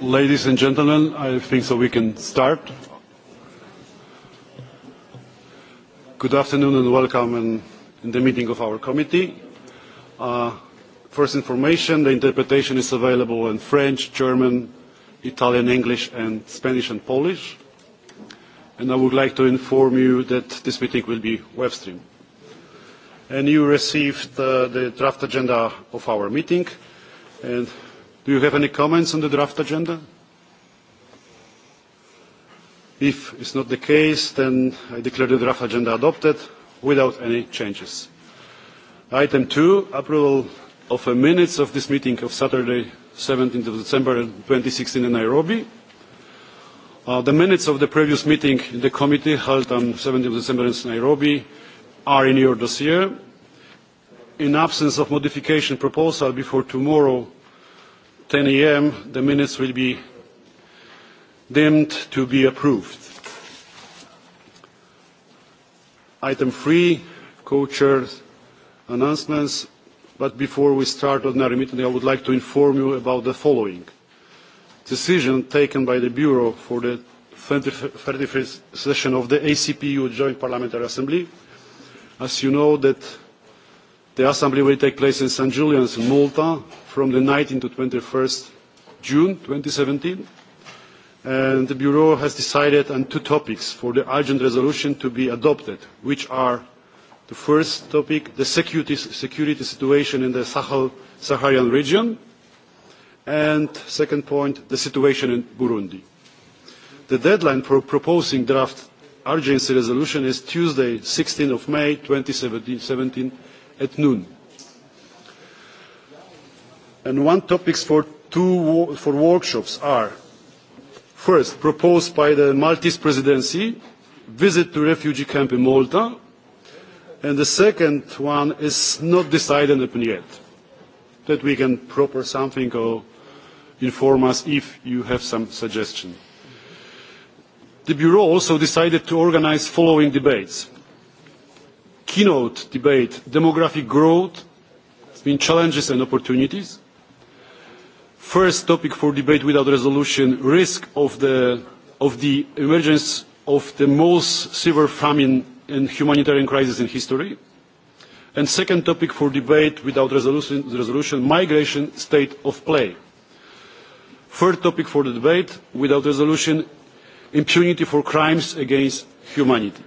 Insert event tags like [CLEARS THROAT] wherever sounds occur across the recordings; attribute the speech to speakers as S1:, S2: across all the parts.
S1: Ladies and gentlemen, I think so we can start. Good afternoon and welcome in, the meeting of our committee. Uh, first information, the interpretation is available in French, German, Italian, English and Spanish and Polish. And I would like to inform you that this meeting will be web streamed. And you received uh, the draft agenda of our meeting. And do you have any comments on the draft agenda? If it's not the case, then I declare the draft agenda adopted without any changes. Item two, approval of the minutes of this meeting of Saturday, 17th of December 2016 in Nairobi. Uh, the minutes of the previous meeting in the committee held on 17th of December in Nairobi are in your dossier in absence of modification proposal before tomorrow 10 a.m., the minutes will be deemed to be approved. Item 3, co-chairs announcements. But before we start ordinary meeting, I would like to inform you about the following. Decision taken by the Bureau for the 31st session of the ACPU Joint Parliamentary Assembly. As you know, that The assembly will take place in St. Julian's, Malta, from the 19th to 21st June 2017. And the Bureau has decided on two topics for the urgent resolution to be adopted, which are the first topic, the security, security situation in the Sahel, Saharan region, and second point, the situation in Burundi. The deadline for proposing draft urgency resolution is Tuesday, 16th of May 2017 at noon. And one topics for, two, for workshops are first proposed by the Maltese presidency, visit to refugee camp in Malta, and the second one is not decided upon yet. That we can proper something or inform us if you have some suggestion. The Bureau also decided to organise following debates keynote debate demographic growth between challenges and opportunities first topic for debate without resolution risk of the, of the emergence of the most severe famine and humanitarian crisis in history and second topic for debate without resolution, resolution migration state of play third topic for the debate without resolution impunity for crimes against humanity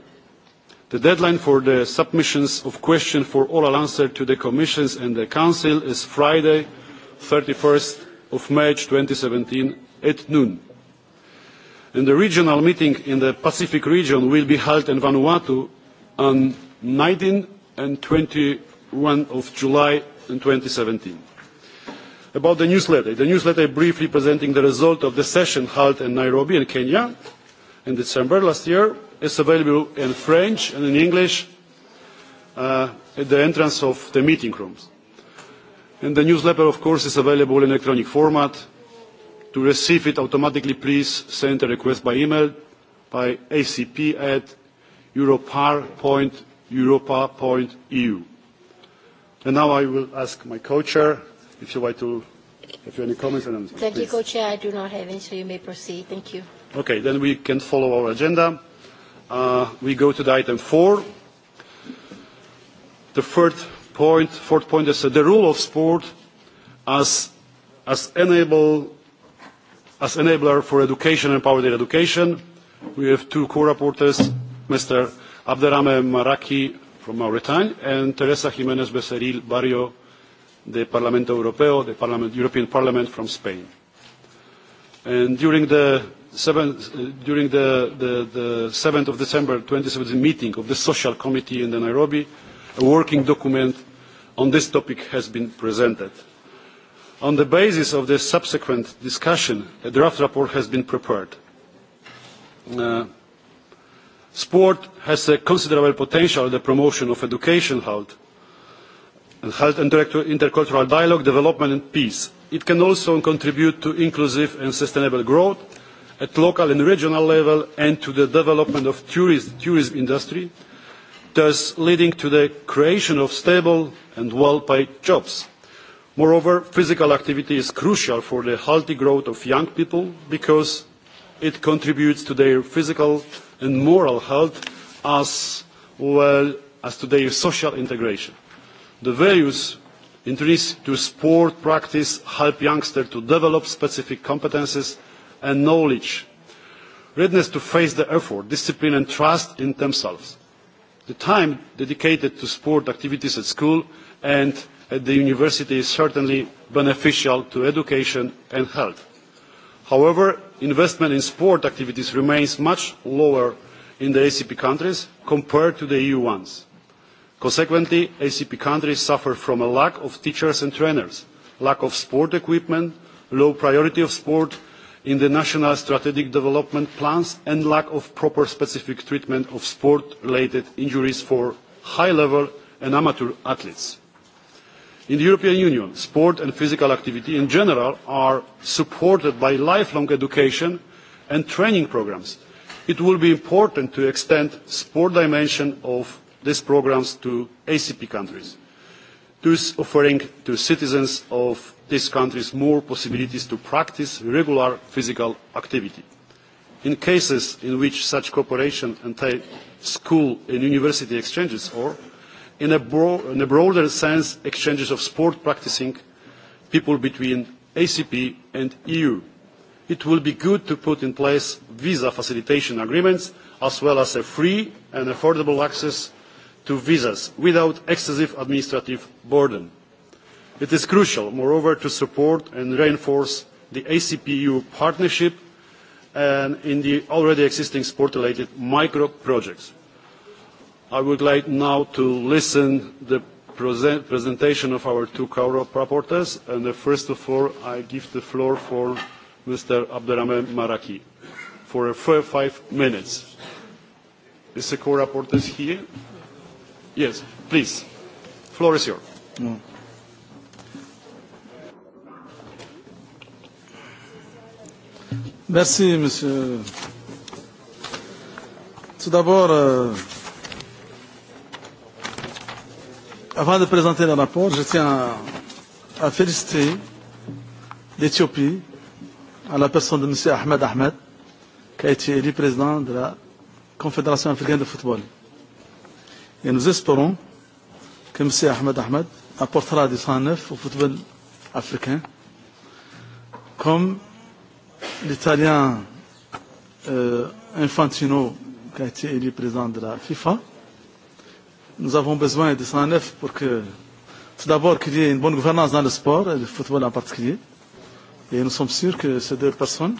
S1: The deadline for the submissions of questions for oral answer to the Commission and the Council is Friday, 31st of March seventeen at noon. And the regional meeting in the Pacific region will be held in Vanuatu on 19 and 21 of July seventeen. About the newsletter. The newsletter briefly presenting the result of the session held in Nairobi in Kenya in December last year is available in French and in English uh, at the entrance of the meeting rooms. And the newsletter, of course, is available in electronic format. To receive it automatically, please send a request by email by acp at europar.europa.eu. And now I will ask my co-chair if you like to have any comments. Thank please. you,
S2: co-chair. I do not have any, so you may proceed. Thank you.
S1: Okay, then we can follow our agenda. Uh, we go to the item four. The third point, fourth point is the role of sport as, as, enable, as enabler for education and poverty education. We have two co-rapporteurs, Mr. Abderame Maraki from Mauritania and Teresa Jiménez Becerril Barrio the Parlamento Europeo, the Parliament, European Parliament from Spain. And during the Uh, during the, the, the 7th of December 2017 meeting of the Social Committee in Nairobi, a working document on this topic has been presented. On the basis of the subsequent discussion, a draft report has been prepared. Uh, sport has a considerable potential in the promotion of education, health, and health intercultural dialogue, development and peace. It can also contribute to inclusive and sustainable growth at local and regional level and to the development of tourist, tourism industry, thus leading to the creation of stable and well-paid jobs. Moreover, physical activity is crucial for the healthy growth of young people because it contributes to their physical and moral health as well as to their social integration. The values introduced to sport practice help youngsters to develop specific competences and knowledge, readiness to face the effort, discipline and trust in themselves. The time dedicated to sport activities at school and at the university is certainly beneficial to education and health. However, investment in sport activities remains much lower in the ACP countries compared to the EU ones. Consequently, ACP countries suffer from a lack of teachers and trainers, lack of sport equipment, low priority of sport in the national strategic development plans and lack of proper specific treatment of sport-related injuries for high-level and amateur athletes. In the European Union, sport and physical activity in general are supported by lifelong education and training programmes. It will be important to extend the sport dimension of these programmes to ACP countries, thus offering to citizens of these countries more possibilities to practice regular physical activity. In cases in which such cooperation entails school and university exchanges or, in a, bro in a broader sense, exchanges of sport practising people between ACP and EU, it will be good to put in place visa facilitation agreements as well as a free and affordable access to visas without excessive administrative burden. It is crucial, moreover, to support and reinforce the ACP-EU partnership and in the already existing sport-related micro projects. I would like now to listen to the presentation of our two co-rapporteurs, and first of all, I give the floor for Mr. Abderrahmane Maraki for five minutes. Is the co-rapporteur here? Yes, please. Floor is yours.
S3: Mm.
S4: Merci, monsieur. Tout d'abord, euh, avant de présenter le rapport, je tiens à, à féliciter l'Éthiopie à la personne de monsieur Ahmed Ahmed, qui a été élu président de la Confédération africaine de football. Et nous espérons que M. Ahmed Ahmed apportera du sang neuf au football africain, comme l'Italien euh, Infantino, qui a été élu président de la FIFA. Nous avons besoin de 109 pour que, tout d'abord, qu'il y ait une bonne gouvernance dans le sport, et le football en particulier. Et nous sommes sûrs que ces deux personnes,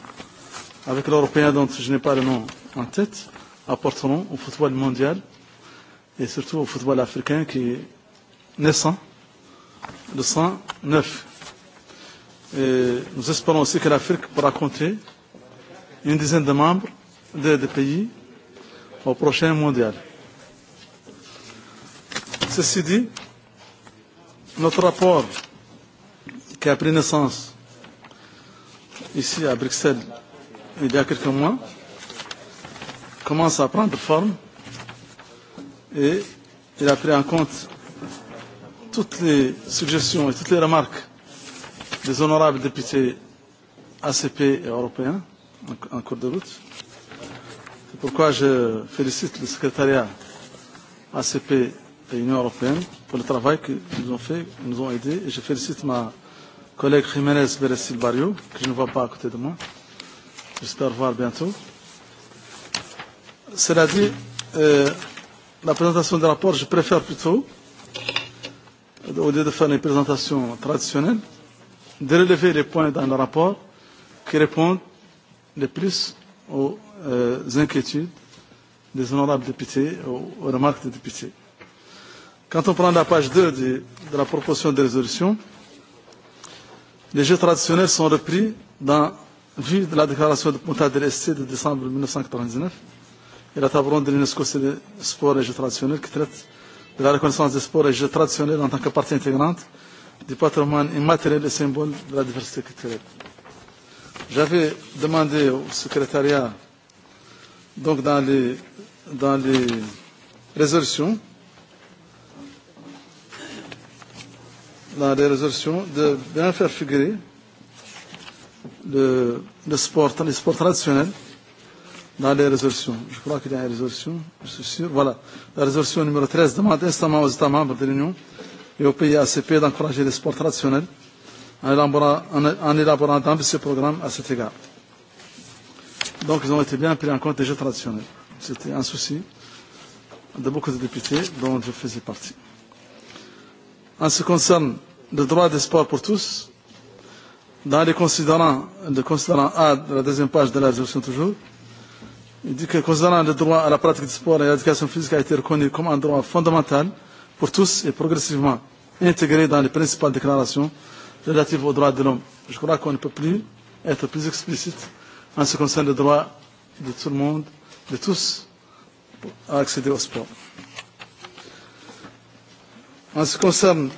S4: avec l'Européen dont je n'ai pas le nom en tête, apporteront au football mondial et surtout au football africain qui est naissant, le 109. Et euh, nous espérons aussi que l'Afrique pourra compter une dizaine de membres de, de pays au prochain mondial. Ceci dit, notre rapport qui a pris naissance ici à Bruxelles il y a quelques mois commence à prendre forme et il a pris en compte toutes les suggestions et toutes les remarques des honorables députés ACP et européens en cours de route. C'est pourquoi je félicite le secrétariat ACP et Union européenne pour le travail qu'ils nous ont fait, qu'ils nous ont aidés. Et je félicite ma collègue Jiménez Beresil Barrio, que je ne vois pas à côté de moi. J'espère voir bientôt. Cela dit, euh, la présentation du rapport, je préfère plutôt, au lieu de faire une présentation traditionnelle, de relever les points dans le rapport qui répondent le plus aux euh, inquiétudes des honorables députés, aux, aux remarques des députés. Quand on prend la page 2 de, de la proposition de résolution, les jeux traditionnels sont repris dans vue de la déclaration de Punta del Este de décembre 1999 et la table ronde de l'UNESCO sur les sports et jeux traditionnels qui traite de la reconnaissance des sports et jeux traditionnels en tant que partie intégrante du patrimoine immatériel et symbole de la diversité culturelle. J'avais demandé au secrétariat, donc dans les, dans les résolutions, dans les résolutions, de bien faire figurer le, le sport, les sports traditionnels dans les résolutions. Je crois qu'il y a une résolution, je suis sûr. Voilà. La résolution numéro 13 demande instamment aux États membres de l'Union Au pays ACP d'encourager les sports traditionnels en élaborant, en élaborant d'ambitieux programmes à cet égard. Donc ils ont été bien pris en compte des jeux traditionnels. C'était un souci de beaucoup de députés dont je faisais partie. En ce qui concerne le droit des sports pour tous, dans les considérants, le considérant A de la deuxième page de la résolution toujours, il dit que considérant le droit à la pratique du sport et à l'éducation physique a été reconnu comme un droit fondamental pour tous et progressivement intégrer dans les principales déclarations relatives aux droits de l'homme. Je crois qu'on ne peut plus être plus explicite en ce qui concerne les droits de tout le monde, de tous, à accéder au sport. En ce qui concerne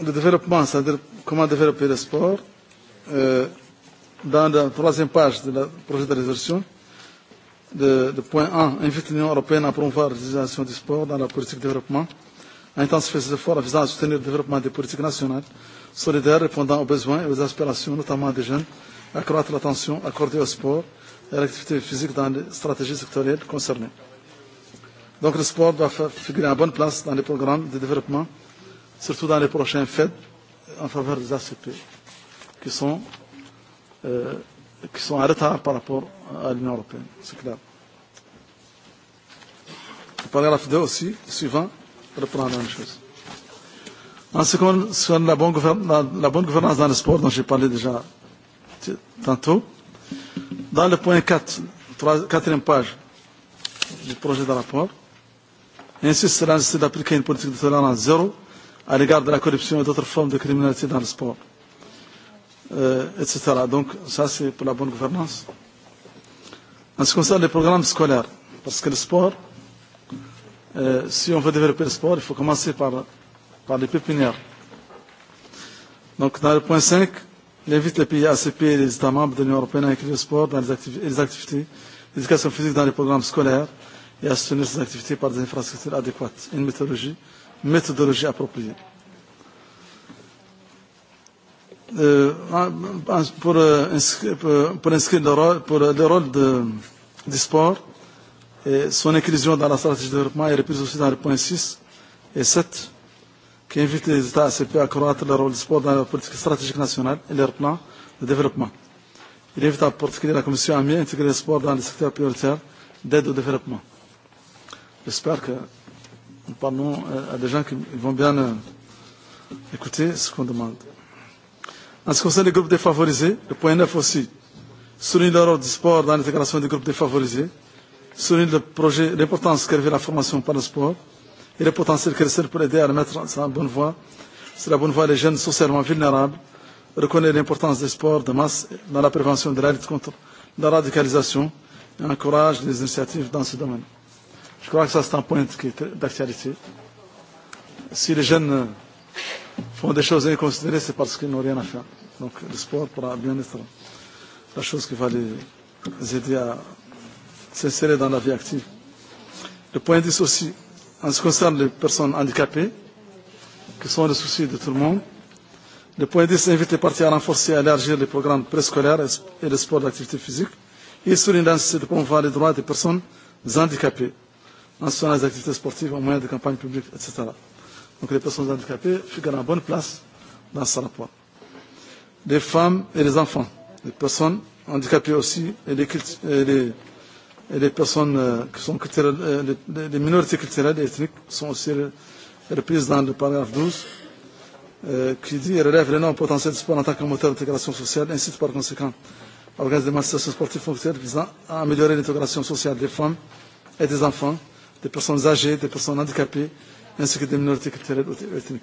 S4: le développement, c'est-à-dire comment développer le sport, euh, dans la troisième page du projet de résolution, de, de point 1, invite l'Union européenne à promouvoir l'utilisation du sport dans la politique de développement, à intensifier ses efforts visant à soutenir le développement des politiques nationales solidaires répondant aux besoins et aux aspirations, notamment des jeunes, à accroître l'attention accordée au sport et à l'activité physique dans les stratégies sectorielles concernées. Donc le sport doit faire figurer en bonne place dans les programmes de développement, surtout dans les prochains fêtes, en faveur des ACP, qui sont euh, que sont en retard par rapport à l'Union européenne. C'est clair. Le paragraphe 2 aussi, suivant, reprend la même chose. En ce qui concerne la bonne, gouvernance, la, la bonne gouvernance dans le sport, dont j'ai parlé déjà tantôt, dans le point 4, quatrième page du projet de rapport, insiste sur la nécessité d'appliquer une politique de tolérance zéro à l'égard de la corruption et d'autres formes de criminalité dans le sport Euh, etc. Donc ça, c'est pour la bonne gouvernance. En ce qui concerne les programmes scolaires, parce que le sport, euh, si on veut développer le sport, il faut commencer par, par les pépinières. Donc dans le point 5, il invite les pays ACP et les États membres de l'Union européenne à inclure le sport dans les, activi les activités d'éducation physique dans les programmes scolaires et à soutenir ces activités par des infrastructures adéquates, une méthodologie, méthodologie appropriée. Euh, pour, euh, euh, pour inscrire le rôle, pour le rôle de, du sport, et son inclusion dans la stratégie de développement est reprise aussi dans le point 6 et 7, qui invite les États ACP à croître le rôle du sport dans la politique stratégique nationale et leur plan de développement. Il invite en particulier la Commission à mieux intégrer le sport dans les secteurs prioritaires d'aide au développement. J'espère que nous parlons à des gens qui vont bien écouter ce qu'on demande. En ce qui concerne les groupes défavorisés, le point 9 aussi souligne le rôle du sport dans l'intégration des groupes défavorisés, souligne le projet, l'importance qu'avait la formation par le sport et le potentiel qu'elle sert pour aider à remettre mettre sur la bonne voie, sur la bonne voie les jeunes socialement vulnérables, reconnaît l'importance des sports de masse dans la prévention de la lutte contre la radicalisation et encourage les initiatives dans ce domaine. Je crois que ça c'est un point qui est d'actualité. Si les jeunes font des choses inconsidérées, c'est parce qu'ils n'ont rien à faire. Donc le sport pourra bien être la chose qui va les aider à s'insérer dans la vie active. Le point 10 aussi, en ce qui concerne les personnes handicapées, qui sont les soucis de tout le monde, le point 10 invite les partis à renforcer et à élargir les programmes préscolaires et le sport d'activité physique. Il souligne la nécessité de promouvoir les droits des personnes handicapées en soutenant les activités sportives en moyen de campagne publique, etc donc les personnes handicapées, figurent en bonne place dans ce rapport. Les femmes et les enfants, les personnes handicapées aussi, et les, et les, et les personnes euh, qui sont culturelles, euh, les, les minorités culturelles et ethniques sont aussi reprises dans le paragraphe 12, euh, qui dit relève l'énorme potentiel du sport en tant que moteur d'intégration sociale, incite par conséquent à organiser des manifestations sportives fonctionnelles visant à améliorer l'intégration sociale des femmes et des enfants, des personnes âgées, des personnes handicapées, nasıl ki demnur tekretere ötenik.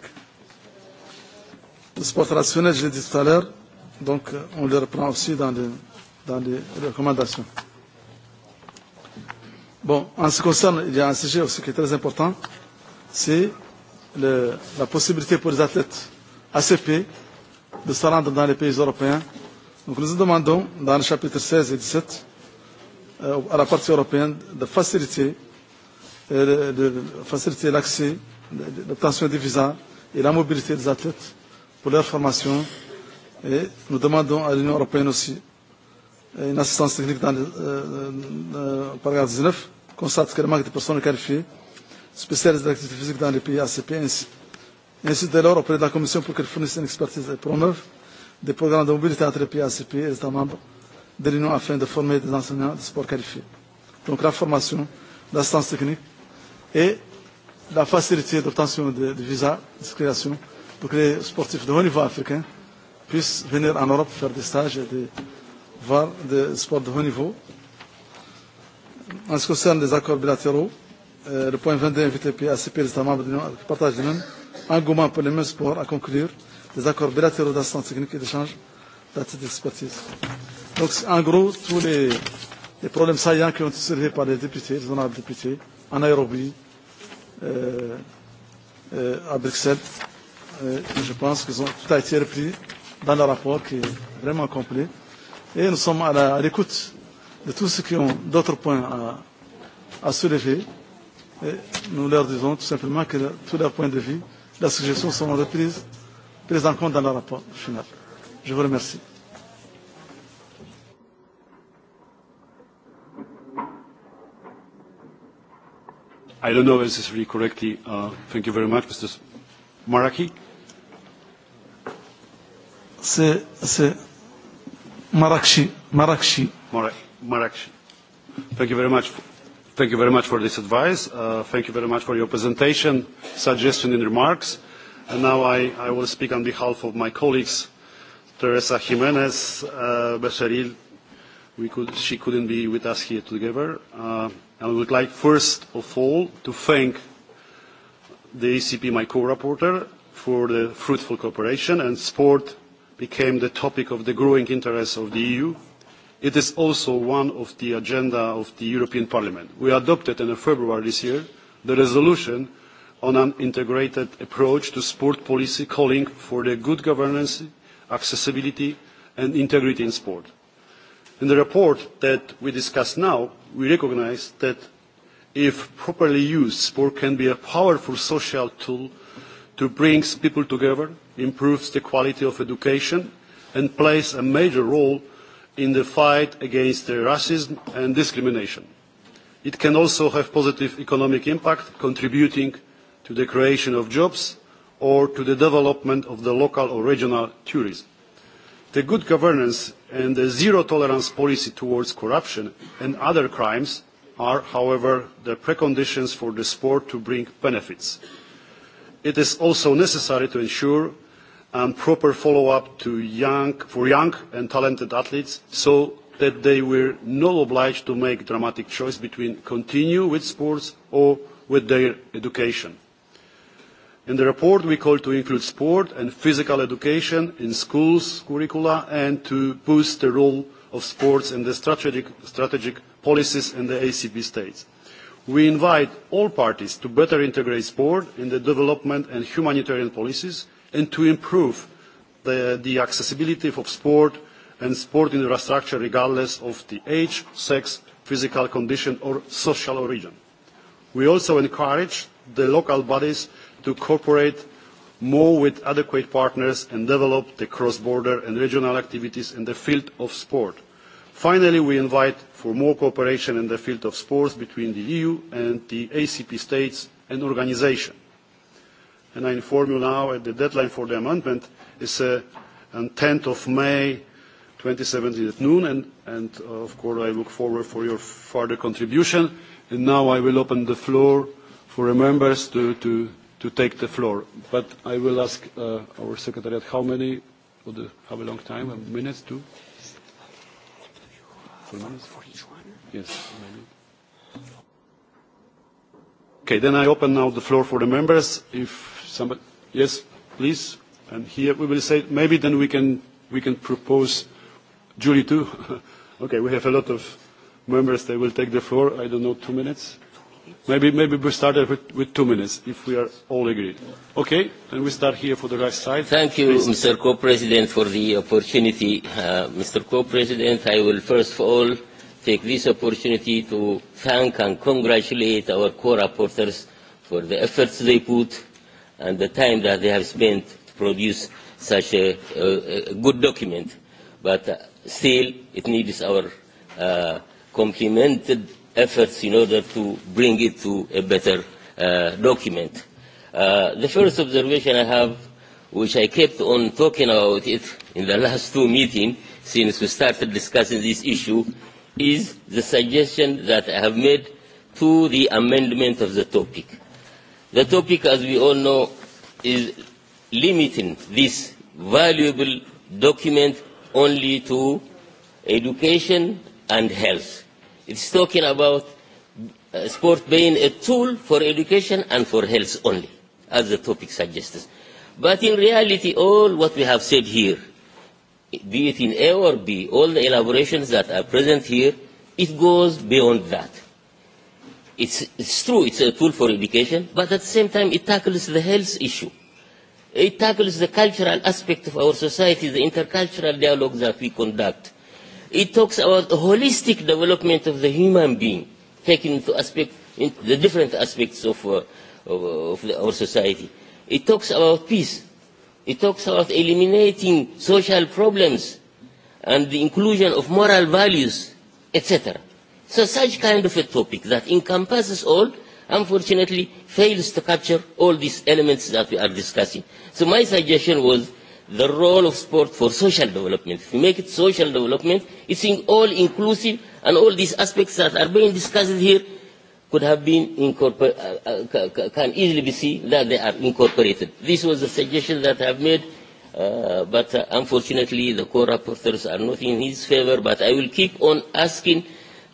S4: Le sport traditionnel, je l'ai dit tout à l'heure, donc on le reprend aussi dans les, dans les recommandations. Bon, en ce qui concerne, il y a un sujet aussi qui est très important, c'est la possibilité pour les athlètes ACP de se rendre dans les pays européens. Donc nous demandons, dans les chapitres 16 et 17, euh, à la partie européenne, de faciliter euh, de faciliter l'accès, l'obtention des visas et la mobilité des athlètes pour leur formation. Et nous demandons à l'Union européenne aussi une assistance technique dans le, euh, euh, paragraphe 19 constate que le manque de personnes qualifiées spécialistes de l'activité physique dans les pays ACP ainsi. Ainsi, dès lors, auprès de la Commission pour qu'elle fournisse une expertise et promeuve des programmes de mobilité entre les pays ACP et les États membres de l'Union afin de former des enseignants de sport qualifiés. Donc la formation, l'assistance technique et la facilité d'obtention de, de visas d'excréation pour que les sportifs de haut niveau africain puissent venir en Europe faire des stages et de voir des sports de haut niveau. En ce qui concerne les accords bilatéraux, euh, le point 22 invite les pays ACP les États membres de l'Union qui partagent le même engouement pour les mêmes sports à conclure des accords bilatéraux d'assistance technique et d'échange d'actes d'expertise. Donc, en gros, tous les, les problèmes saillants qui ont été soulevés par les députés, les honorables députés, en Nairobi, euh, à e, Bruxelles. Euh, e je pense que tout a été repris dans le rapport qui est vraiment complet. Et nous sommes à l'écoute de tous ceux qui ont d'autres points à, à soulever. Et nous leur disons tout simplement que tous leurs points de vue, leurs suggestions seront reprises, prises en compte dans le rapport final. Je vous remercie.
S1: I don't know if this is really correctly. Uh, thank you very much, Mr. Maraki.
S4: Marakshi, Marakshi.
S1: Marakshi. Thank you very much. Thank you very much for this advice. Uh, thank you very much for your presentation, suggestion and remarks. And now I, I will speak on behalf of my colleagues, Teresa Jimenez, uh, Becheril, we could, she couldn't be with us here together. Uh, I would like first of all to thank the ECP, my co-rapporteur, for the fruitful cooperation and sport became the topic of the growing interest of the EU. It is also one of the agenda of the European Parliament. We adopted in February this year the resolution on an integrated approach to sport policy calling for the good governance, accessibility and integrity in sport In the report that we discuss now, we recognise that if properly used, sport can be a powerful social tool to bring people together, improves the quality of education, and plays a major role in the fight against racism and discrimination. It can also have positive economic impact, contributing to the creation of jobs or to the development of the local or regional tourism the good governance and the zero tolerance policy towards corruption and other crimes are, however, the preconditions for the sport to bring benefits. It is also necessary to ensure um, proper follow-up young, for young and talented athletes so that they were not obliged to make a dramatic choice between continuing with sports or with their education. In the report, we call to include sport and physical education in schools' curricula and to boost the role of sports in the strategic, strategic policies in the ACP states. We invite all parties to better integrate sport in the development and humanitarian policies and to improve the, the accessibility of sport and sport infrastructure regardless of the age, sex, physical condition or social origin. We also encourage the local bodies to cooperate more with adequate partners and develop the cross-border and regional activities in the field of sport. Finally, we invite for more cooperation in the field of sports between the EU and the ACP states and organisations. And I inform you now that the deadline for the amendment is uh, on 10th of May 2017 at noon, and, and uh, of course I look forward for your further contribution. And now I will open the floor for members to, to to take the floor. But I will ask uh, our secretariat how many, or the how a long time, a minute, two? Four minutes? For each one? Yes, maybe. Okay, then I open now the floor for the members. If somebody, yes, please. And here we will say, maybe then we can, we can propose Julie too. [LAUGHS] okay, we have a lot of members. They will take the floor. I don't know, two minutes. Maybe, maybe we started with, with two minutes, if we are all agreed. Okay, then we start here for the right side.
S5: Thank you, Please. Mr. Co-President, for the opportunity. Uh, Mr. Co-President, I will first of all take this opportunity to thank and congratulate our co-rapporteurs for the efforts they put and the time that they have spent to produce such a, a, a good document. But uh, still, it needs our uh, complemented efforts in order to bring it to a better uh, document. Uh, the first observation I have, which I kept on talking about it in the [LAUGHS] last two meetings since we started discussing this issue, is the suggestion that I have made to the amendment of the topic. The topic, as we all know, is limiting this valuable document only to education and health It's talking about uh, sport being a tool for education and for health only, as the topic suggests. But in reality, all what we have said here, be it in A or B, all the elaborations that are present here, it goes beyond that. It's, it's true, it's a tool for education, but at the same time, it tackles the health issue. It tackles the cultural aspect of our society, the intercultural dialogue that we conduct It talks about holistic development of the human being, taking into aspect in the different aspects uh, of, uh, of the, our society. It talks about peace. It talks about eliminating social problems and the inclusion of moral values, etc. So such kind of a topic that encompasses all, unfortunately, fails to capture all these elements that we are discussing. So my suggestion was the role of sport for social development. If you make it social development, it's in all inclusive, and all these aspects that are being discussed here could have been incorporated, uh, uh, can easily be seen that they are incorporated. This was a suggestion that I have made, uh, but uh, unfortunately the co-rapporteurs are not in his favor, but I will keep on asking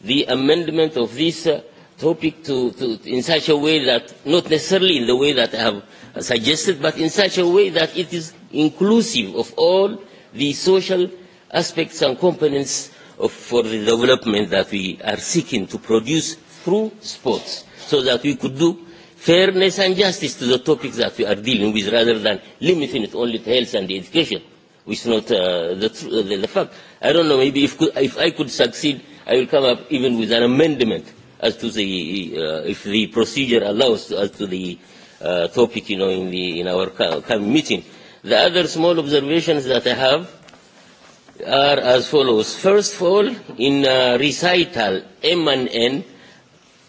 S5: the amendment of this uh, topic to, to, in such a way that, not necessarily in the way that I have suggested, but in such a way that it is inclusive of all the social aspects and components of, for the development that we are seeking to produce through sports, so that we could do fairness and justice to the topics that we are dealing with rather than limiting it only to health and education, which is not uh, the, uh, the, the fact. I don't know, maybe if, if I could succeed, I will come up even with an amendment as to the uh, if the procedure allows as to the uh, topic you know in the in our coming meeting the other small observations that i have are as follows first of all in uh, recital m and n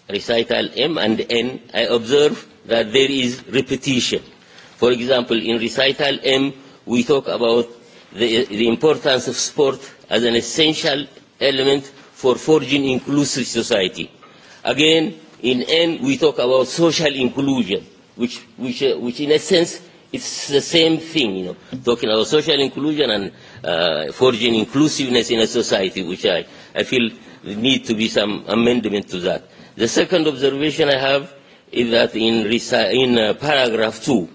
S5: recital m and n i observe that there is repetition for example in recital m we talk about the, the importance of sport as an essential element for forging inclusive society Again, in N we talk about social inclusion, which, which, uh, which in a sense, it's the same thing, you know, talking about social inclusion and uh, forging inclusiveness in a society, which I, I feel need to be some amendment to that. The second observation I have is that in, in uh, paragraph two,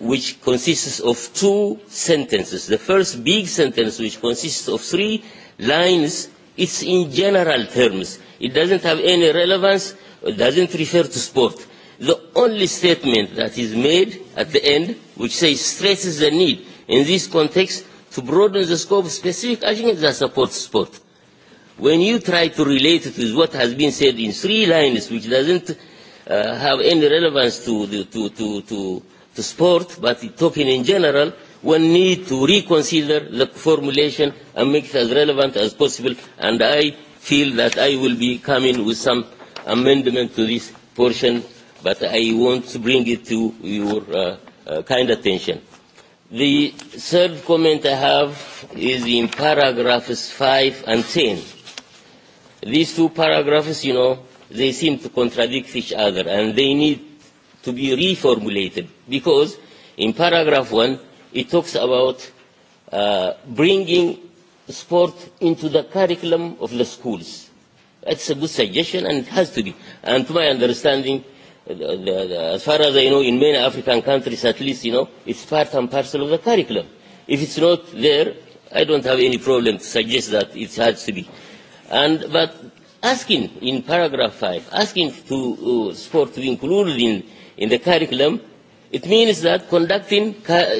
S5: which consists of two sentences. The first big sentence, which consists of three lines It's in general terms. It doesn't have any relevance. It doesn't refer to sport. The only statement that is made at the end, which says stresses the need in this context to broaden the scope of specific actions that support sport. When you try to relate it with what has been said in three lines, which doesn't uh, have any relevance to, the, to, to, to, to sport, but talking in general, one need to reconsider the formulation and make it as relevant as possible, and I feel that I will be coming with some amendment to this portion, but I want to bring it to your uh, uh, kind attention. The third comment I have is in paragraphs 5 and 10. These two paragraphs, you know, they seem to contradict each other, and they need to be reformulated, because in paragraph 1, It talks about uh, bringing sport into the curriculum of the schools. That's a good suggestion, and it has to be. And to my understanding, the, the, the, as far as I know, in many African countries at least, you know, it's part and parcel of the curriculum. If it's not there, I don't have any problem to suggest that it has to be. And, but asking in paragraph 5, asking to uh, sport to be included in, in the curriculum It means that conducting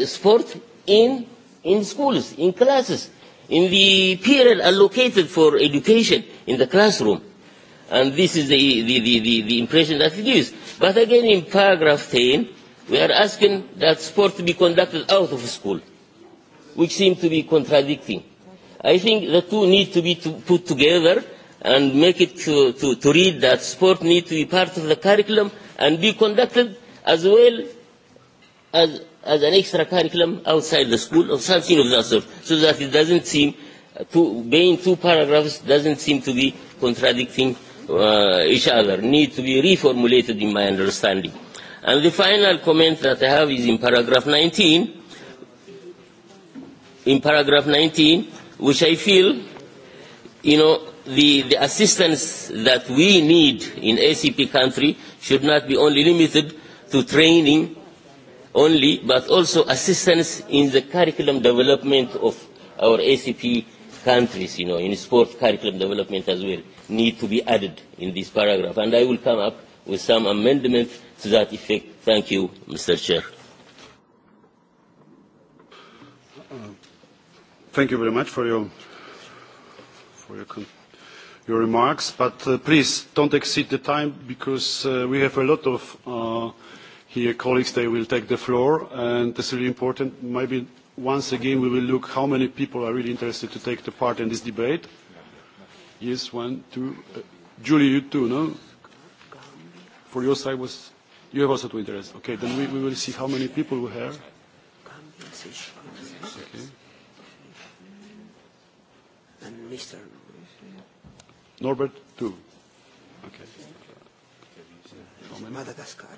S5: sport in, in schools, in classes, in the period allocated for education in the classroom. And this is the, the, the, the, the impression that it gives. But again, in paragraph 10, we are asking that sport to be conducted out of school, which seems to be contradicting. I think the two need to be to put together and make it to, to, to read that sport needs to be part of the curriculum and be conducted as well as, as an extra curriculum outside the school or something of that sort, so that it doesn't seem, uh, to, being two paragraphs doesn't seem to be contradicting uh, each other, need to be reformulated in my understanding. And the final comment that I have is in paragraph 19, in paragraph 19, which I feel, you know, the, the assistance that we need in ACP country should not be only limited to training only, but also assistance in the curriculum development of our ACP countries, you know, in sport curriculum development as well, need to be added in this paragraph. And I will come up with some amendments to that effect. Thank you, Mr. Chair. Thank you very much for your,
S1: for your, your remarks, but uh, please don't exceed the time because uh, we have a lot of uh, here colleagues, they will take the floor, and this is really important. Maybe once again, we will look how many people are really interested to take the part in this debate. Yes, one, two. Uh, Julie, you too, no? For your side was... You have also two interests. Okay, then we, we will see how many people we have. Okay. Mr. Norbert, two.
S6: Okay. Madagascar.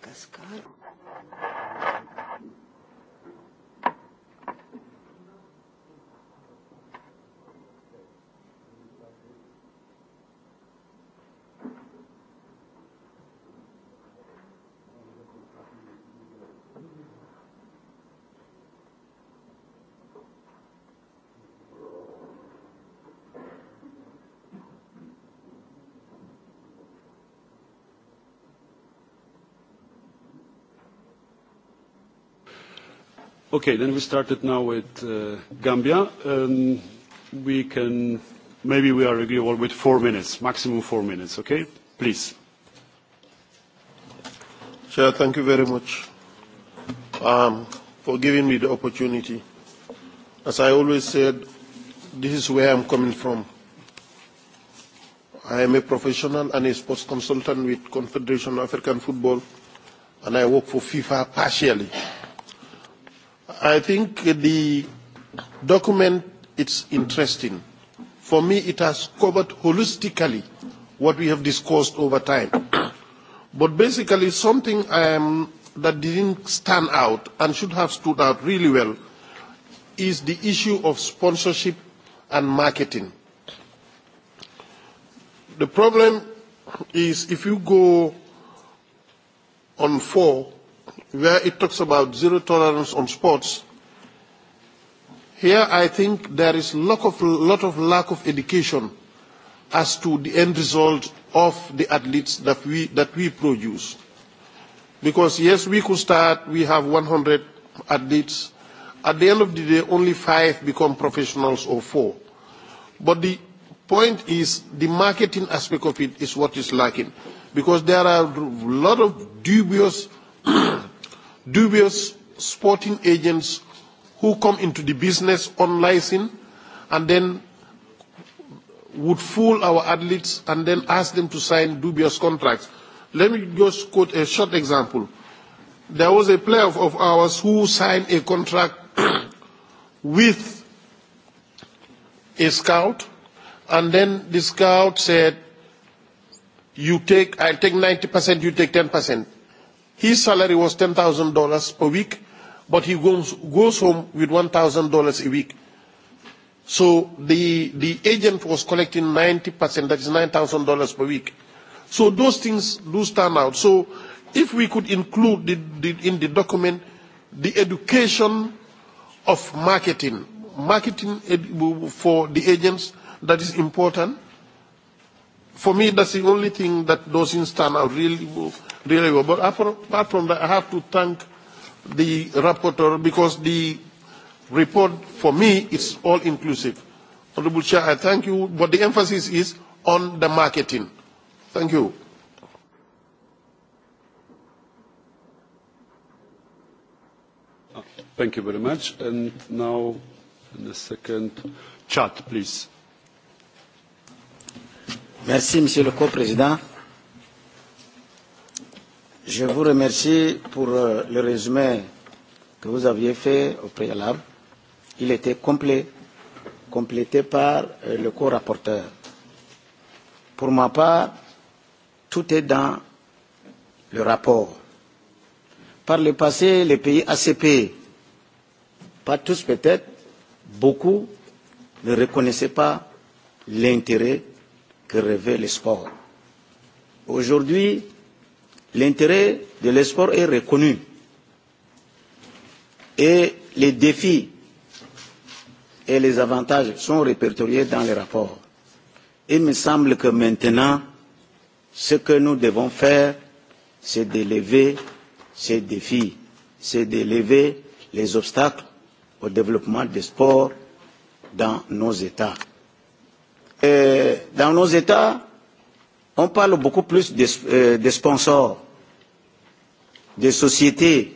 S6: Madagaskar.
S1: Okay, then we started now with uh, Gambia. Um, we can, maybe we are agreeable with four minutes, maximum four minutes, okay? Please.
S7: Chair, thank you very much um, for giving me the opportunity. As I always said, this is where I'm coming from. I am a professional and a sports consultant with Confederation of African Football, and I work for FIFA partially. I think the document is interesting. For me, it has covered holistically what we have discussed over time. but basically, something um, that didn't stand out and should have stood out really well is the issue of sponsorship and marketing. The problem is if you go on four, where it talks about zero tolerance on sports, here I think there is a lot of, lot of lack of education as to the end result of the athletes that we, that we produce. Because yes, we could start, we have 100 athletes. At the end of the day, only five become professionals or four. But the point is, the marketing aspect of it is what is lacking. Because there are a lot of dubious [COUGHS] dubious sporting agents who come into the business on license and then would fool our athletes and then ask them to sign dubious contracts. Let me just quote a short example. There was a player of ours who signed a contract [COUGHS] with a scout, and then the scout said, "You take, I take 90%, you take His salary was $10,000 per week, but he goes, goes home with $1,000 a week. So the, the agent was collecting 90%, that is $9,000 per week. So those things do stand out. So if we could include the, the, in the document the education of marketing, marketing ed- for the agents, that is important. For me, that's the only thing that doesn't stand out really. But Apart from that, I have to thank the rapporteur because the report for me is all inclusive. Honorable Chair, I thank you, but the emphasis is on the marketing. Thank you.
S1: Thank you very much. And now, in the second, Chad, please. Merci, Monsieur le co president
S8: je vous remercie pour euh, le résumé que vous aviez fait au préalable. Il était complet, complété par euh, le co-rapporteur. Pour ma part, tout est dans le rapport. Par le passé, les pays ACP, pas tous peut-être, beaucoup ne reconnaissaient pas l'intérêt que revêt le sport. Aujourd'hui, L'intérêt de l'esport est reconnu. Et les défis et les avantages sont répertoriés dans les rapports. Il me semble que maintenant, ce que nous devons faire, c'est d'élever ces défis, c'est d'élever les obstacles au développement des sports dans nos États. Et dans nos États, on parle beaucoup plus des, euh, des sponsors, des sociétés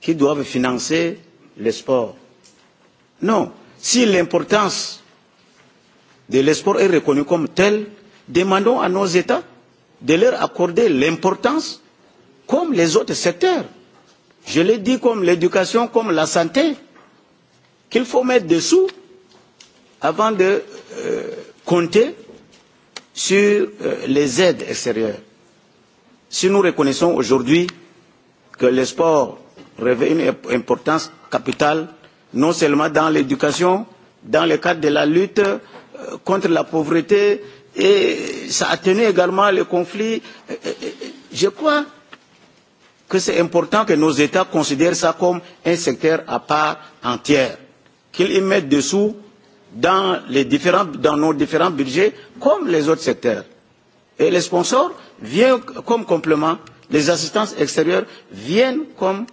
S8: qui doivent financer le sport. Non, si l'importance de l'esport est reconnue comme telle, demandons à nos États de leur accorder l'importance comme les autres secteurs. Je l'ai dit comme l'éducation, comme la santé, qu'il faut mettre dessous avant de euh, compter sur euh, les aides extérieures. Si nous reconnaissons aujourd'hui que le sport revêt une importance capitale, non seulement dans l'éducation, dans le cadre de la lutte euh, contre la pauvreté, et ça a tenu également le conflit, euh, Je crois que c'est important que nos États considèrent ça comme un secteur à part entière, qu'ils y mettent dessous dans, les différents, dans nos différents budgets comme les autres secteurs. Et les sponsors viennent comme complément, les assistances extérieures viennent comme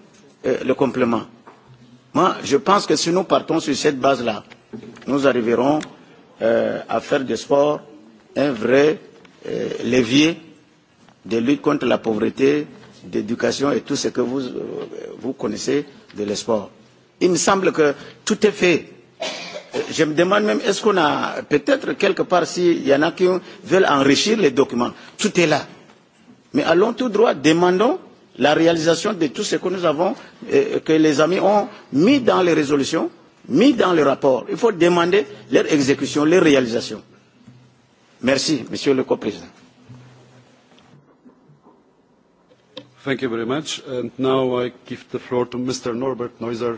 S8: euh, le complément. Moi, je pense que si nous partons sur cette base-là, nous arriverons euh, à faire du sport un vrai euh, levier de lutte contre la pauvreté, d'éducation et tout ce que vous, euh, vous connaissez de l'espoir. Il me semble que tout est fait je me demande même, est-ce qu'on a, peut-être quelque part, s'il y en a qui veulent enrichir les documents, tout est là. Mais allons tout droit, demandons la réalisation de tout ce que nous avons, euh, que les amis ont mis dans les résolutions, mis dans les rapports. Il faut demander leur exécution, leur réalisation. Merci, Monsieur le Co-président.
S1: Thank you very much. And now I give the floor to Mr. Norbert Neuser.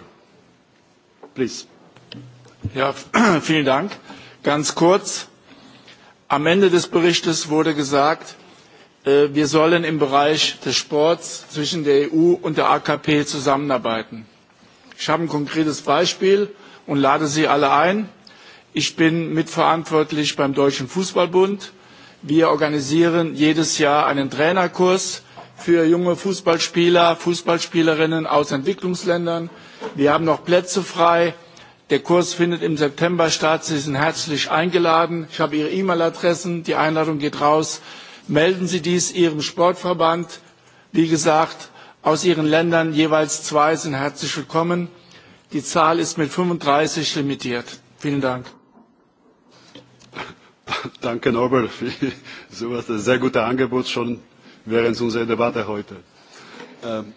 S9: Please. Herr [CLEARS THROAT] Präsident. Ganz kurz. Am Ende des Berichts wurde gesagt, äh, wir sollen im Bereich des Sports zwischen der EU und der AKP zusammenarbeiten. Ich habe ein konkretes Beispiel und lade Sie alle ein. Ich bin mitverantwortlich beim Deutschen Fußballbund. Wir organisieren jedes Jahr einen Trainerkurs für junge Fußballspieler, Fußballspielerinnen aus Entwicklungsländern. Wir haben noch Plätze frei Der Kurs findet im September statt. Sie sind herzlich eingeladen. Ich habe Ihre E-Mail-Adressen. Die Einladung geht raus. Melden Sie dies Ihrem Sportverband. Wie gesagt, aus Ihren Ländern jeweils zwei sind herzlich willkommen. Die Zahl ist mit 35 limitiert. Vielen Dank.
S1: [LAUGHS] Danke, Norbert, für so sehr gutes Angebot schon während unserer Debatte heute. Ähm,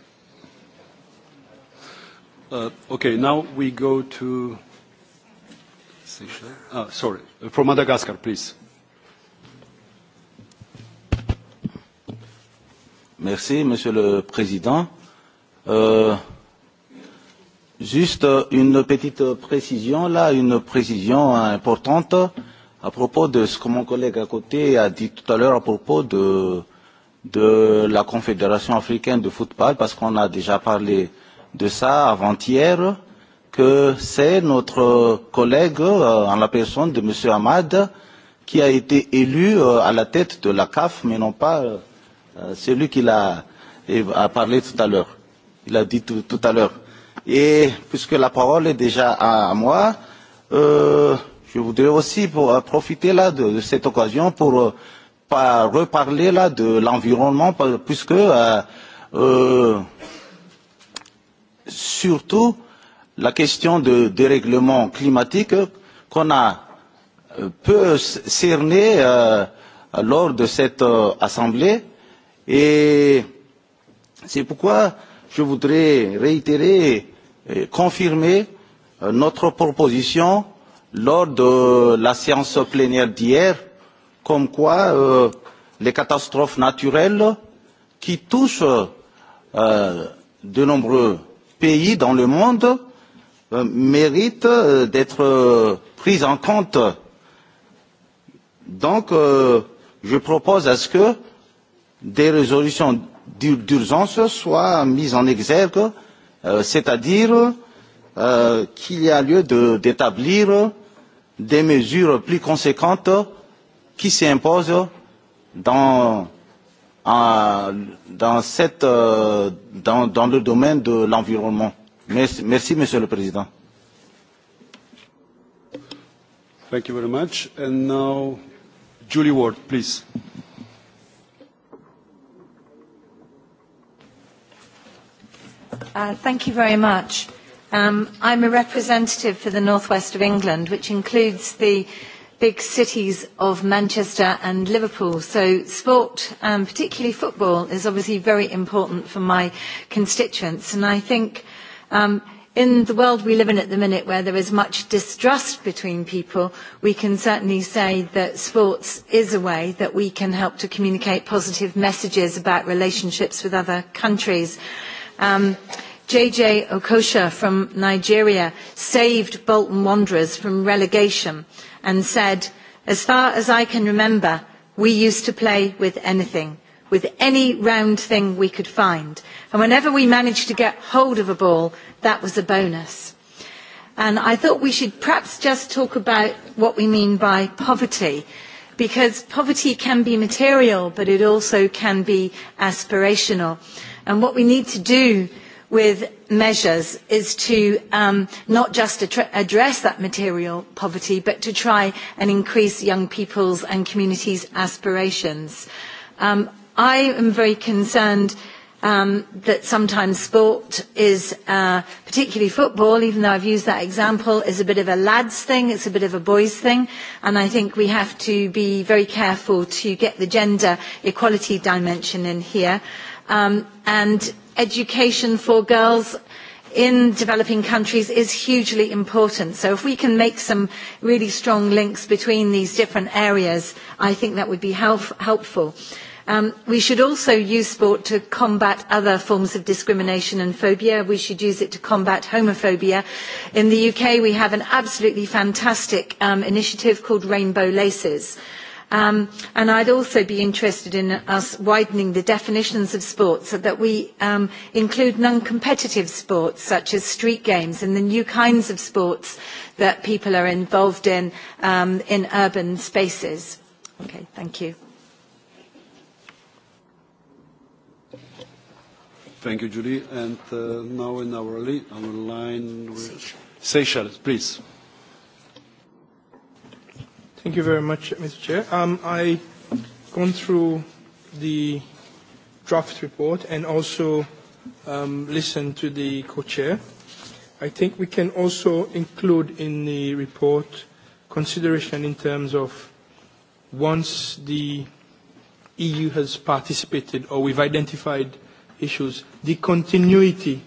S1: Uh, okay, now we go to Seychelles. Uh, sorry, uh, from Madagascar, please.
S10: Merci, Monsieur le Président. Euh, juste une petite précision, là, une précision importante à propos de ce que mon collègue à côté a dit tout à l'heure à propos de, de la Confédération africaine de football, parce qu'on a déjà parlé euh, de ça avant-hier que c'est notre collègue euh, en la personne de M. Ahmad qui a été élu euh, à la tête de la CAF, mais non pas euh, celui qui a, a parlé tout à l'heure. Il a dit tout, tout à l'heure. Et puisque la parole est déjà à, à moi, euh, je voudrais aussi pour, profiter là de, de cette occasion pour euh, pas reparler là de l'environnement, puisque euh, euh, surtout la question du dérèglement climatique qu'on a euh, peu cerné euh, lors de cette euh, assemblée et c'est pourquoi je voudrais réitérer et confirmer euh, notre proposition lors de la séance plénière d'hier comme quoi euh, les catastrophes naturelles qui touchent euh, de nombreux pays dans le monde euh, mérite euh, d'être euh, prise en compte. Donc, je propose à ce que des résolutions d'urgence soient mises en exergue, c'est-à-dire qu'il y a lieu d'établir de, des mesures plus conséquentes qui s'imposent dans en, dans, cette, euh, dans, dans le domaine de l'environnement. Merci, merci, Monsieur le Président.
S1: Thank you very much. And now, Julie Ward, please.
S11: Uh, thank you very much. Um, I'm a representative for the northwest of England, which includes the big cities of Manchester and Liverpool. So sport, um, particularly football, is obviously very important for my constituents. And I think um, in the world we live in at the minute where there is much distrust between people, we can certainly say that sports is a way that we can help to communicate positive messages about relationships with other countries. Um, JJ Okosha from Nigeria saved Bolton Wanderers from relegation and said, as far as I can remember, we used to play with anything, with any round thing we could find. And whenever we managed to get hold of a ball, that was a bonus. And I thought we should perhaps just talk about what we mean by poverty, because poverty can be material, but it also can be aspirational. And what we need to do with measures is to um, not just address that material poverty, but to try and increase young people's and communities' aspirations. Um, I am very concerned um, that sometimes sport is, uh, particularly football, even though I've used that example, is a bit of a lads thing, it's a bit of a boys thing, and I think we have to be very careful to get the gender equality dimension in here. Um, and education for girls in developing countries is hugely important. So if we can make some really strong links between these different areas, I think that would be help helpful. Um, we should also use sport to combat other forms of discrimination and phobia. We should use it to combat homophobia. In the UK, we have an absolutely fantastic um, initiative called Rainbow Laces Um, and I'd also be interested in us widening the definitions of sports so that we um, include non-competitive sports such as street games and the new kinds of sports that people are involved in um, in urban spaces. thank you.
S1: Thank you, Julie. And uh, now in our, li- our line, with Seychelles, Seychelles please.
S2: Thank you very much, Mr. Chair. Um, I gone through the draft report and also um, listened to the co-chair. I think we can also include in the report consideration in terms of once the EU has participated or we've identified issues, the continuity.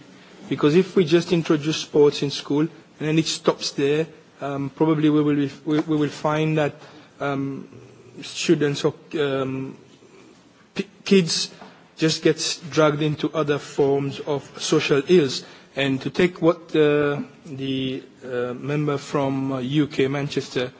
S2: Because if we just introduce sports in school and then it stops there, Um, probably we will, be we, we will find that um, students or um, p- kids just get dragged into other forms of social ills. And to take what uh, the uh, member from uh, UK, Manchester,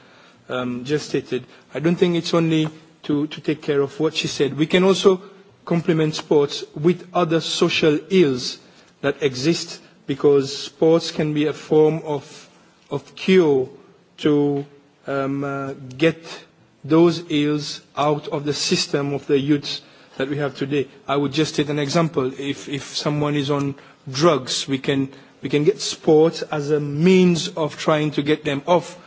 S2: um, just stated, I don't think it's only to, to take care of what she said. We can also complement sports with other social ills that exist because sports can be a form of of cure to um, uh, get those ills out of the system of the youths that we have today. I would just take an example. If, if someone is on drugs, we can, we can get sports as a means of trying to get them off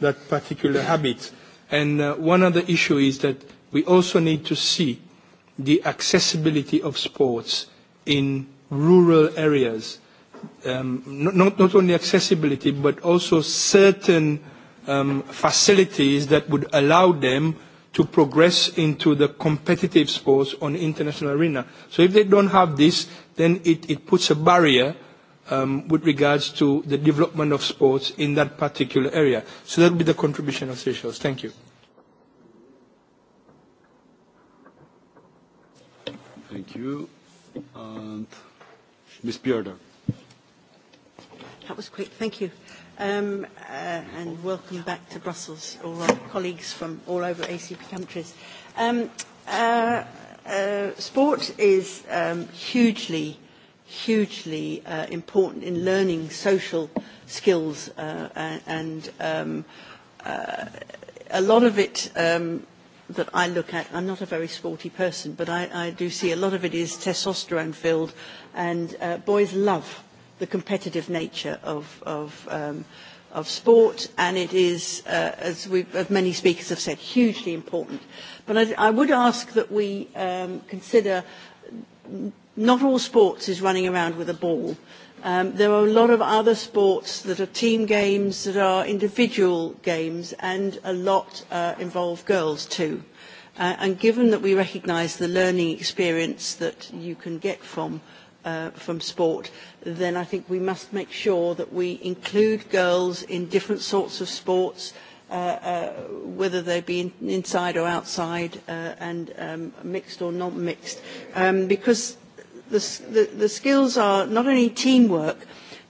S2: that particular habit. And uh, one other issue is that we also need to see the accessibility of sports in rural areas um, not, not only accessibility, but also certain um, facilities that would allow them to progress into the competitive sports on the international arena. So if they don't have this, then it, it puts a barrier um, with regards to the development of sports in that particular area. So that would be the contribution of Seychelles. Thank you.
S1: Thank you. And Ms. Bjerder.
S6: That was quick, thank you. Um, uh, and welcome back to Brussels, all our colleagues from all over ACP countries. Um, uh, uh, sport is um, hugely, hugely uh, important in learning social skills, uh, and um, uh, a lot of it um, that I look at, I'm not a very sporty person, but I, I do see a lot of it is testosterone filled, and uh, boys love the competitive nature of, of, um, of sport, and it is, uh, as, we've, as many speakers have said, hugely important. But I, I would ask that we um, consider not all sports is running around with a ball. Um, there are a lot of other sports that are team games, that are individual games, and a lot uh, involve girls too. Uh, and given that we recognise the learning experience that you can get from uh, from sport, then I think we must make sure that we include girls in different sorts of sports, uh, uh, whether they be in, inside or outside, uh, and um, mixed or not mixed, um, because the, the, the skills are not only teamwork,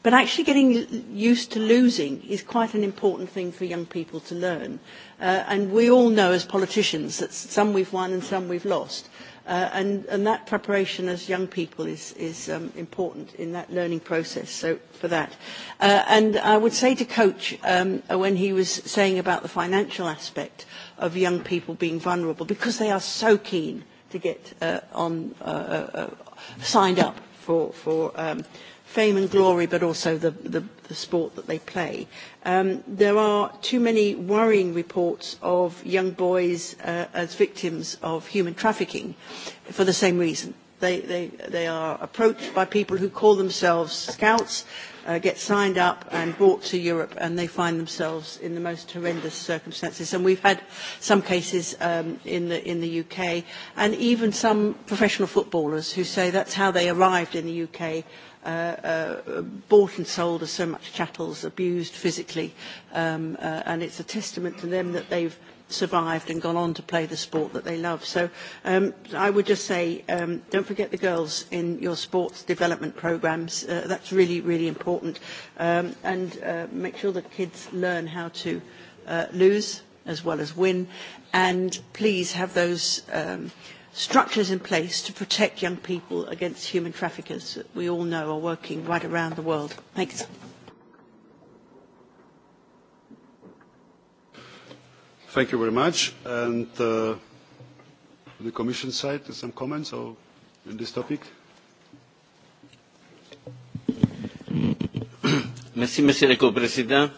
S6: but actually getting used to losing is quite an important thing for young people to learn. Uh, and we all know as politicians that some we've won and some we've lost Uh, and, and that preparation as young people is, is um, important in that learning process, so for that. Uh, and I would say to Coach, um, uh, when he was saying about the financial aspect of young people being vulnerable, because they are so keen to get uh, on, uh, uh, uh signed up for, for um, fame and glory, but also the, the the sport that they play. Um, there are too many worrying reports of young boys uh, as victims of human trafficking for the same reason. They, they, they are approached by people who call themselves scouts, uh, get signed up and brought to Europe, and they find themselves in the most horrendous circumstances. And we've had some cases um, in, the, in the UK, and even some professional footballers who say that's how they arrived in the UK uh, uh, bought and sold as so much chattels, abused physically, um, uh, and it's a testament to them that they've survived and gone on to play the sport that they love. So um, I would just say, um, don't forget the girls in your sports development programs. Uh, that's really, really important. Um, and uh, make sure the kids learn how to uh, lose as well as win. And please have those um, – structures in place to protect young people against human traffickers that we all know are working right around the world. Thanks.
S1: Thank you very much. And uh, the Commission side, some comments on this topic? [COUGHS]
S12: Merci, Monsieur le Co-président.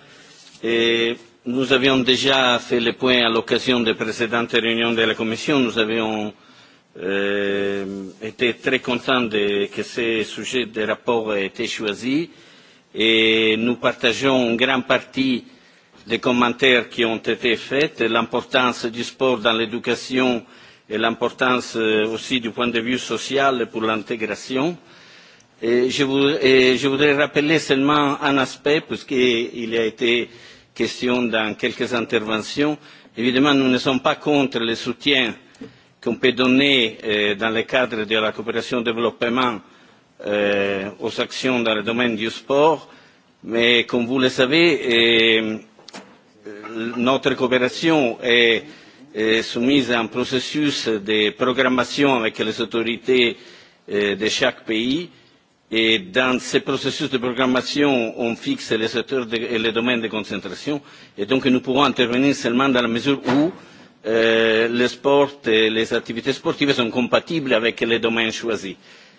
S12: Eh, nous avions déjà fait le point à l'occasion des précédentes réunions de la Commission. Nous avions euh, était très content de, que ce sujet de rapport ait été choisi et nous partageons une grande partie des commentaires qui ont été faits, l'importance du sport dans l'éducation et l'importance euh, aussi du point de vue social pour l'intégration. je, voudrais, je voudrais rappeler seulement un aspect, puisqu'il a été question dans quelques interventions. Évidemment, nous ne sommes pas contre le soutien euh, qu'on peut donner euh, dans le cadre de la coopération au développement euh, aux actions dans le domaine du sport, mais comme vous le savez, euh, notre coopération est, soumise à un processus de programmation avec les autorités de chaque pays. Et dans ce processus de programmation, on fixe les secteurs et les domaines de concentration. Et donc, nous pouvons intervenir seulement dans la mesure où Eh, le sport et les activités sportives sont compatibles avec les domaines choisis.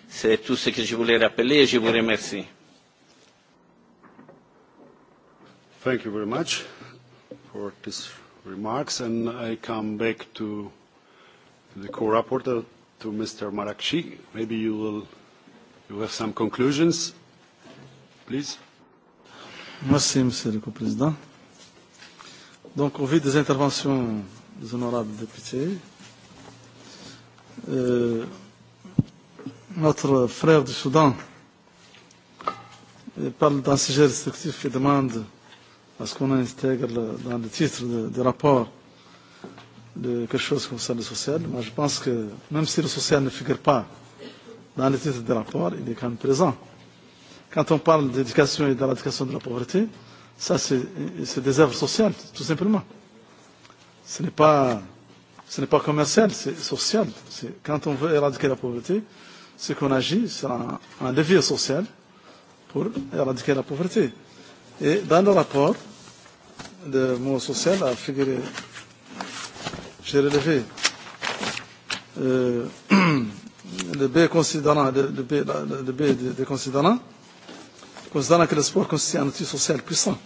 S12: C'est tout ce que je voulais rappeler et je vous remercie.
S1: Thank you very much for these remarks and I come back to the co-rapporteur, to Mr. Marakshi. Maybe you will you have some conclusions, please.
S4: Merci, Monsieur le président Donc, au vu des interventions les honorables députés. Euh, notre frère du Soudan euh, parle d'un sujet restrictif et demande à ce qu'on intègre le, dans le titre du rapport de quelque chose comme ça, le social. Moi, je pense que même si le social ne figure pas dans le titre du rapport, il est quand même présent. Quand on parle d'éducation et d'éradication de la pauvreté, ça, c'est des œuvres sociales, tout simplement. Ce n'est pas, ce n'est pas commercial, c'est social. C'est, quand on veut éradiquer la pauvreté, ce qu'on agit, c'est un, un levier social pour éradiquer la pauvreté. Et dans le rapport, de mon social a figuré. J'ai relevé. Euh, [CLEARS THROAT] le B considérant, le, le B, le B des, de considérants, considérant que le sport constitue un outil social puissant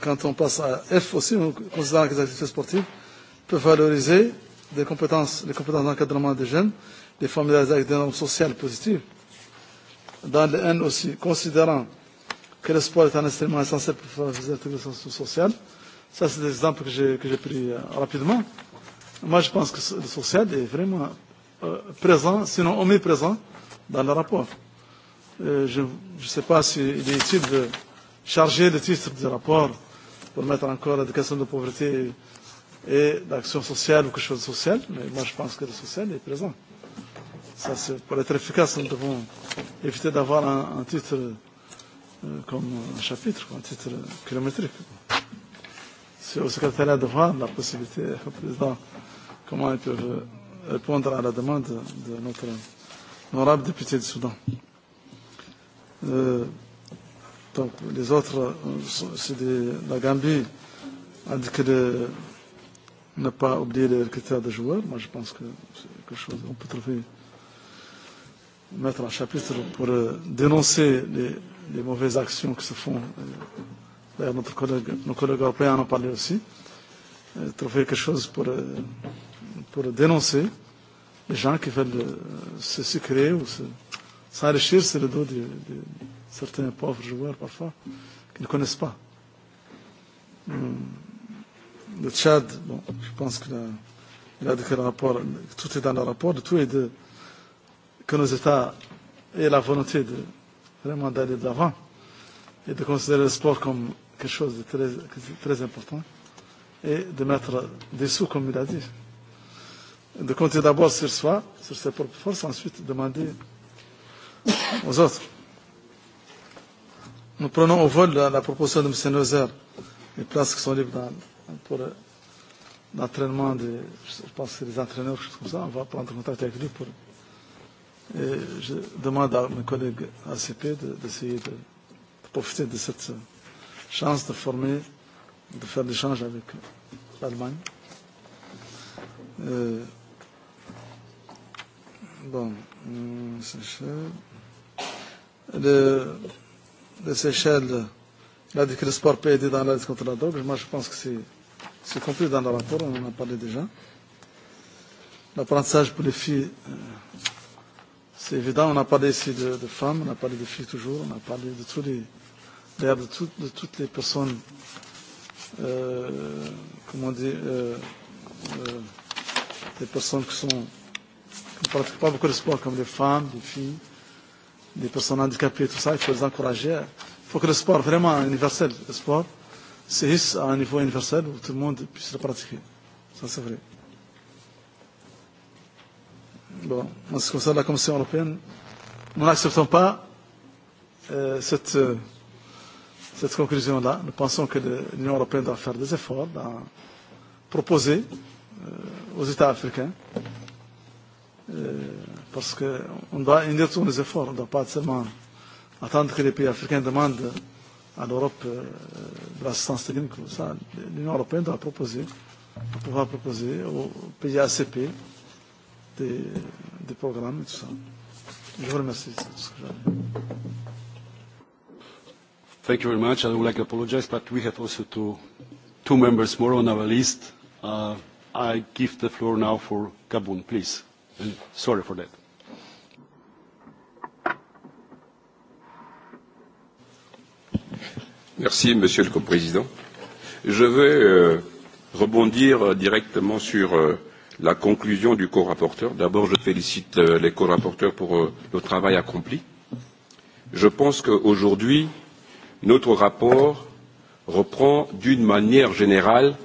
S4: quand on passe à F aussi, on considère que les activités sportives peuvent valoriser des compétences, les compétences d'encadrement des jeunes, les familiariser avec des normes sociales positives. Dans le N aussi, considérant que le sport est un instrument essentiel pour favoriser l'intégration sociale, ça c'est des exemples que j'ai pris euh, rapidement. Moi je pense que le social est vraiment euh, présent, sinon omniprésent, dans le rapport. Euh, je ne sais pas s'il est utile de chargé de titre du rapport pour mettre encore l'éducation de pauvreté et l'action sociale ou quelque chose de social, mais moi je pense que le social est présent. Ça, est, pour être efficace, nous devons éviter d'avoir un, un titre euh, comme un chapitre, un titre kilométrique. C'est au secrétariat de voir la possibilité au président comment ils peuvent répondre à la demande de notre honorable député du Soudan. Euh, Donc les autres, euh, c'est de la Gambie indique de ne pas oublier les critères de joueurs. Moi, je pense que c'est quelque chose qu'on peut trouver, mettre un chapitre pour euh, dénoncer les, les mauvaises actions qui se font. Euh, d'ailleurs, notre collègue, nos collègues européens en ont parlé aussi. Et trouver quelque chose pour, pour dénoncer les gens qui veulent se, se ou s'enrichir sur le dos des, des, certains pauvres joueurs parfois qui ne connaissent pas. Hmm. Le Tchad, bon, je pense que la, là, que le rapport, tout est dans le rapport, de tout est de que nos États aient la volonté de vraiment d'aller de l'avant et de considérer le sport comme quelque chose de très, très important et de mettre des sous, comme il a dit. De compter d'abord sur soi, sur ses propres forces, ensuite demander aux autres. Nous prenons au vol la, la proposition de M. Neuser, les places qui sont libres dans, pour l'entraînement euh, des, je pense des entraîneurs, quelque chose comme ça. On va prendre contact avec lui pour. Et je demande à mes collègues ACP d'essayer de, de, de profiter de cette chance de former, de faire l'échange avec l'Allemagne. Euh, bon, euh, c'est cher. Le, de Seychelles, il a dit que le sport peut aider dans la lutte contre la drogue. Moi, je pense que c'est compris dans le rapport, on en a parlé déjà. L'apprentissage pour les filles, c'est évident. On a parlé ici de, de femmes, on a parlé de filles toujours, on a parlé de tous les, de, tout, de toutes les personnes, euh, comment dire, euh, euh, des personnes qui sont qui ne pratiquent pas beaucoup de sport, comme les femmes, les filles des personnes handicapées, tout ça, il faut les encourager. Il faut que le sport, vraiment universel, le sport, séisse à un niveau universel où tout le monde puisse le pratiquer. Ça, c'est vrai. Bon, en ce qui concerne la Commission européenne, nous n'acceptons pas euh, cette, euh, cette conclusion-là. Nous pensons que l'Union européenne doit faire des efforts, à proposer euh, aux États africains euh, parce que on doit unir tous les efforts, on ne doit pas seulement attendre que les pays africains demandent à l'Europe euh, de l'assistance technique. l'Union européenne doit proposer, doit pouvoir proposer aux pays ACP des, des programmes et tout ça. Je vous remercie. ce que
S1: Thank you very much. I would like to apologize, but we have also two, two members more on our list. Uh, I give the floor now for Gabon, please. Sorry for that.
S3: Merci, Monsieur le Président. Je vais euh, rebondir directement sur euh, la conclusion du co-rapporteur. D'abord, je félicite euh, les co-rapporteurs pour le travail accompli. Je pense qu'aujourd'hui, notre rapport reprend d'une manière générale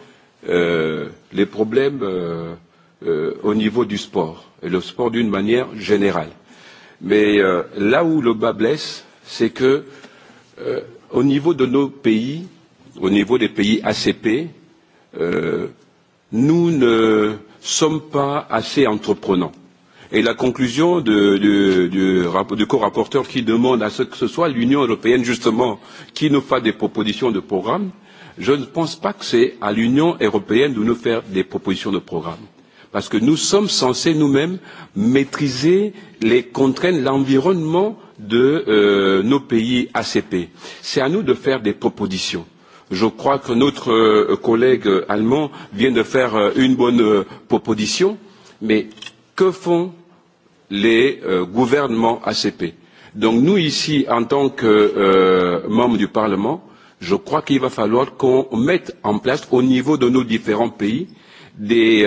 S3: les problèmes euh, au niveau du sport, et le sport d'une manière générale. Mais euh, là où le bas blesse, c'est que euh, au niveau de nos pays, au niveau des pays ACP, euh, nous ne sommes pas assez entreprenants. Et la conclusion de, de, du, du co-rapporteur qui demande à ce que ce soit l'Union européenne justement qui nous fasse des propositions de programme, je ne pense pas que c'est à l'Union européenne de nous faire des propositions de programme parce que nous sommes censés nous-mêmes maîtriser les contraintes, l'environnement de euh, nos pays ACP. C'est à nous de faire des propositions. Je crois que notre euh, collègue allemand vient de faire euh, une bonne euh, proposition, mais que font les euh, gouvernements ACP Donc nous ici, en tant que euh, membres du Parlement, je crois qu'il va falloir qu'on mette en place au niveau de nos différents pays des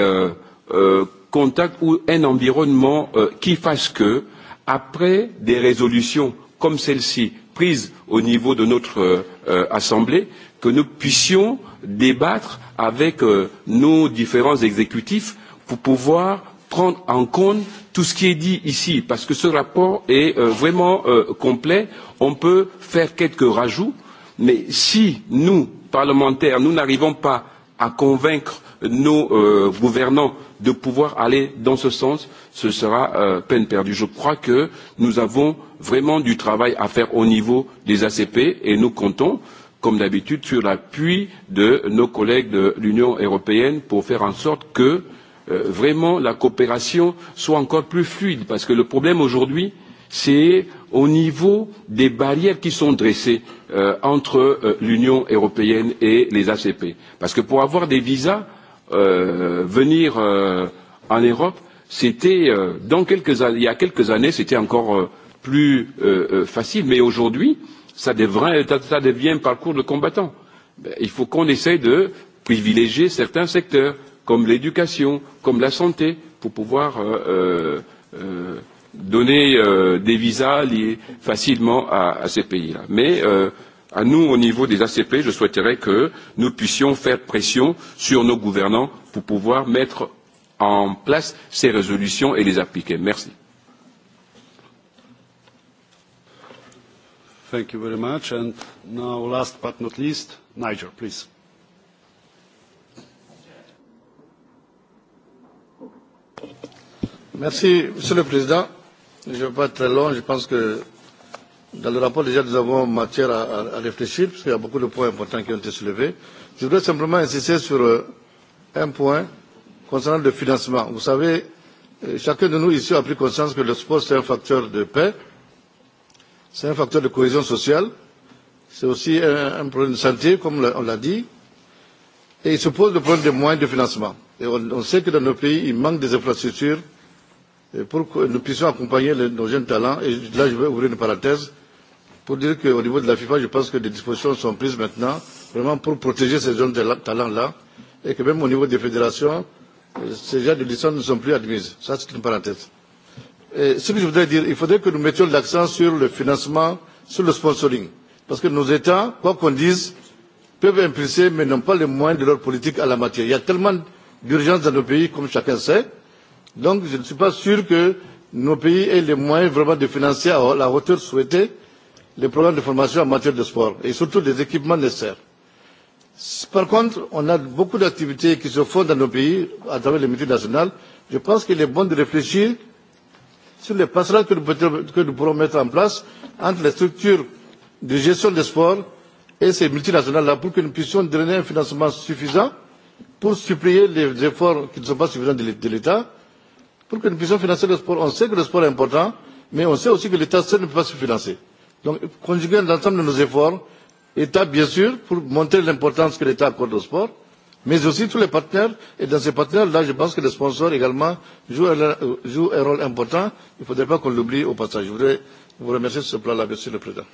S3: Euh, contact ou un environnement euh, qui fasse que, après des résolutions comme celle-ci, prises au niveau de notre euh, Assemblée, que nous puissions débattre avec nos différents exécutifs pour pouvoir prendre en compte tout ce qui est dit ici, parce que ce rapport est euh, vraiment euh, complet. On peut faire quelques rajouts, mais si nous, parlementaires, nous n'arrivons pas à convaincre nos euh, gouvernants de pouvoir aller dans ce sens, ce sera euh, peine perdue. Je crois que nous avons vraiment du travail à faire au niveau des ACP et nous comptons, comme d'habitude, sur l'appui de nos collègues de l'Union européenne pour faire en sorte que euh, vraiment la coopération soit encore plus fluide, parce que le problème aujourd'hui, c'est au niveau des barrières qui sont dressées euh, entre euh, l'Union européenne et les ACP. Parce que pour avoir des visas, Euh, venir euh, en Europe, c'était euh, dans quelques années, il y a quelques années, c'était encore euh, plus euh, euh facile, mais aujourd'hui, ça devient, ça devient un parcours de combattant. Il faut qu'on essaie de privilégier certains secteurs, comme l'éducation, comme la santé, pour pouvoir euh, euh, euh donner euh, des visas liés facilement à, à ces pays-là. Mais euh, à nous, au niveau des ACP, je souhaiterais que nous puissions faire pression sur nos gouvernants pour pouvoir mettre en place ces résolutions et les appliquer. Merci.
S1: Thank you very much. And now, last but not least, Niger, please.
S13: Merci, Monsieur le Président. Je ne vais pas être très long. Je pense que Dans le rapport, déjà, nous avons matière à, à, à réfléchir, parce qu'il y a beaucoup de points importants qui ont été soulevés. Je voudrais simplement insister sur euh, un point concernant le financement. Vous savez, euh, chacun de nous ici a pris conscience que le sport, c'est un facteur de paix, c'est un facteur de cohésion sociale, c'est aussi un, un problème de santé, comme on l'a dit, et il se pose le problème des moyens de financement. Et on, on sait que dans nos pays, il manque des infrastructures euh, pour que nous puissions accompagner les, nos jeunes talents. Et là, je vais ouvrir une parenthèse pour dire qu'au niveau de la FIFA, je pense que des dispositions sont prises maintenant vraiment pour protéger ces jeunes talents-là et que même au niveau des fédérations, euh, ces genres de licences ne sont plus admises. Ça, c'est une parenthèse. Et ce que je voudrais dire, il faudrait que nous mettions l'accent sur le financement, sur le sponsoring. Parce que nos États, quoi qu'on dise, peuvent impulser, mais n'ont pas les moyens de leur politique à la matière. Il y a tellement d'urgence dans nos pays, comme chacun sait. Donc, je ne suis pas sûr que nos pays aient les moyens vraiment de financer à la hauteur souhaitée les programmes de formation en matière de sport et surtout des équipements nécessaires. Par contre, on a beaucoup d'activités qui se font dans nos pays à travers les multinationales. Je pense qu'il est bon de réfléchir sur les passerelles que nous, que nous pourrons mettre en place entre les structures de gestion des sports et ces multinationales-là pour que nous puissions donner un financement suffisant pour supplier les efforts qui ne sont pas suffisants de l'État, pour que nous puissions financer le sport. On sait que le sport est important, mais on sait aussi que l'État seul ne peut pas se financer. Donc, conjuguer l'ensemble de nos efforts, État bien sûr, pour montrer l'importance que l'État accorde au sport, mais aussi tous les partenaires. Et dans ces partenaires-là, je pense que les sponsors également jouent un, euh, jouent un rôle important. Il ne faudrait pas qu'on l'oublie au passage. Je voudrais vous remercier sur ce plan-là, Monsieur le Président.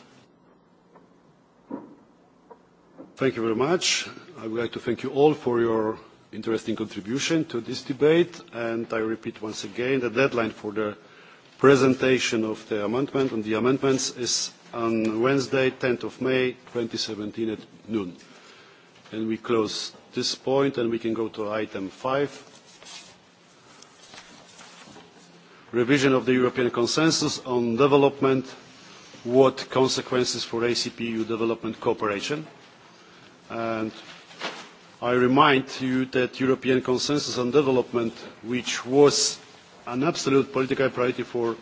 S1: Thank you very much. I would like to thank you all for your interesting contribution to this debate. And I repeat once again, the deadline for the presentation of the amendment and the amendments is on Wednesday, 10th of May, 2017 at noon. And we close this point and we can go to item 5. Revision of the European Consensus on Development, what consequences for ACP-EU development cooperation. And I remind you that European Consensus on Development, which was an absolute political priority for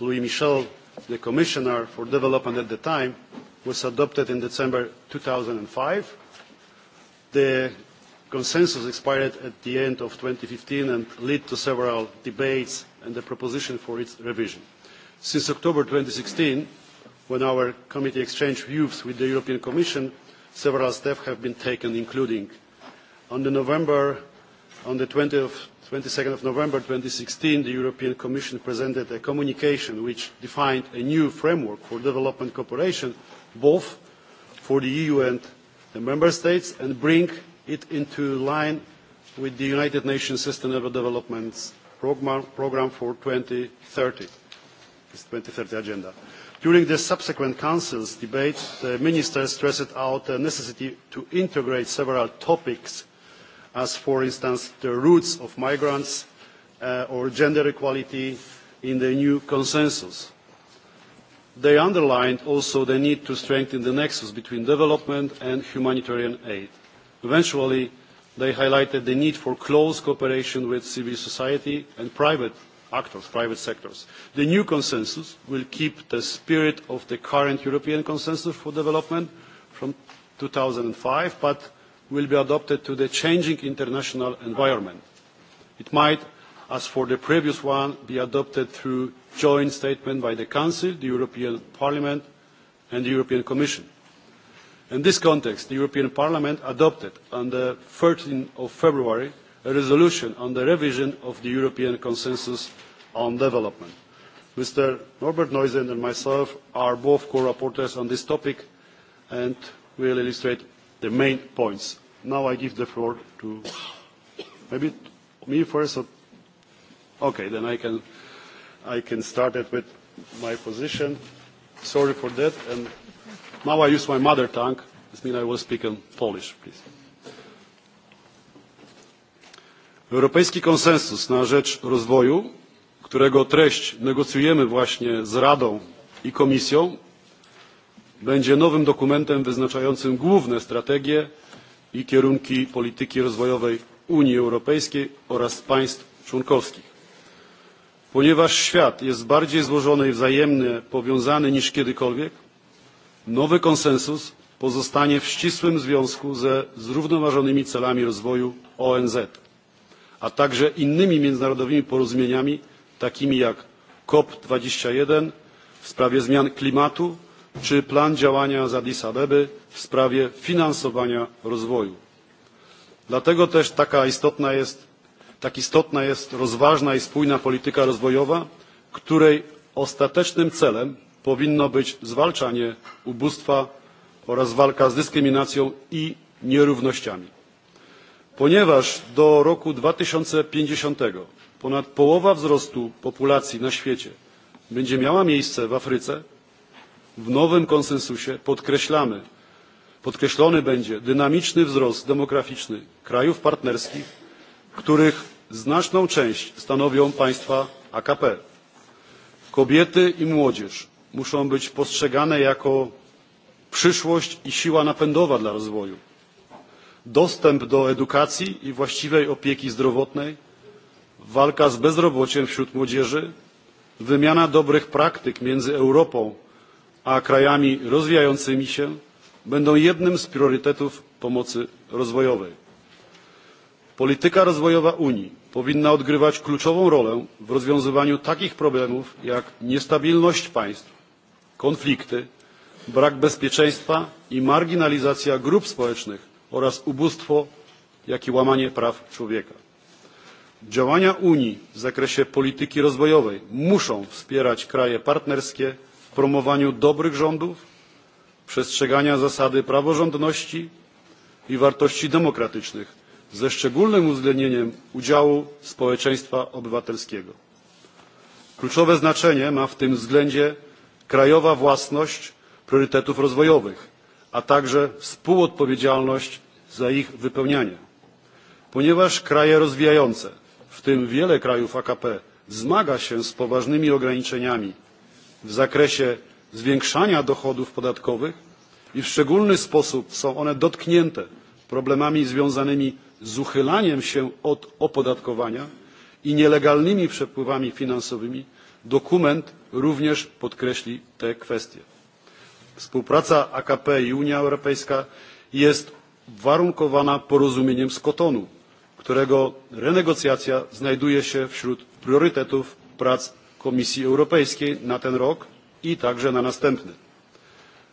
S1: Louis Michel the Commissioner for Development at the time, was adopted in December two thousand five. The consensus expired at the end of fifteen and led to several debates and a proposition for its revision. Since October sixteen, when our committee exchanged views with the European Commission, several steps have been taken, including on the November, on the 20th 22nd of November sixteen, the European Commission presented a communication which defined a new framework for development cooperation, both for the EU and the member states, and bring it into line with the United Nations Sustainable Development Programme for 2030, this thirty agenda. During the subsequent Council's debate, the ministers stressed out the necessity to integrate several topics as, for instance, the roots of migrants uh, or gender equality in the new consensus. They underlined also the need to strengthen the nexus between development and humanitarian aid. Eventually, they highlighted the need for close cooperation with civil society and private actors, private sectors. The new consensus will keep the spirit of the current European Consensus for Development from two thousand five, but will be adapted to the changing international environment. It might, as for the previous one, be adopted through joint statement by the Council, the European Parliament and the European Commission. In this context, the European Parliament adopted on the 13 of February a resolution on the revision of the European Consensus on Development. Mr. Norbert Neusen and myself are both co-rapporteurs on this topic and will illustrate the main points. Now I give the floor to maybe me first. Or, okay, then I can, I can start it with my position. Sorry for that. And now I use my mother tongue. This means I will speak in Polish, please. Europejski konsensus na rzecz rozwoju, którego treść negocjujemy właśnie z Radą i Komisją, będzie nowym dokumentem wyznaczającym główne strategie i kierunki polityki rozwojowej Unii Europejskiej oraz państw członkowskich. Ponieważ świat jest bardziej złożony i wzajemnie powiązany niż kiedykolwiek, nowy konsensus pozostanie w ścisłym związku ze zrównoważonymi celami rozwoju ONZ, a także innymi międzynarodowymi porozumieniami, takimi jak cop jeden w sprawie zmian klimatu czy plan działania z Addis Abeby w sprawie finansowania rozwoju. Dlatego też taka istotna jest, tak istotna jest rozważna i spójna polityka rozwojowa, której ostatecznym celem powinno być zwalczanie ubóstwa oraz walka z dyskryminacją i nierównościami. Ponieważ do roku 2050 ponad połowa wzrostu populacji na świecie będzie miała miejsce w Afryce, w nowym konsensusie podkreślamy podkreślony będzie dynamiczny wzrost demograficzny krajów partnerskich których znaczną część stanowią państwa akp. kobiety i młodzież muszą być postrzegane jako przyszłość i siła napędowa dla rozwoju. dostęp do edukacji i właściwej opieki zdrowotnej walka z bezrobociem wśród młodzieży wymiana dobrych praktyk między europą a krajami rozwijającymi się będą jednym z priorytetów pomocy rozwojowej. Polityka rozwojowa Unii powinna odgrywać kluczową rolę w rozwiązywaniu takich problemów jak niestabilność państw, konflikty, brak bezpieczeństwa i marginalizacja grup społecznych oraz ubóstwo, jak i łamanie praw człowieka. Działania Unii w zakresie polityki rozwojowej muszą wspierać kraje partnerskie promowaniu dobrych rządów przestrzegania zasady praworządności i wartości demokratycznych ze szczególnym uwzględnieniem udziału społeczeństwa obywatelskiego. kluczowe znaczenie ma w tym względzie krajowa własność priorytetów rozwojowych a także współodpowiedzialność za ich wypełnianie. ponieważ kraje rozwijające w tym wiele krajów akp zmaga się z poważnymi ograniczeniami w zakresie zwiększania dochodów podatkowych i w szczególny sposób są one dotknięte problemami związanymi z uchylaniem się od opodatkowania i nielegalnymi przepływami finansowymi dokument również podkreśli te kwestie. Współpraca AKP i Unia Europejska jest warunkowana porozumieniem z Kotonu, którego renegocjacja znajduje się wśród priorytetów prac Komisji Europejskiej na ten rok i także na następny.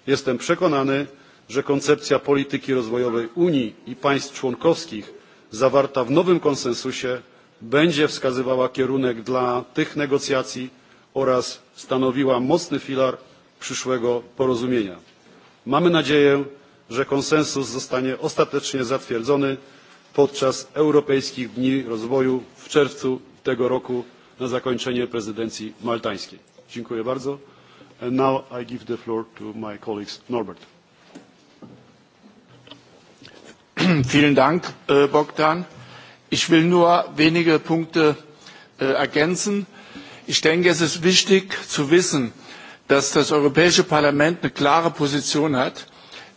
S1: Jestem przekonany, że koncepcja polityki rozwojowej Unii i państw członkowskich zawarta w nowym konsensusie będzie wskazywała kierunek dla tych negocjacji oraz stanowiła mocny filar przyszłego porozumienia. Mamy nadzieję, że konsensus zostanie ostatecznie zatwierdzony podczas Europejskich Dni Rozwoju w czerwcu tego roku na zakończenie prezydencji maltańskiej. Dziękuję bardzo. And now I give the floor to my colleagues Norbert.
S9: [CLEARS THROAT] Vielen Dank, äh, Bogdan. Ich will nur wenige Punkte äh, ergänzen. Ich denke, es ist wichtig zu wissen, dass das Europäische Parlament eine klare Position hat,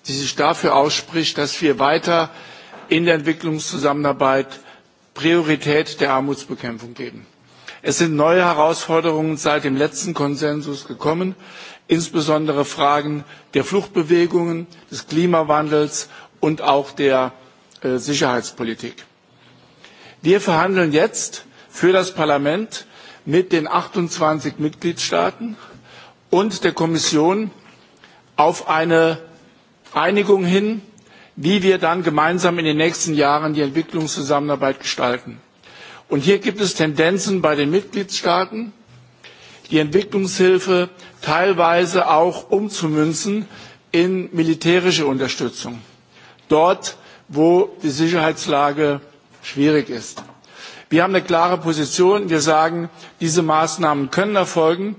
S9: die sich dafür ausspricht, dass wir weiter in der Entwicklungszusammenarbeit Priorität der Armutsbekämpfung geben es sind neue herausforderungen seit dem letzten konsensus gekommen insbesondere fragen der fluchtbewegungen des klimawandels und auch der äh, sicherheitspolitik. wir verhandeln jetzt für das parlament mit den achtundzwanzig mitgliedstaaten und der kommission auf eine einigung hin wie wir dann gemeinsam in den nächsten jahren die entwicklungszusammenarbeit gestalten. Und hier gibt es Tendenzen bei den Mitgliedstaaten, die Entwicklungshilfe teilweise auch umzumünzen in militärische Unterstützung, dort, wo die Sicherheitslage schwierig ist. Wir haben eine klare Position. Wir sagen, diese Maßnahmen können erfolgen,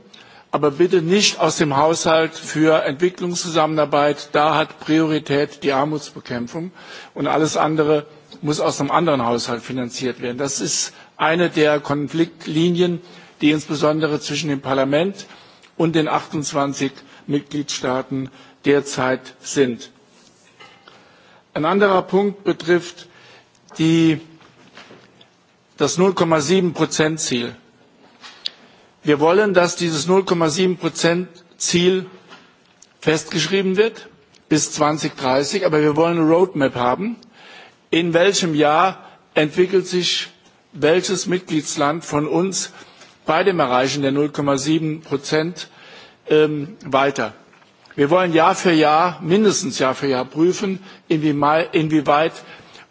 S9: aber bitte nicht aus dem Haushalt für Entwicklungszusammenarbeit. Da hat Priorität die Armutsbekämpfung und alles andere muss aus einem anderen Haushalt finanziert werden. Das ist eine der Konfliktlinien, die insbesondere zwischen dem Parlament und den 28 Mitgliedstaaten derzeit sind. Ein anderer Punkt betrifft die, das 0,7 Ziel. Wir wollen, dass dieses 0,7 Ziel festgeschrieben wird bis 2030, aber wir wollen eine Roadmap haben in welchem Jahr entwickelt sich welches Mitgliedsland von uns bei dem Erreichen der 0,7 Prozent ähm, weiter. Wir wollen Jahr für Jahr, mindestens Jahr für Jahr prüfen, inwieweit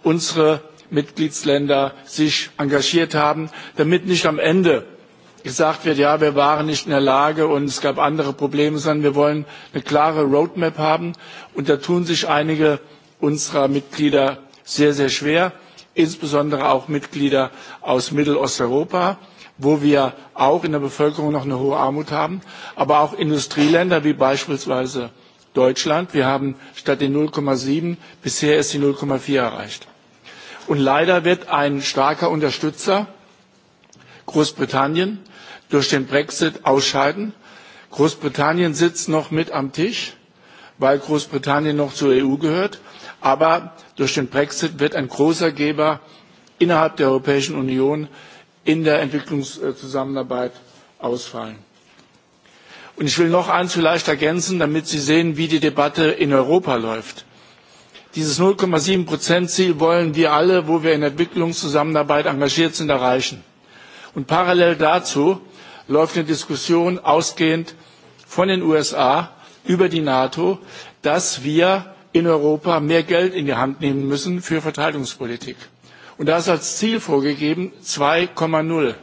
S9: unsere Mitgliedsländer sich engagiert haben, damit nicht am Ende gesagt wird, ja, wir waren nicht in der Lage und es gab andere Probleme, sondern wir wollen eine klare Roadmap haben. Und da tun sich einige unserer Mitglieder sehr, sehr schwer, insbesondere auch Mitglieder aus Mittelosteuropa, wo wir auch in der Bevölkerung noch eine hohe Armut haben, aber auch Industrieländer wie beispielsweise Deutschland. Wir haben statt den 0,7 bisher erst die 0,4 erreicht. Und leider wird ein starker Unterstützer Großbritannien durch den Brexit ausscheiden. Großbritannien sitzt noch mit am Tisch, weil Großbritannien noch zur EU gehört. Aber durch den Brexit wird ein großer Geber innerhalb der Europäischen Union in der Entwicklungszusammenarbeit ausfallen. Und ich will noch eins vielleicht ergänzen, damit Sie sehen, wie die Debatte in Europa läuft. Dieses 0,7 Ziel wollen wir alle, wo wir in Entwicklungszusammenarbeit engagiert sind, erreichen. Und parallel dazu läuft eine Diskussion ausgehend von den USA über die NATO, dass wir in Europa mehr Geld in die Hand nehmen müssen für Verteidigungspolitik. Und da ist als Ziel vorgegeben 2,0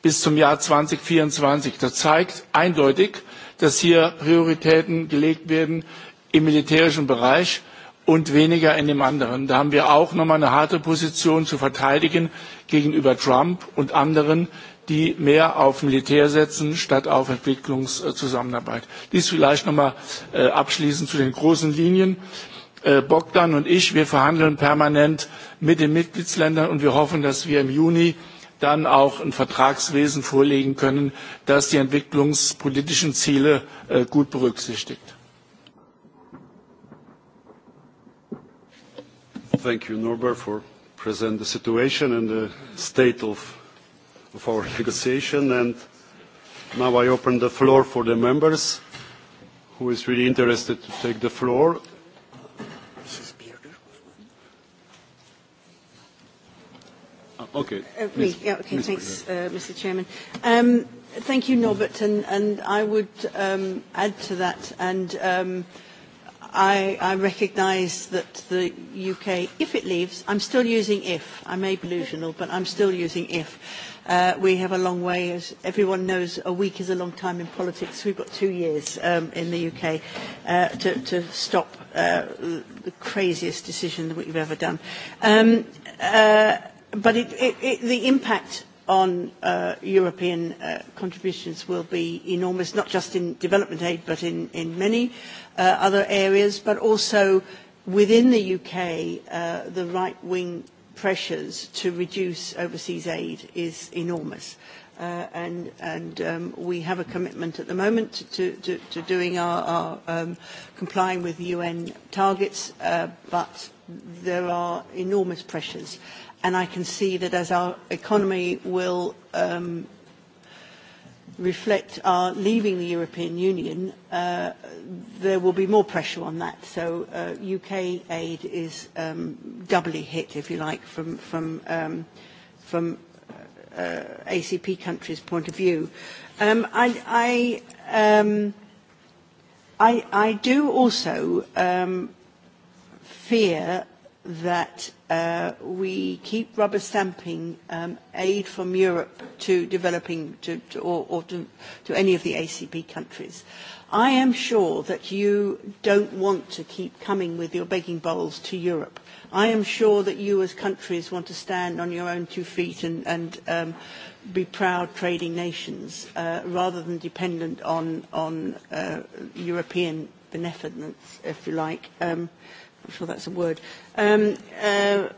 S9: bis zum Jahr 2024. Das zeigt eindeutig, dass hier Prioritäten gelegt werden im militärischen Bereich und weniger in dem anderen. Da haben wir auch nochmal eine harte Position zu verteidigen gegenüber Trump und anderen, die mehr auf Militär setzen statt auf Entwicklungszusammenarbeit. Dies vielleicht noch einmal äh, abschließend zu den großen Linien. Äh, Bogdan und ich, wir verhandeln permanent mit den Mitgliedsländern und wir hoffen, dass wir im Juni dann auch ein Vertragswesen vorlegen können, das die entwicklungspolitischen Ziele äh, gut berücksichtigt.
S1: Thank you, Norbert, for the situation and the state of of our negotiation. And now I open the floor for the members who is really interested to take the floor.
S7: Uh, okay. Uh, me. Yeah, okay, Ms. thanks,
S6: uh, Mr. Chairman. Um, thank you, Norbert, and, and I would um, add to that, and um, I, I recognise that the UK, if it leaves, I'm still using if. I may be delusional, but I'm still using if Uh, we have a long way. As everyone knows, a week is a long time in politics. We've got two years um, in the UK uh, to, to stop uh, the craziest decision that we've ever done. Um, uh, but it, it, it, the impact on uh, European uh, contributions will be enormous, not just in development aid, but in, in many uh, other areas, but also within the UK, uh, the right-wing pressures to reduce overseas aid is enormous. Uh, and, and um, we have a commitment at the moment to, to, to doing our, our um, complying with UN targets, uh, but there are enormous pressures. And I can see that as our economy will um, reflect our leaving the European Union, uh, there will be more pressure on that. So uh, UK aid is um, doubly hit, if you like, from, from, um, from uh, ACP countries' point of view. Um, I, I, um, I, I do also um, fear that uh, we keep rubber stamping um, aid from Europe to developing to, to, or, or to, to any of the ACP countries. I am sure that you don't want to keep coming with your begging bowls to Europe. I am sure that you as countries want to stand on your own two feet and, and um, be proud trading nations uh, rather than dependent on, on uh, European benevolence, if you like. Um, I'm sure that's a word. Um, uh,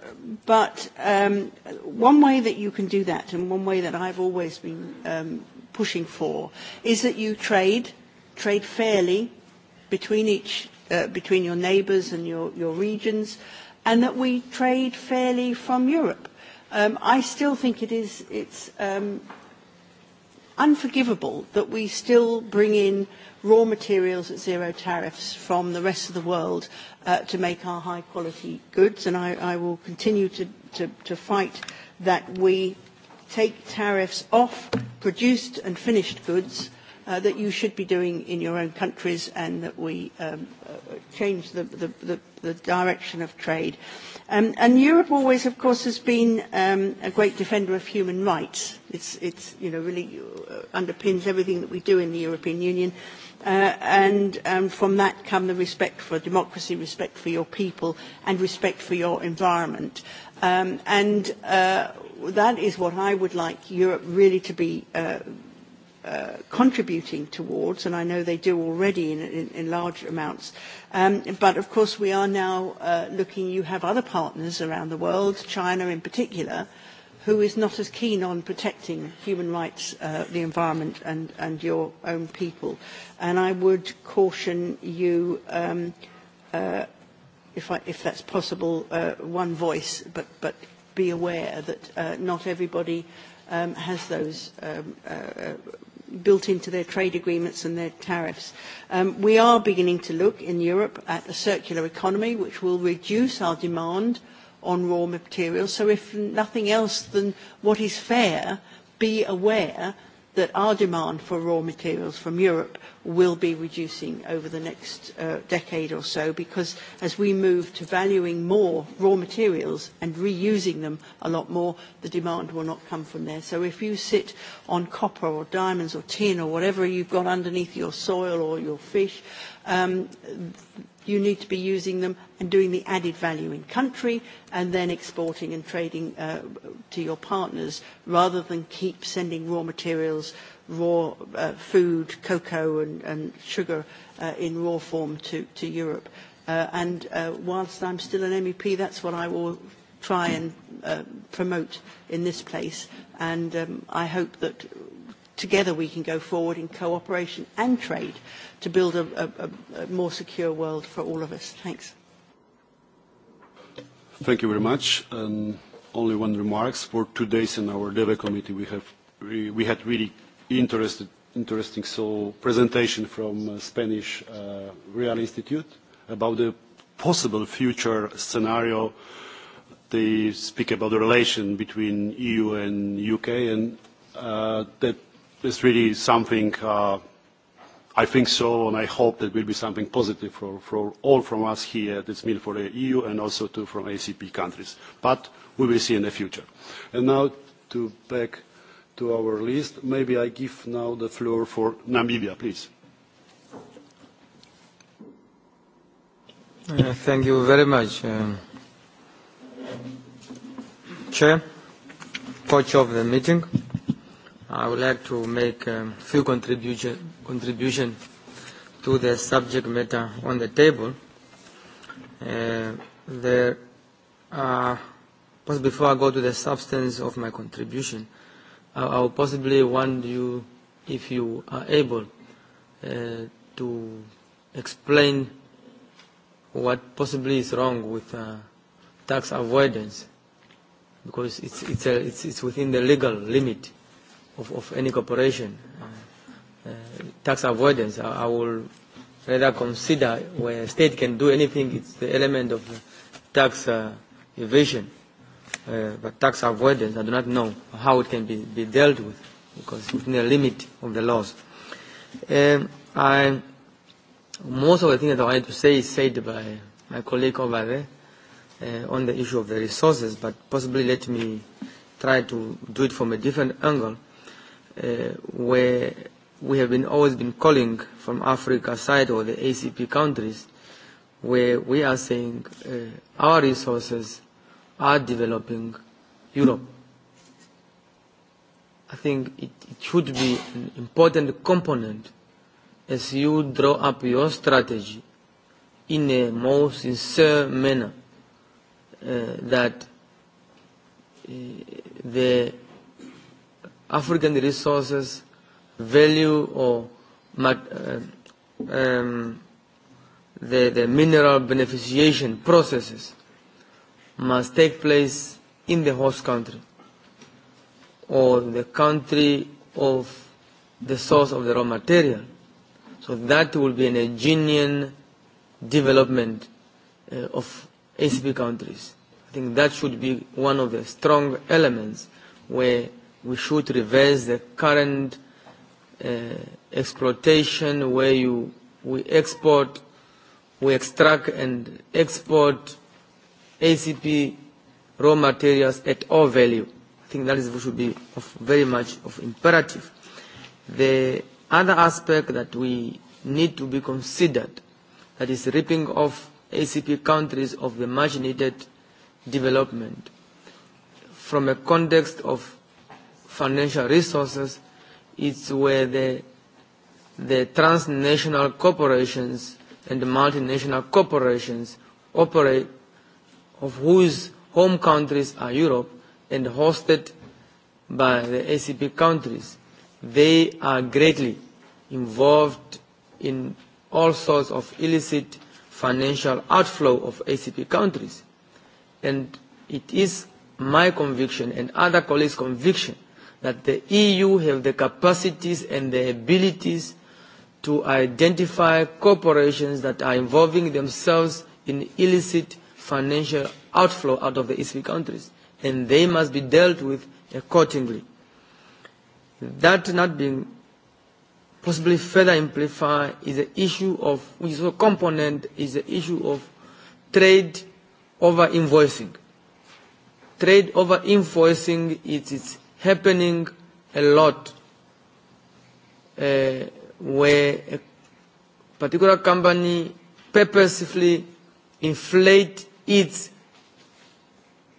S6: but um, one way that you can do that, and one way that I've always been um, pushing for, is that you trade, trade fairly between each, uh, between your neighbours and your, your regions, and that we trade fairly from Europe. Um, I still think it is, it's um, unforgivable that we still bring in raw materials at zero tariffs from the rest of the world uh, to make our high quality goods and I, I will continue to, to, to fight that we take tariffs off produced and finished goods uh, that you should be doing in your own countries and that we um, uh, change the, the, the, the direction of trade. Uh, Um, and Europe always, of course, has been um, a great defender of human rights. It's, it's you know, really uh, underpins everything that we do in the European Union. Uh, and um, from that come the respect for democracy, respect for your people, and respect for your environment. Um, and uh, that is what I would like Europe really to be uh, Uh, contributing towards, and I know they do already in, in, in large amounts. Um, but of course, we are now uh, looking, you have other partners around the world, China in particular, who is not as keen on protecting human rights, uh, the environment, and, and your own people. And I would caution you, um, uh, if, I, if that's possible, uh, one voice, but, but be aware that uh, not everybody um, has those um, uh, uh built into their trade agreements and their tariffs. Um, we are beginning to look in Europe at a circular economy which will reduce our demand on raw materials. So if nothing else than what is fair, be aware that our demand for raw materials from Europe will be reducing over the next uh, decade or so because as we move to valuing more raw materials and reusing them a lot more, the demand will not come from there. So if you sit on copper or diamonds or tin or whatever you've got underneath your soil or your fish, um, you need to be using them and doing the added value in country and then exporting and trading uh, to your partners rather than keep sending raw materials uh, raw uh, food, cocoa and, and sugar uh, in raw form to, to Europe. Uh, and uh, whilst I'm still an MEP, that's what I will try and uh, promote in this place. And um, I hope that together we can go forward in cooperation and trade to build a, a, a more secure world for all of us. Thanks.
S1: Thank you very much. Um, only one remarks. For two days in our DEVE committee, we, have re we had really Interesting interesting so presentation from uh, Spanish uh, Real Institute about the possible future scenario. They speak about the relation between EU and UK, and uh, that is really something uh, I think so, and I hope that will be something positive for, for all from us here at this meal for the EU and also to from ACP countries. But we will see in the future. And now to back to our list. Maybe I give now the floor for
S14: Namibia, please. Uh, thank you very much. Uh, Chair, coach of the meeting, I would like to make a few contribution, to the subject matter on the table. Uh, there are, but before I go to the substance of my contribution, i will possibly want you, if you are able uh, to explain what possibly is wrong with uh, tax avoidance, because it's, it's, a, it's, it's within the legal limit of, of any corporation. Uh, uh, tax avoidance, I, I will rather consider where a state can do anything, it's the element of tax uh, evasion uh, but tax avoidance, I do not know how it can be, be dealt with because it's within the limit of the laws. Um, I, most of the things that I wanted to say is said by my colleague over there uh, on the issue of the resources, but possibly let me try to do it from a different angle, uh, where we have been always been calling from Africa side or the ACP countries, where we are saying uh, our resources are developing Europe. I think it, it should be an important component as you draw up your strategy in a more sincere manner uh, that uh, the African resources value or uh, um, the, the mineral beneficiation processes must take place in the host country or the country of the source of the raw material. So that will be an Aegean development uh, of ACP countries. I think that should be one of the strong elements where we should reverse the current uh, exploitation where you, we export, we extract and export ACP raw materials at all value. I think that is, should be of very much of imperative. The other aspect that we need to be considered, that is ripping off ACP countries of the much needed development from a context of financial resources, it's where the, the transnational corporations and the multinational corporations operate of whose home countries are Europe and hosted by the ACP countries. They are greatly involved in all sorts of illicit financial outflow of ACP countries. And it is my conviction and other colleagues' conviction that the EU have the capacities and the abilities to identify corporations that are involving themselves in illicit financial outflow out of the ECB countries, and they must be dealt with accordingly. That not being possibly further amplified is the issue of, which is a component, is the issue of trade over invoicing. Trade over invoicing is, is happening a lot uh, where a particular company purposefully inflate its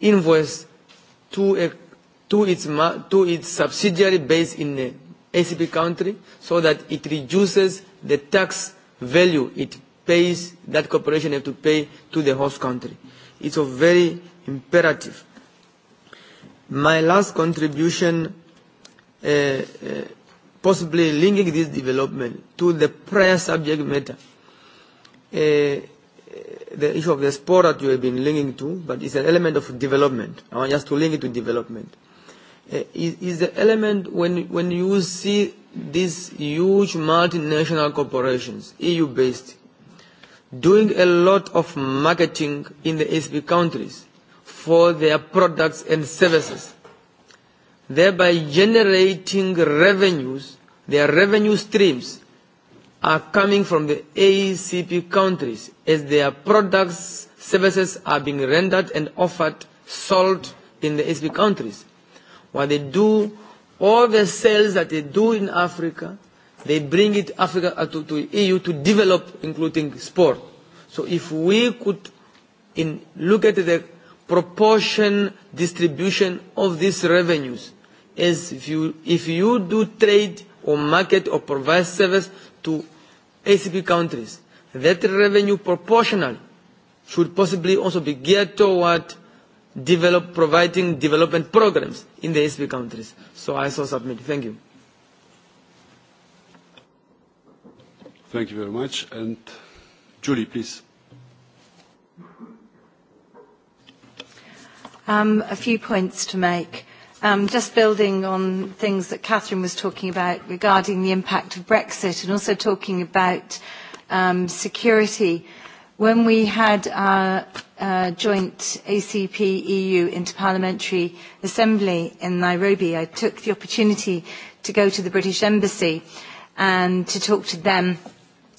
S14: invoice to, a, to, its, to its subsidiary based in the ACP country so that it reduces the tax value it pays that corporation have to pay to the host country. It's a very imperative. My last contribution, uh, uh, possibly linking this development to the prior subject matter, uh, the issue of the sport that you have been linking to, but it's an element of development. I want just to link it to development. Uh, is, is the element when, when you see these huge multinational corporations, EU-based, doing a lot of marketing in the ACP countries for their products and services, thereby generating revenues, their revenue streams are coming from the ACP countries as their products, services are being rendered and offered, sold in the ACP countries. What they do, all the sales that they do in Africa, they bring it Africa uh, to, to EU to develop, including sport. So if we could in, look at the proportion distribution of these revenues, as if you, if you do trade or market or provide service to ACP countries. That revenue proportionally should possibly also be geared toward develop, providing development programs in the ACP countries. So I so submit. Thank you.
S1: Thank you very much. And Julie, please.
S11: Um, a few points to make. Um, just building on things that Catherine was talking about regarding the impact of Brexit and also talking about um, security. When we had our uh, joint ACP-EU Interparliamentary Assembly in Nairobi, I took the opportunity to go to the British Embassy and to talk to them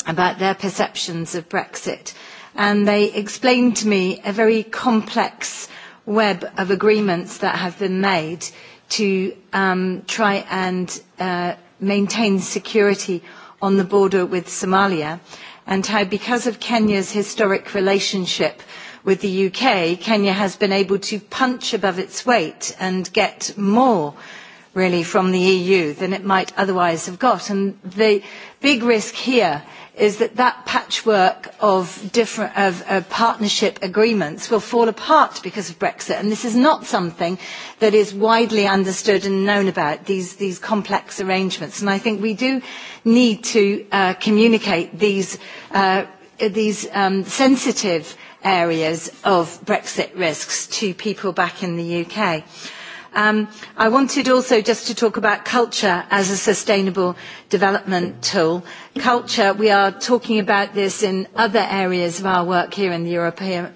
S11: about their perceptions of Brexit. And they explained to me a very complex web of agreements that have been made to um, try and uh, maintain security on the border with Somalia and how because of Kenya's historic relationship with the UK, Kenya has been able to punch above its weight and get more really from the EU than it might otherwise have got. And the big risk here is that that patchwork of different of, of partnership agreements will fall apart because of Brexit, and this is not something that is widely understood and known about these these complex arrangements. And I think we do need to uh, communicate these uh, these um, sensitive areas of Brexit risks to people back in the UK. Um, I wanted also just to talk about culture as a sustainable development tool. Culture, we are talking about this in other areas of our work here in the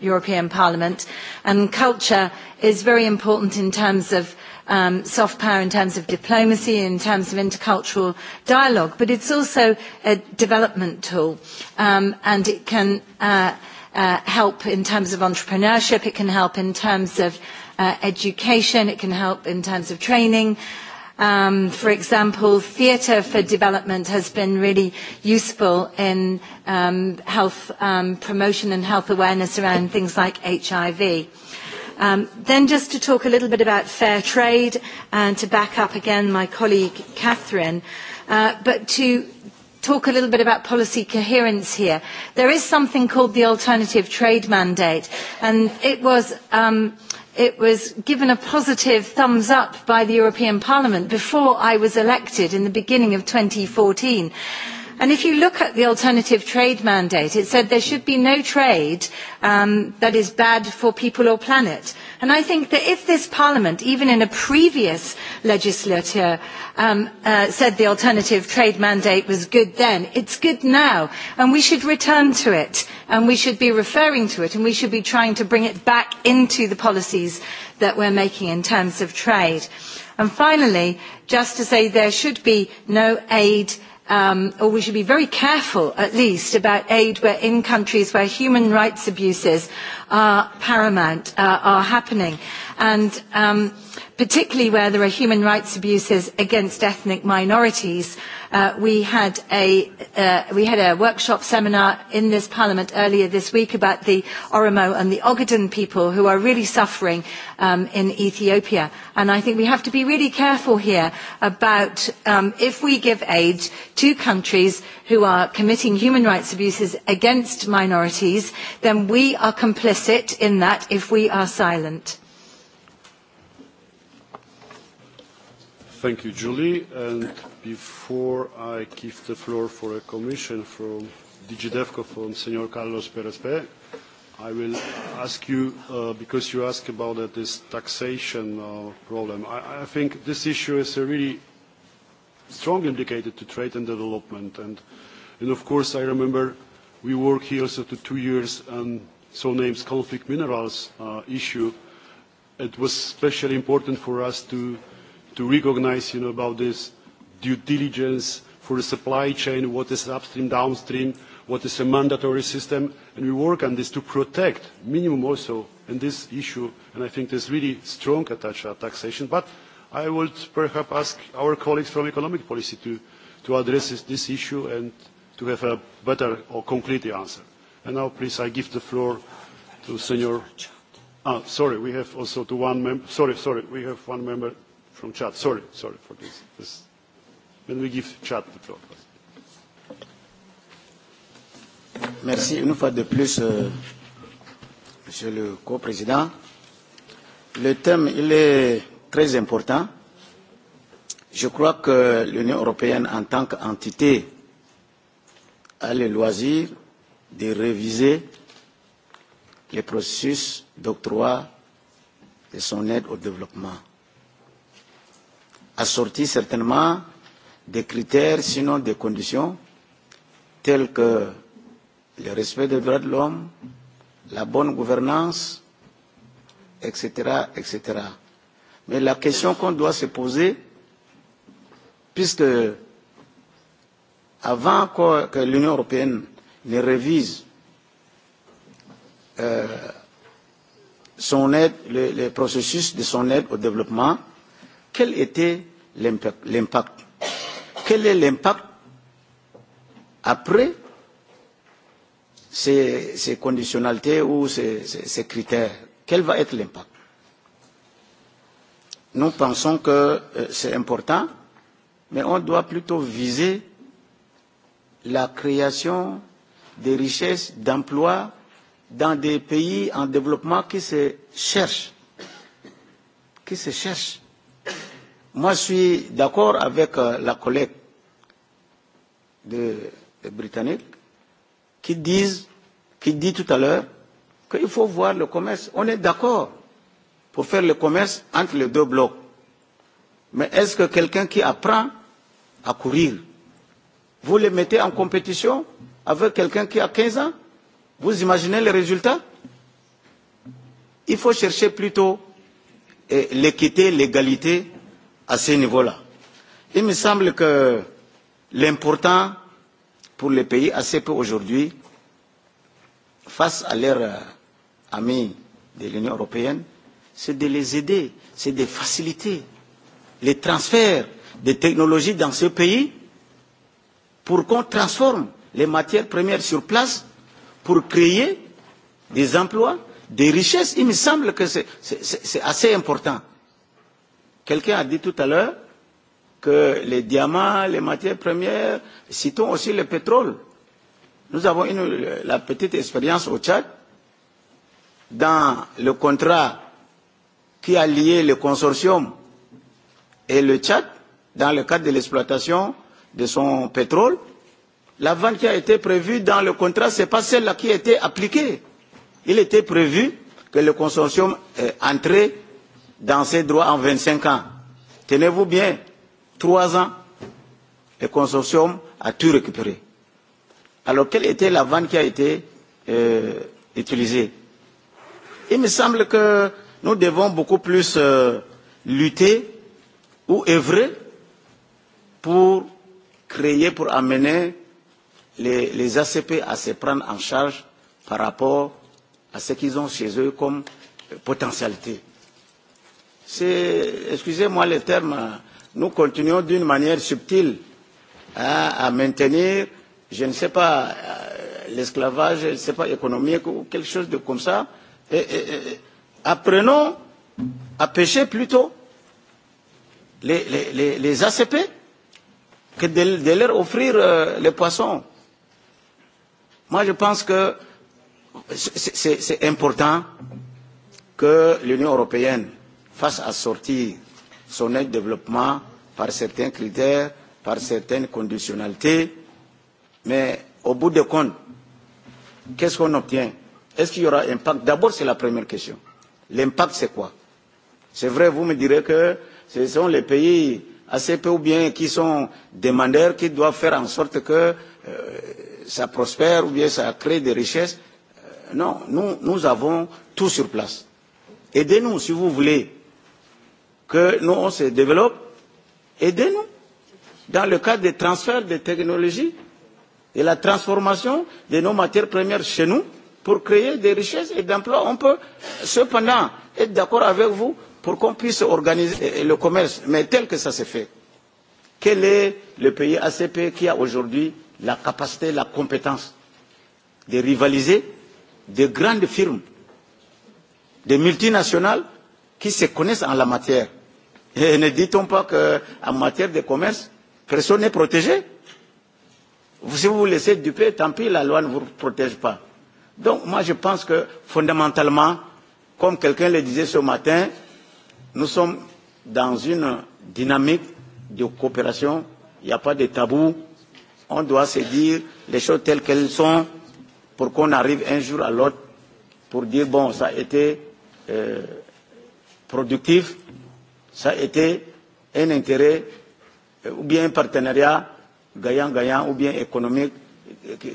S11: European, Parliament, and culture is very important in terms of um, soft power in terms of diplomacy, in terms of intercultural dialogue, but it is also a development tool um, and it can uh, uh, help in terms of entrepreneurship, it can help in terms of uh, education. It can help in terms of training. Um, for example, theatre for development has been really useful in um, health um, promotion and health awareness around things like HIV. Um, then just to talk a little bit about fair trade and to back up again my colleague Catherine, uh, but to talk a little bit about policy coherence here. There is something called the alternative trade mandate, and it was um, it was given a positive thumbs up by the European Parliament before I was elected in the beginning of fourteen. And if you look at the alternative trade mandate, it said there should be no trade um, that is bad for people or planet. And I think that if this Parliament, even in a previous legislature, um, uh, said the alternative trade mandate was good then, it's good now. And we should return to it. And we should be referring to it. And we should be trying to bring it back into the policies that we're making in terms of trade. And finally, just to say there should be no aid um, or we should be very careful at least about aid where in countries where human rights abuses are paramount, uh, are happening. And um, particularly where there are human rights abuses against ethnic minorities, uh, we, had a, uh, we had a workshop seminar in this parliament earlier this week about the Oromo and the Ogaden people who are really suffering um, in Ethiopia. And I think we have to be really careful here about um, if we give aid to countries who are committing human rights abuses against minorities, then we are complicit complicit in that if we are silent.
S1: Thank you, Julie. And before I give the floor for a commission from DigiDevco from Senor Carlos Perez Pérez, I will ask you, uh, because you asked about uh, this taxation uh, problem. I, I think this issue is a really strong indicator to trade and development. And, and of course, I remember we worked here so to two years on so-named conflict minerals uh, issue, it was especially important for us to, to recognize you know, about this due diligence for the supply chain, what is upstream, downstream, what is a mandatory system, and we work on this to protect minimum also in this issue, and I think there's really strong attached uh, taxation. But I would perhaps ask our colleagues from economic policy to, to address this, this issue and to have a better or concrete answer now, please, I give the floor to Senior. Ah, sorry, we have also to one member. Sorry, sorry, we have one member from Chad. Sorry, sorry for this. this. Then we give Chad the floor.
S8: Merci une fois de plus, euh, Monsieur le Co-président. Le thème, il est très important. Je crois que l'Union européenne en tant qu'entité a le loisir de réviser les processus d'octroi de son aide au développement, assorti certainement des critères, sinon des conditions, telles que le respect des droits de l'homme, la bonne gouvernance, etc., etc. Mais la question qu'on doit se poser, puisque avant que l'Union européenne ne révise euh, son aide, le, le processus de son aide au développement, quel était l'impact Quel est l'impact après ces, ces conditionnalités ou ces, ces, ces critères Quel va être l'impact Nous pensons que euh, c'est important, mais on doit plutôt viser la création de richesses, d'emplois dans des pays en développement qui se cherchent. Qui se cherchent. Moi, je suis d'accord avec euh, la collègue de, de britannique qui, disent, qui dit tout à l'heure qu'il faut voir le commerce. On est d'accord pour faire le commerce entre les deux blocs. Mais est-ce que quelqu'un qui apprend à courir vous les mettez en compétition avec quelqu'un qui a 15 ans Vous imaginez les résultats Il faut chercher plutôt eh, l'équité, l'égalité à ce niveau-là. Il me semble que l'important pour les pays ACP aujourd'hui, face à leurs euh, amis de l'Union européenne, c'est de les aider, c'est de faciliter les transferts de technologies dans ce pays pour qu'on transforme les matières premières sur place pour créer des emplois, des richesses. Il me semble que c'est assez important. Quelqu'un a dit tout à l'heure que les diamants, les matières premières, citons aussi le pétrole. Nous avons une, la petite expérience au Tchad dans le contrat qui a lié le consortium et le Tchad dans le cadre de l'exploitation de son pétrole, la vente qui a été prévue dans le contrat, ce n'est pas celle-là qui a été appliquée. Il était prévu que le consortium euh, entrait dans ses droits en 25 ans. Tenez-vous bien, trois ans, le consortium a tout récupéré. Alors, quelle était la vanne qui a été euh, utilisée Il me semble que nous devons beaucoup plus euh, lutter ou œuvrer pour créé pour amener les, les ACP à se prendre en charge par rapport à ce qu'ils ont chez eux comme potentialité. C'est, excusez-moi le terme, nous continuons d'une manière subtile à, à maintenir, je ne sais pas, euh, l'esclavage, je ne sais pas, économique ou quelque chose de comme ça. Et, et, et, apprenons à pêcher plutôt les, les, les, les ACP que de, de leur offrir euh, les poissons. Moi, je pense que c'est important que l'Union européenne fasse assortir son aide développement par certains critères, par certaines conditionnalités, mais au bout de compte, qu'est-ce qu'on obtient Est-ce qu'il y aura impact D'abord, c'est la première question. L'impact, c'est quoi C'est vrai, vous me direz que ce sont les pays ACP ou bien qui sont demandeurs, qui doivent faire en sorte que euh, ça prospère ou bien ça crée des richesses. Euh, non, nous, nous avons tout sur place. Aidez-nous si vous voulez que nous, on se développe. Aidez-nous dans le cadre des transferts de technologies et la transformation de nos matières premières chez nous pour créer des richesses et d'emplois. On peut euh, cependant être d'accord avec vous pour qu'on puisse organiser euh, le commerce. Mais tel que ça se fait, quel est le pays ACP qui a aujourd'hui la capacité, la compétence de rivaliser des grandes firmes, des multinationales qui se connaissent en la matière [LAUGHS] Et ne dit-on pas qu'en matière de commerce, personne n'est protégé Si vous vous laissez duper, tant pis, la loi ne vous protège pas. Donc moi je pense que fondamentalement, comme quelqu'un le disait ce matin, Nous sommes dans une dynamique de coopération, il n'y a pas de tabou, on doit se dire les choses telles qu'elles sont pour qu'on arrive un jour à l'autre pour dire bon, ça a été euh, productif, ça a été un intérêt euh, ou bien un partenariat gagnant-gagnant ou bien économique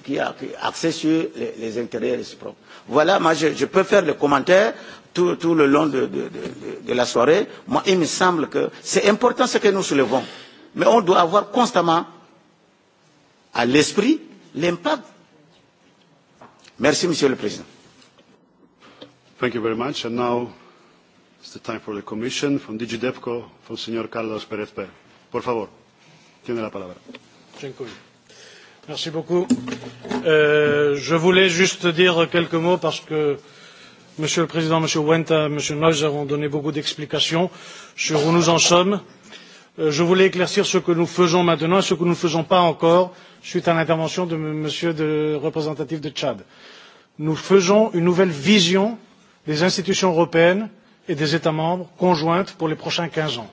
S8: qui, a accès sur les, les intérêts réciproques. Voilà, moi je, je peux faire le commentaire tout, tout le long de, de, de, de la soirée, moi, il me semble que c'est important ce que nous soulevons. Mais on doit avoir constamment à l'esprit
S1: l'impact. Merci, Monsieur le Président. Thank you very much. And now it's the time for the Commission from DigiDevco, from Señor Carlos Pérez Pérez. Por favor, tiene la palabra.
S15: Dziękuję. Merci beaucoup. Euh, je voulais juste dire quelques mots parce que euh, Monsieur le Président, Monsieur Wenta, Monsieur Neuser ont donné beaucoup d'explications sur où nous en sommes. Euh, je voulais éclaircir ce que nous faisons maintenant et ce que nous ne faisons pas encore suite à l'intervention de Monsieur le représentatif de Tchad. Nous faisons une nouvelle vision des institutions européennes et des États membres conjointes pour les prochains quinze ans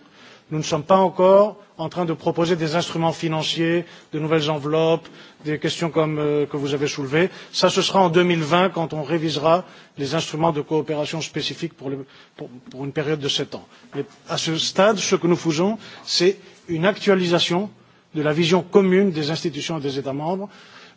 S15: Nous ne sommes pas encore en train de proposer des instruments financiers, de nouvelles enveloppes, des questions comme, euh, que vous avez soulevées. Ça, ce sera en deux mille vingt quand on révisera les instruments de coopération spécifiques pour, le, pour, pour une période de sept ans. Mais à ce stade, ce que nous faisons, c'est une actualisation de la vision commune des institutions et des États membres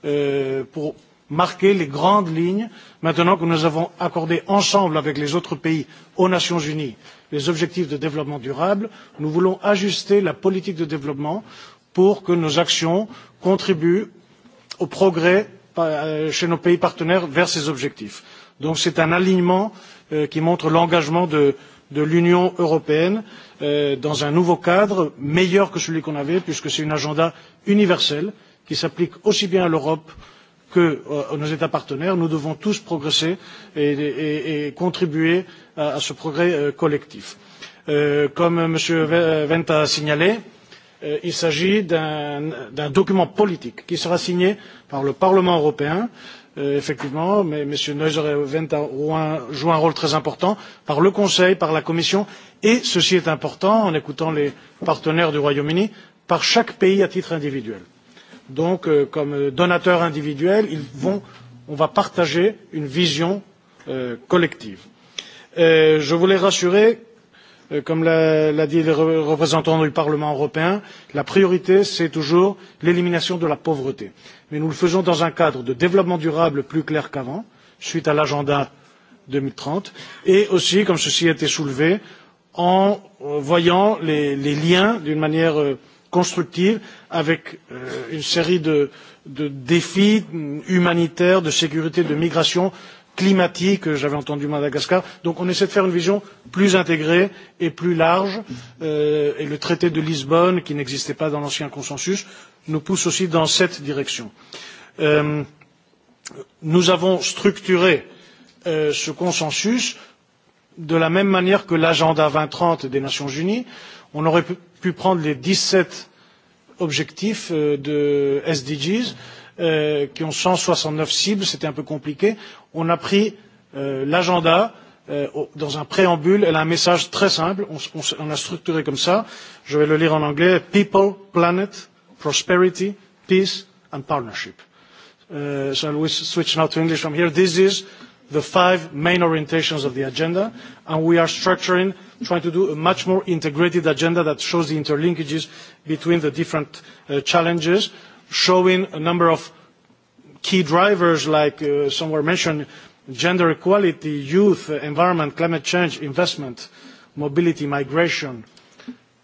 S15: euh, pour marquer les grandes lignes maintenant que nous avons accordé ensemble avec les autres pays aux Nations Unies les objectifs de développement durable, nous voulons ajuster la politique de développement pour que nos actions contribuent au progrès euh, chez nos pays partenaires vers ces objectifs. Donc c'est un alignement euh, qui montre l'engagement de, de l'Union européenne euh, dans un nouveau cadre meilleur que celui qu'on avait puisque c'est un agenda universel qui s'applique aussi bien à l'Europe que nos États partenaires. Nous devons tous progresser et, et, et contribuer à ce progrès euh, collectif. Euh, comme M. Wenta a signalé, euh, il s'agit d'un document politique qui sera signé par le Parlement européen, effectivement, mais M. Neuser et Wenta jouent un rôle très important, par le Conseil, par la Commission, et ceci est important en écoutant les partenaires du Royaume-Uni, par chaque pays à titre individuel. Donc, comme donateurs individuels, ils vont, on va partager une vision collective Euh, je voulais rassurer, euh, comme l'a dit le représentant du Parlement européen, la priorité, c'est toujours l'élimination de la pauvreté. Mais nous le faisons dans un cadre de développement durable plus clair qu'avant, suite à l'agenda deux mille trente et aussi comme ceci a été soulevé en euh, voyant les, les liens d'une manière constructive avec une série de, de défis humanitaires de sécurité de migration climatique, euh, j'avais entendu Madagascar. Donc on essaie de faire une vision plus intégrée et plus large. Euh, et le traité de Lisbonne, qui n'existait pas dans l'ancien consensus, nous pousse aussi dans cette direction. Euh, nous avons structuré euh, ce consensus de la même manière que l'agenda deux mille trente des Nations Unies. On aurait pu prendre les dix sept objectifs euh, de SDGs euh, qui ont 169 cibles, c'était un peu compliqué. On a pris euh, l'agenda euh, dans un préambule, elle a un message très simple, on, on, on l'a structuré comme ça, je vais le lire en anglais, People, Planet, Prosperity, Peace and Partnership. Uh, so we switch now to English from here. This is the five main orientations of the agenda, and we are structuring, trying to do a much more integrated agenda that shows the interlinkages between the different uh, challenges showing a number of key drivers like uh, some were mentioned, gender equality, youth, environment, climate change, investment, mobility, migration,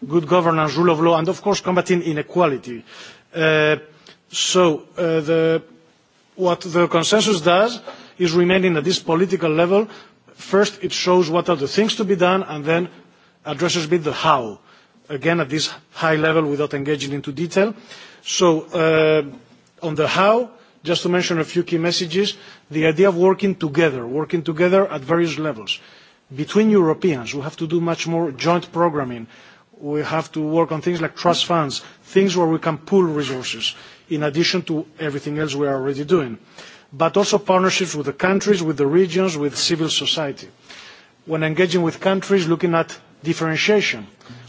S15: good governance, rule of law, and of course combating inequality. Uh, so uh, the, what the consensus does is remaining at this political level. First, it shows what are the things to be done, and then addresses a bit the how again, at this high level without engaging into detail. So uh, on the how, just to mention a few key messages, the idea of working together, working together at various levels. Between Europeans, we have to do much more joint programming. We have to work on things like trust funds, things where we can pool resources, in addition to everything else we are already doing. But also partnerships with the countries, with the regions, with civil society. When engaging with countries, looking at differentiation.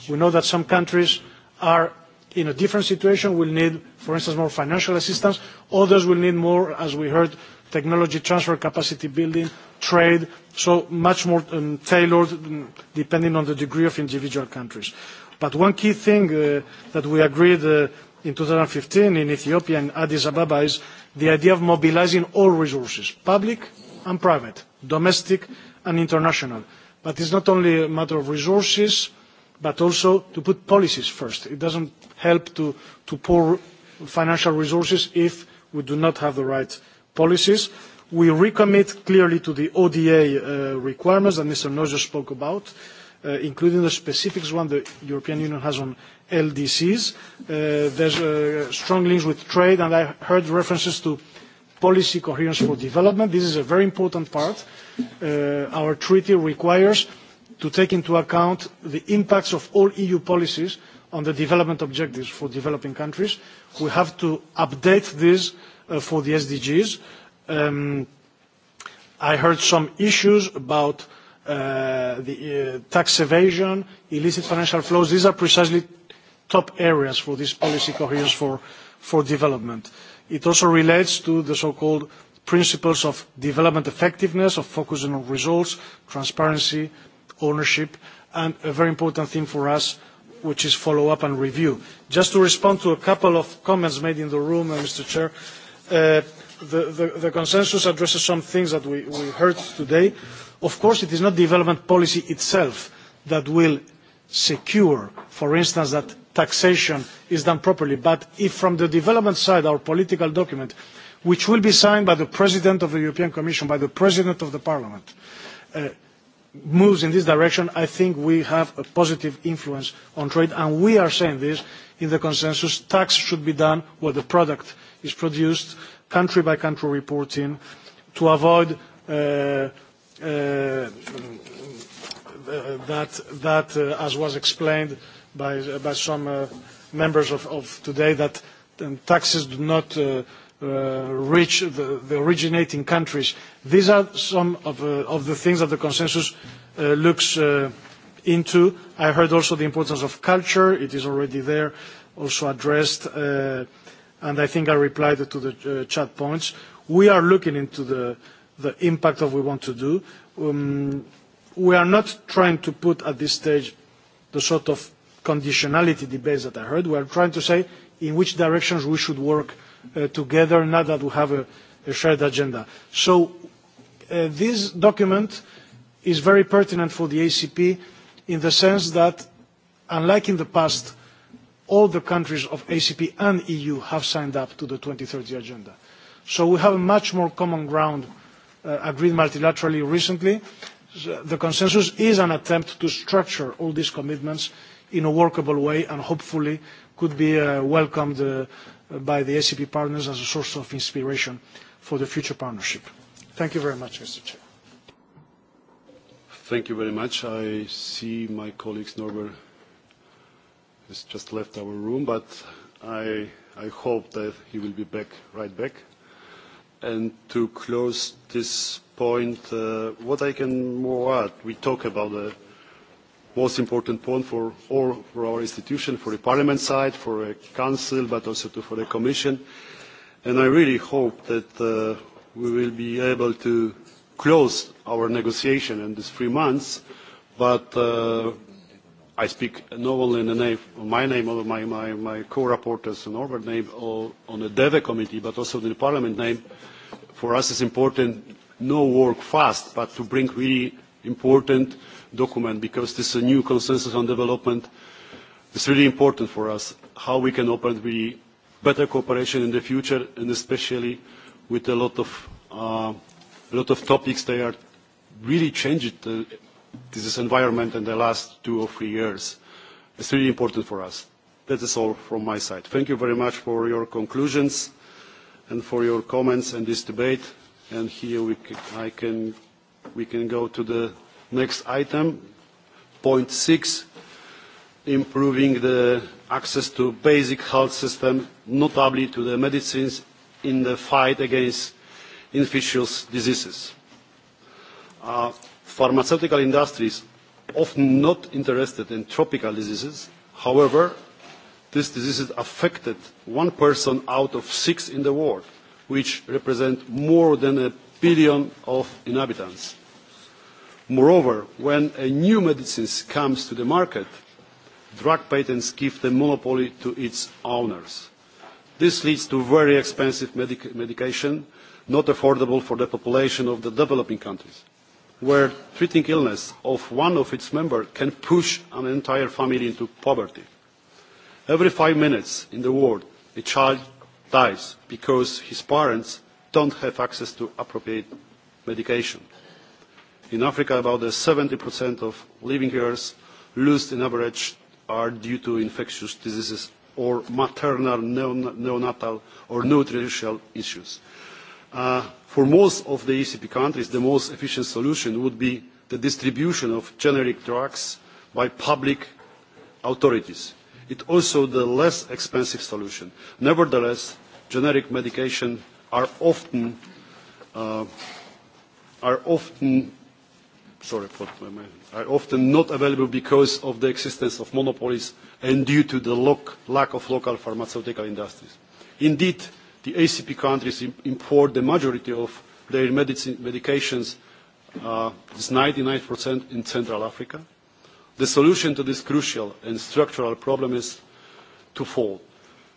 S15: We know that some countries are in a different situation, will need, for instance, more financial assistance. Others will need more, as we heard, technology transfer, capacity building, trade, so much more um, tailored um, depending on the degree of individual countries. But one key thing uh, that we agreed uh, in 2015 in Ethiopia and Addis Ababa is the idea of mobilizing all resources, public and private, domestic and international. But it's not only a matter of resources, but also to put policies first. It doesn't help to, to pour financial resources if we do not have the right policies. We recommit clearly to the ODA uh, requirements that Mr. Neuser spoke about, uh, including the specifics one the European Union has on LDCs. Uh, there's uh, strong links with trade, and I heard references to policy coherence for development. This is a very important part. Uh, our treaty requires to take into account the impacts of all EU policies on the development objectives for developing countries. We have to update this uh, for the SDGs. Um, I heard some issues about uh, the uh, tax evasion, illicit financial flows. These are precisely top areas for this policy coherence for, for development. It also relates to the so-called principles of development effectiveness, of focusing on results, transparency, ownership, and a very important thing for us, which is follow-up and review. Just to respond to a couple of comments made in the room, uh, Mr. Chair, uh, the, the, the consensus addresses some things that we, we heard today. Of course, it is not development policy itself that will secure, for instance, that taxation is done properly. But if from the development side, our political document, which will be signed by the President of the European Commission, by the President of the Parliament, uh, moves in this direction, I think we have a positive influence on trade, and we are saying this in the consensus. Tax should be done where the product is produced, country by country reporting, to avoid uh, uh, that, uh, as was explained by, some members of, today, that um, taxes do not uh, reach the, the originating countries. These are some of, uh, of the things that the consensus uh, looks uh, into. I heard also the importance of culture. It is already there, also addressed, uh, and I think I replied to the uh, chat points. We are looking into the, the impact of what we want to do. Um, we are not trying to put at this stage the sort of conditionality debates that I heard. We are trying to say in which directions we should work uh, together, now that we have a, a shared agenda. So uh, this document is very pertinent for the ACP in the sense that, unlike in the past, all the countries of ACP and EU have signed up to the 2030 agenda. So we have a much more common ground uh, agreed multilaterally recently. The consensus is an attempt to structure all these commitments in a workable way and hopefully could be uh, welcomed uh, by the ACP partners as a source of inspiration for the future partnership. Thank you very much, Mr. Chair.
S1: Thank you very much. I see my colleague Norbert has just left our room, but I, I hope that he will be back, right back. And to close this point, uh, what I can more add, we talk about the most important point for all for our institution, for the Parliament side, for the Council, but also to, for the Commission. And I really hope that uh, we will be able to close our negotiation in these three months. But uh, I speak not only in the name, of my name, or my, my, my co-rapporteurs and Norbert name, or on the DEVE committee, but also in the Parliament name. For us, it's important no work fast, but to bring really important document because this is a new consensus on development. It's really important for us how we can open really better cooperation in the future and especially with a lot of, uh, a lot of topics that are really changed uh, this environment in the last two or three years. It's really important for us. That is all from my side. Thank you very much for your conclusions and for your comments in this debate. And here we can, I can, we can go to the Next item, point six, improving the access to basic health system, notably to the medicines in the fight against infectious diseases. Uh, pharmaceutical industries often not interested in tropical diseases. However, these diseases affected one person out of six in the world, which represent more than a billion of inhabitants. Moreover, when a new medicine comes to the market, drug patents give the monopoly to its owners. This leads to very expensive medic medication, not affordable for the population of the developing countries, where treating illness of one of its members can push an entire family into poverty. Every five minutes in the world, a child dies because his parents don't have access to appropriate medication. In Africa, about 70% of living years lost in average are due to infectious diseases or maternal, neonatal, or nutritional issues. Uh, for most of the ECP countries, the most efficient solution would be the distribution of generic drugs by public authorities. It is also the less expensive solution. Nevertheless, generic medications are often, uh, are often sorry, are often not available because of the existence of monopolies and due to the lack of local pharmaceutical industries. Indeed, the ACP countries import the majority of their medicine, medications, uh, is 99% in Central Africa. The solution to this crucial and structural problem is twofold.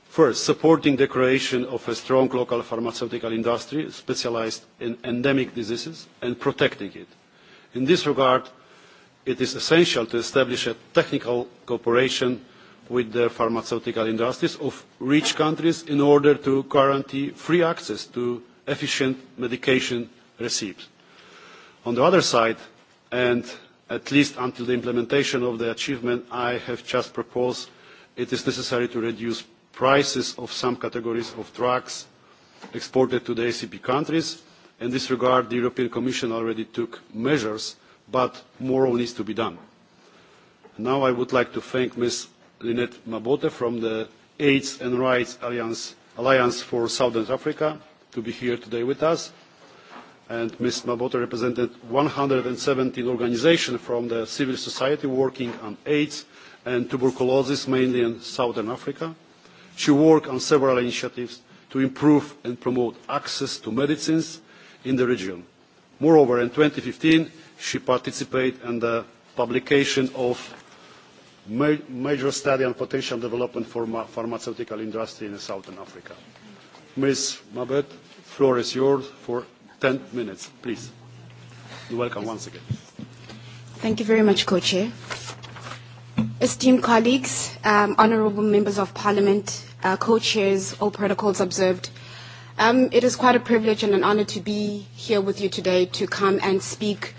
S1: First, supporting the creation of a strong local pharmaceutical industry specialised in endemic diseases and protecting it In this regard, it is essential to establish a technical cooperation with the pharmaceutical industries of rich countries in order to guarantee free access to efficient medication receipts. On the other side, and at least until the implementation of the achievement I have just proposed, it is necessary to reduce prices of some categories of drugs exported to the ACP countries In this regard, the European Commission already took measures, but more needs to be done. Now I would like to thank Ms. Lynette Mabote from the AIDS and Rights Alliance, Alliance for Southern Africa to be here today with us. And Ms. Mabote represented one hundred and seventeen organisations from the civil society working on AIDS and tuberculosis, mainly in Southern Africa. She worked on several initiatives to improve and promote access to medicines in the region. Moreover, in fifteen she participated in the publication of ma major study on potential development for the pharmaceutical industry in southern Africa. Ms. Mabet, floor is yours for ten minutes, please. You're welcome once again.
S16: Thank you very much, Co-Chair. Esteemed colleagues, um, honourable members of Parliament, uh, co-chairs, all protocols observed, Um, it is quite a privilege and an honor to be here with you today to come and speak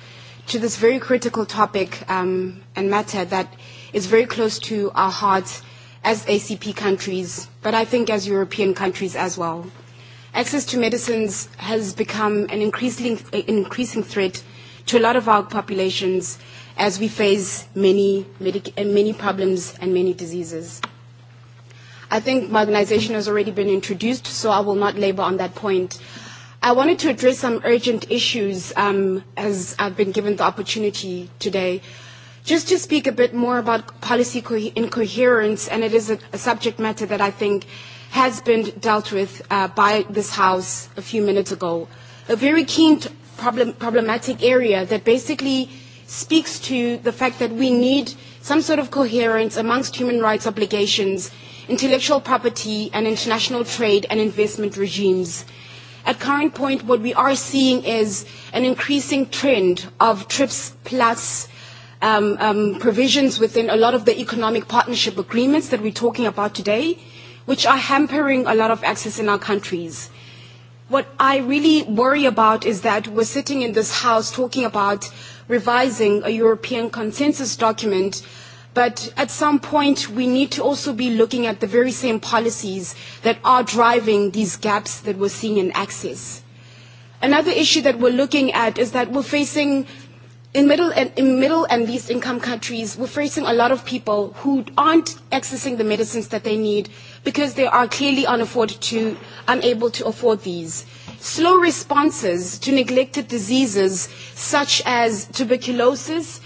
S16: to this very critical topic um, and matter that is very close to our hearts as ACP countries, but I think as European countries as well. Access to medicines has become an increasing, increasing threat to a lot of our populations as we face many, many problems and many diseases. I think marginalization has already been introduced, so I will not labor on that point. I wanted to address some urgent issues um, as I've been given the opportunity today. Just to speak a bit more about policy co- incoherence, and it is a, a subject matter that I think has been dealt with uh, by this House a few minutes ago. A very keen t- problem- problematic area that basically speaks to the fact that we need some sort of coherence amongst human rights obligations intellectual property and international trade and investment regimes. At current point, what we are seeing is an increasing trend of TRIPS plus um, um, provisions within a lot of the economic partnership agreements that we're talking about today, which are hampering a lot of access in our countries. What I really worry about is that we're sitting in this House talking about revising a European consensus document But at some point, we need to also be looking at the very same policies that are driving these gaps that we're seeing in access. Another issue that we're looking at is that we're facing, in middle and, in middle and least income countries, we're facing a lot of people who aren't accessing the medicines that they need because they are clearly to, unable to afford these. Slow responses to neglected diseases such as tuberculosis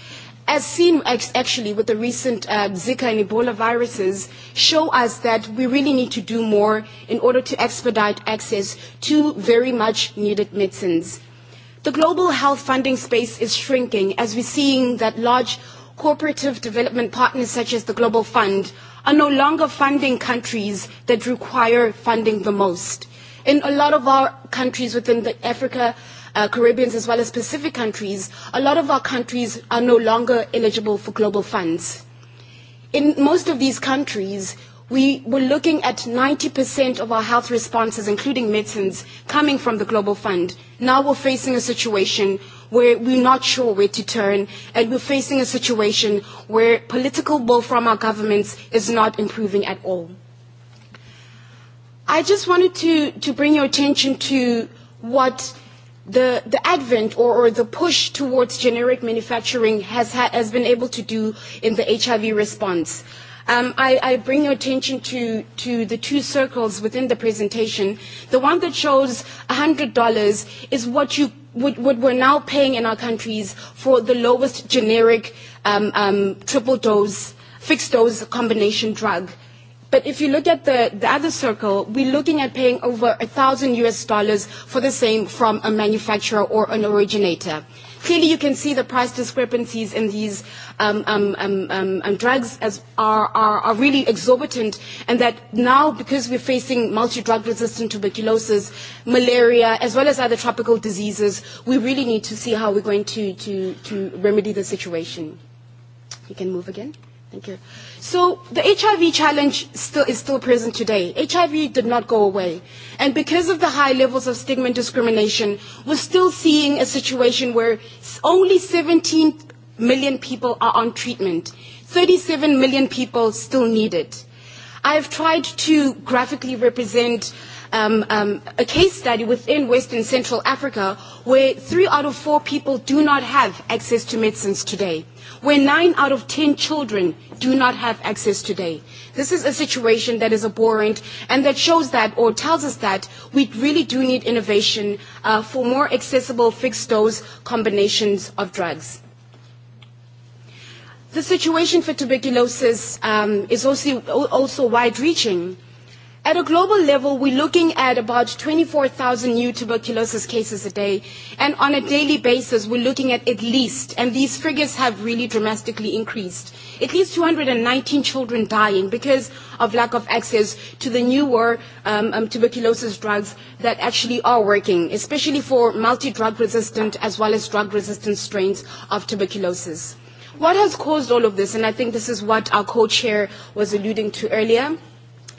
S16: as seen actually with the recent uh, Zika and Ebola viruses, show us that we really need to do more in order to expedite access to very much needed medicines. The global health funding space is shrinking as we're seeing that large cooperative development partners such as the Global Fund are no longer funding countries that require funding the most. In a lot of our countries within the Africa uh, Caribbeans as well as Pacific countries, a lot of our countries are no longer eligible for global funds. In most of these countries, we were looking at 90% of our health responses, including medicines, coming from the Global Fund. Now we're facing a situation where we're not sure where to turn, and we're facing a situation where political will from our governments is not improving at all. I just wanted to, to bring your attention to what the, the advent or, or the push towards generic manufacturing has, ha- has been able to do in the HIV response. Um, I, I bring your attention to, to the two circles within the presentation. The one that shows $100 is what, you, what, what we're now paying in our countries for the lowest generic um, um, triple dose, fixed dose combination drug But if you look at the, the other circle, we're looking at paying over a thousand US dollars for the same from a manufacturer or an originator. Clearly, you can see the price discrepancies in these um, um, um, um, um, drugs as are, are, are really exorbitant, and that now, because we're facing multi-drug resistant tuberculosis, malaria, as well as other tropical diseases, we really need to see how we're going to, to, to remedy the situation. You can move again. Thank you. So the HIV challenge still, is still present today. HIV did not go away. And because of the high levels of stigma and discrimination, we're still seeing a situation where only 17 million people are on treatment. 37 million people still need it. I have tried to graphically represent um, um, a case study within Western Central Africa where three out of four people do not have access to medicines today where nine out of ten children do not have access today. This is a situation that is abhorrent and that shows that or tells us that we really do need innovation uh, for more accessible fixed dose combinations of drugs. The situation for tuberculosis um, is also, also wide-reaching At a global level, we're looking at about 24,000 new tuberculosis cases a day. And on a daily basis, we're looking at at least, and these figures have really dramatically increased, at least 219 children dying because of lack of access to the newer um, um, tuberculosis drugs that actually are working, especially for multi-drug resistant as well as drug resistant strains of tuberculosis. What has caused all of this? And I think this is what our co-chair was alluding to earlier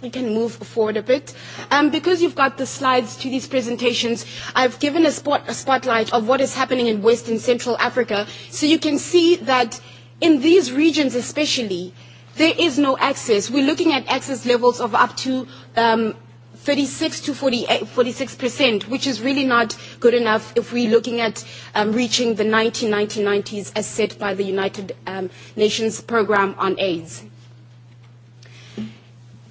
S16: We can move forward a bit. Um, because you've got the slides to these presentations, I've given a, spot, a spotlight of what is happening in West and Central Africa. So you can see that in these regions especially, there is no access. We're looking at access levels of up to um, 36 to 48, 46%, which is really not good enough if we're looking at um, reaching the 1990s as set by the United um, Nations Programme on AIDS.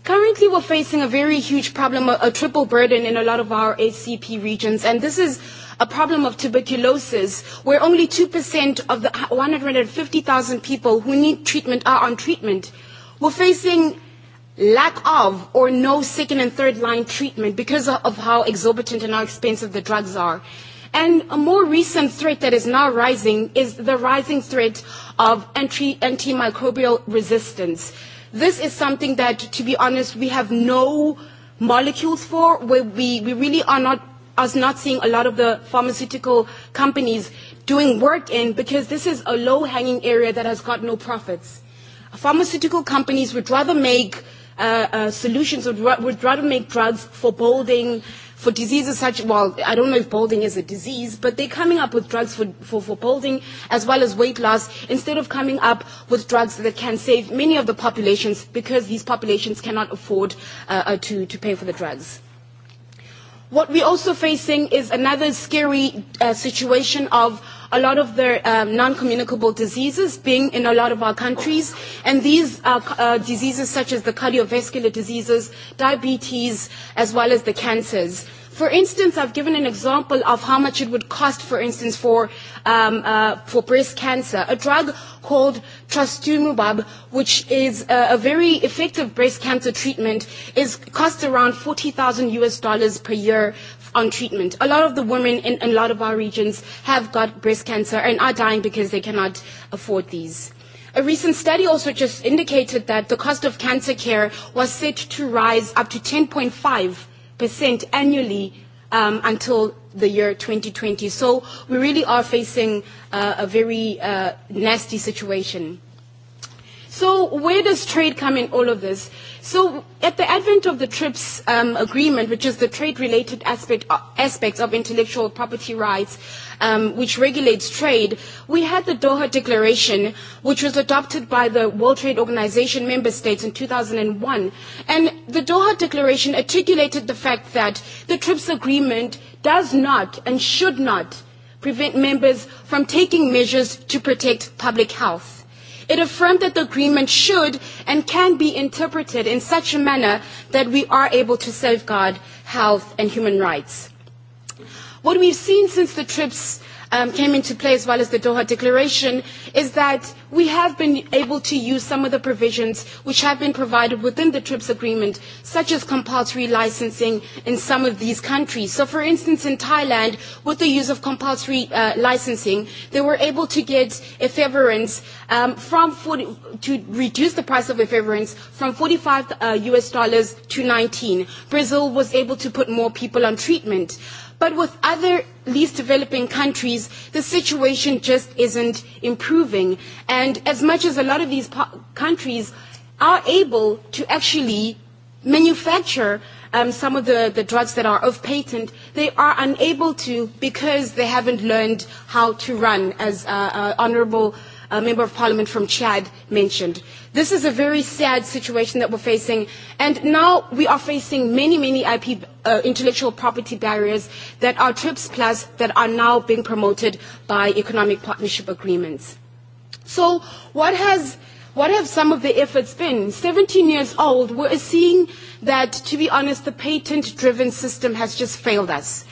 S16: Currently, we're facing a very huge problem, a, a triple burden in a lot of our ACP regions, and this is a problem of tuberculosis, where only 2% of the 150,000 people who need treatment are on treatment. We're facing lack of or no second and third line treatment because of how exorbitant and how expensive the drugs are. And a more recent threat that is now rising is the rising threat of anti antimicrobial resistance. This is something that, to be honest, we have no molecules for, where we, we really are not, us not seeing a lot of the pharmaceutical companies doing work in, because this is a low-hanging area that has got no profits. Pharmaceutical companies would rather make uh, uh, solutions, would, would rather make drugs for balding for diseases such, well, I don't know if balding is a disease, but they're coming up with drugs for, for, for balding as well as weight loss instead of coming up with drugs that can save many of the populations because these populations cannot afford uh, uh to, to pay for the drugs. What we're also facing is another scary uh, situation of a lot of their um, non-communicable diseases being in a lot of our countries. And these are uh, diseases such as the cardiovascular diseases, diabetes, as well as the cancers. For instance, I've given an example of how much it would cost, for instance, for, um, uh, for breast cancer. A drug called trastuzumab, which is a, uh, a very effective breast cancer treatment, is costs around 40,000 US dollars per year on treatment. A lot of the women in, a lot of our regions have got breast cancer and are dying because they cannot afford these. A recent study also just indicated that the cost of cancer care was set to rise up to 10.5% annually um, until the year 2020. So we really are facing uh, a very uh, nasty situation. So where does trade come in all of this? So at the advent of the TRIPS um, agreement, which is the trade-related aspect, uh, aspects of intellectual property rights, um, which regulates trade, we had the Doha Declaration, which was adopted by the World Trade Organization member states in 2001. And the Doha Declaration articulated the fact that the TRIPS agreement does not and should not prevent members from taking measures to protect public health. It affirmed that the agreement should and can be interpreted in such a manner that we are able to safeguard health and human rights. What we've seen since the TRIPS um, came into play as well as the Doha Declaration is that we have been able to use some of the provisions which have been provided within the TRIPS agreement, such as compulsory licensing in some of these countries. So, for instance, in Thailand, with the use of compulsory uh, licensing, they were able to get efference um, from 40, to reduce the price of efference from 45 uh, US dollars to 19. Brazil was able to put more people on treatment. But with other least developing countries, the situation just isn't improving. And as much as a lot of these countries are able to actually manufacture um, some of the, the drugs that are off patent, they are unable to because they haven't learned how to run, as uh, uh, Honourable uh, Member of Parliament from Chad mentioned. This is a very sad situation that we're facing, and now we are facing many, many IP uh, intellectual property barriers that are TRIPS Plus that are now being promoted by economic partnership agreements. So what has what have some of the efforts been? 17 years old, we're seeing that, to be honest, the patent-driven system has just failed us.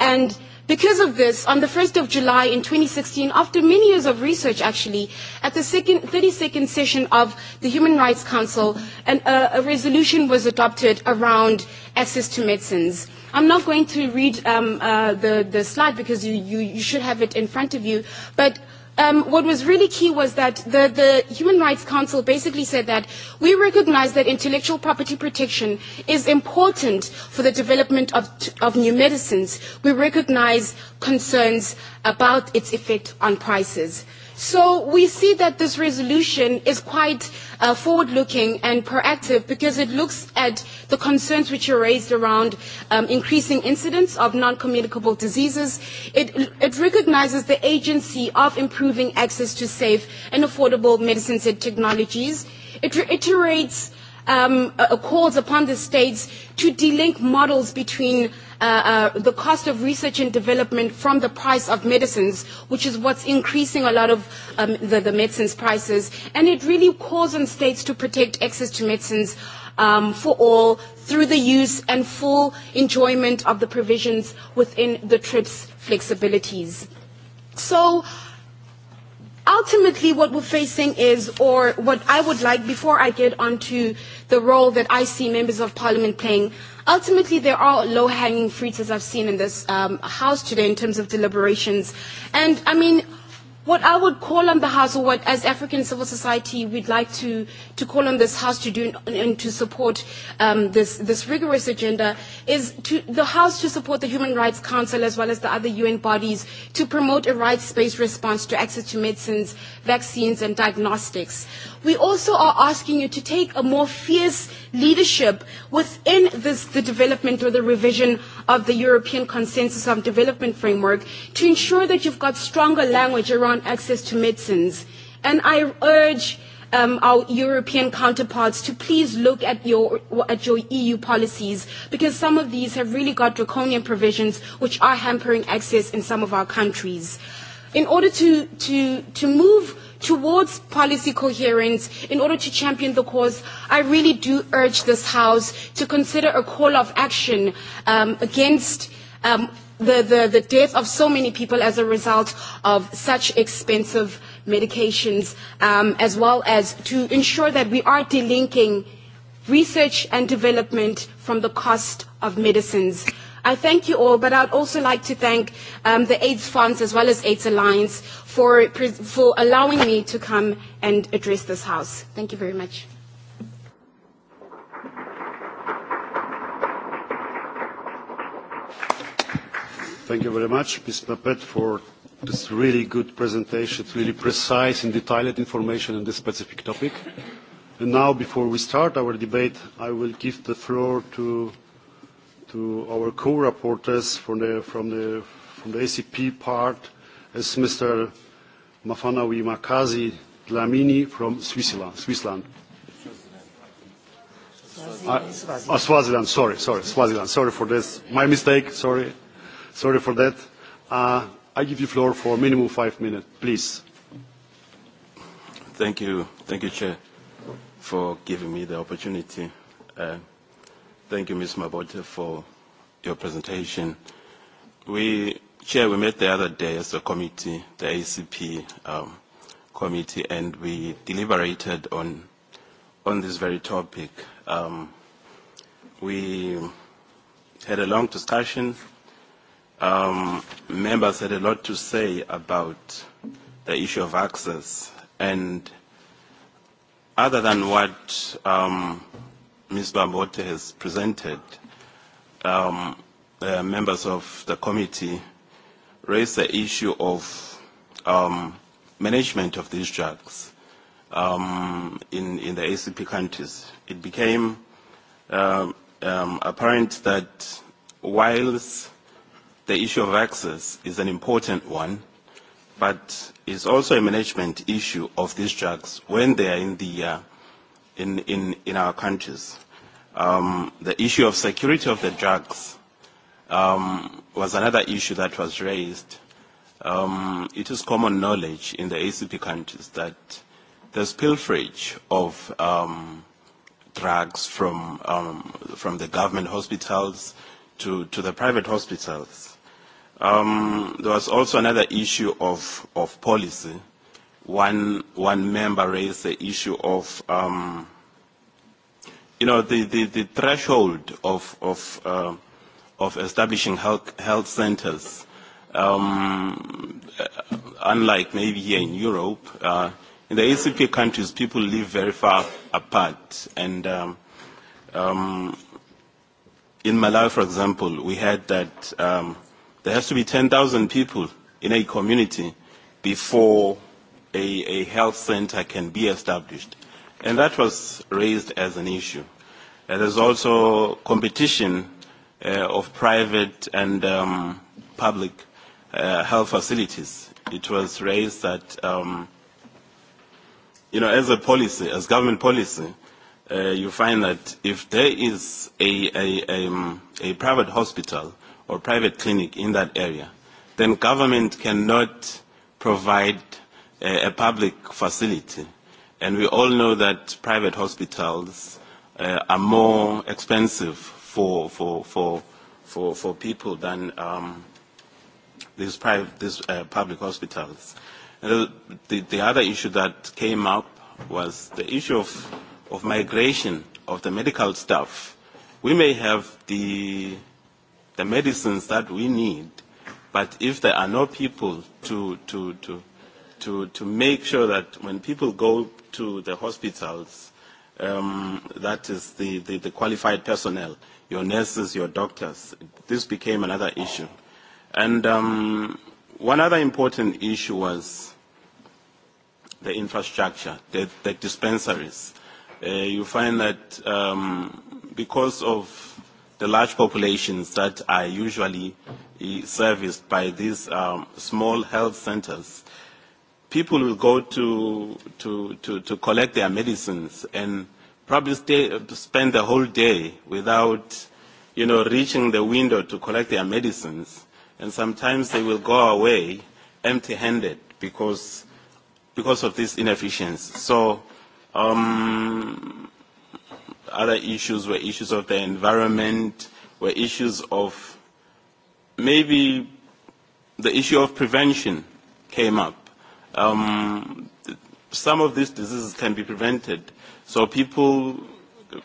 S16: And Because of this, on the 1st of July in 2016, after many years of research actually, at the second, 32nd session of the Human Rights Council, an, uh, a resolution was adopted around access to medicines. I'm not going to read um, uh, the, the slide because you, you, you should have it in front of you, but um, what was really key was that the, the Human Rights Council basically said that we recognize that intellectual property protection is important for the development of, of new medicines. We recognize concerns about its effect on prices. So we see that this resolution is quite uh, forward-looking and proactive because it looks at the concerns which are raised around um, increasing incidence of non-communicable diseases. It, it recognises the agency of improving access to safe and affordable medicines and technologies. It reiterates um, uh, uh, calls upon the states to delink models between uh, uh, the cost of research and development from the price of medicines, which is what's increasing a lot of um, the, the medicines prices. And it really calls on states to protect access to medicines um, for all through the use and full enjoyment of the provisions within the TRIPS flexibilities. So ultimately what we're facing is, or what I would like, before I get onto the role that I see members of parliament playing, ultimately there are low-hanging fruits, as I've seen in this um, house today in terms of deliberations. And, I mean, what I would call on the House, or what as African civil society we'd like to, to call on this House to do and to support um, this, this rigorous agenda, is to, the House to support the Human Rights Council as well as the other UN bodies to promote a rights-based response to access to medicines, vaccines, and diagnostics we also are asking you to take a more fierce leadership within this, the development or the revision of the European Consensus on Development Framework to ensure that you've got stronger language around access to medicines. And I urge um, our European counterparts to please look at your, at your EU policies because some of these have really got draconian provisions which are hampering access in some of our countries. In order to, to, to move towards policy coherence in order to champion the cause, I really do urge this House to consider a call of action um, against um, the, the, the death of so many people as a result of such expensive medications, um, as well as to ensure that we are delinking research and development from the cost of medicines. I thank you all, but I'd also like to thank um, the AIDS Funds as well as AIDS Alliance for, for allowing me to come and address this House. Thank you very much.
S1: Thank you very much, Ms. Papet, for this really good presentation. It's really precise and detailed information on this specific topic. And now, before we start our debate, I will give the floor to to our co reporters from the, ACP part, is Mr. Mafanawi Makazi Dlamini from Switzerland. Switzerland. Ah, ah, Swaziland. Swaziland, sorry, Swaziland, sorry for this. My mistake, sorry, sorry for that. Uh, I give you floor for minimum five minutes, please.
S17: Thank you, thank you, Chair, for giving me the
S1: opportunity.
S17: Uh, Thank you, Ms. Mabota, for your presentation. We, Chair, we met the other day as a committee, the ACP um, committee, and we deliberated on on this very topic. Um, we had a long discussion. Um, members had a lot to say about the issue of access, and other than what um, Ms. Bambote has presented, um, uh, members of the committee raised the issue of um, management of these drugs um, in, in the ACP countries. It became um, um, apparent that whilst the issue of access is an important one, but it's also a management issue of these drugs when they are in, the, uh, in, in, in our countries um, the issue of security of the drugs um, was another issue that was raised. Um, it is common knowledge in the ACP countries that the pilferage of um, drugs from, um, from the government hospitals to, to the private hospitals. Um, there was also another issue of, of policy. One, one member raised the issue of um, you know, the, the, the threshold of, of, uh, of establishing health, health centers, um, uh, unlike maybe here in Europe, uh, in the ACP countries, people live very far apart. And um, um, in Malawi, for example, we had that um, there has to be 10,000 people in a community before a, a health center can be established And that was raised as an issue. Uh, there's also competition uh, of private and um, public uh, health facilities. It was raised that, um, you know, as a policy, as government policy, uh, you find that if there is a, a, um, a private hospital or private clinic in that area, then government cannot provide a, uh, a public facility And we all know that private hospitals uh, are more expensive for, for, for, for, for people than um, these, private, these uh, public hospitals. Uh, the, the other issue that came up was the issue of, of migration of the medical staff. We may have the, the medicines that we need, but if there are no people to, to, to, to, to make sure that when people go to the hospitals, um, that is the, the, the qualified personnel, your nurses, your doctors. This became another issue. And um, one other important issue was the infrastructure, the, the dispensaries. Uh, you find that um, because of the large populations that are usually eh, serviced by these um, small health centers, people will go to, to, to, to collect their medicines and probably stay, spend the whole day without you know, reaching the window to collect their medicines. And sometimes they will go away empty-handed because, because of this inefficiency. So um, other issues were issues of the environment, were issues of maybe the issue of prevention came up um, some of these diseases can be prevented. So people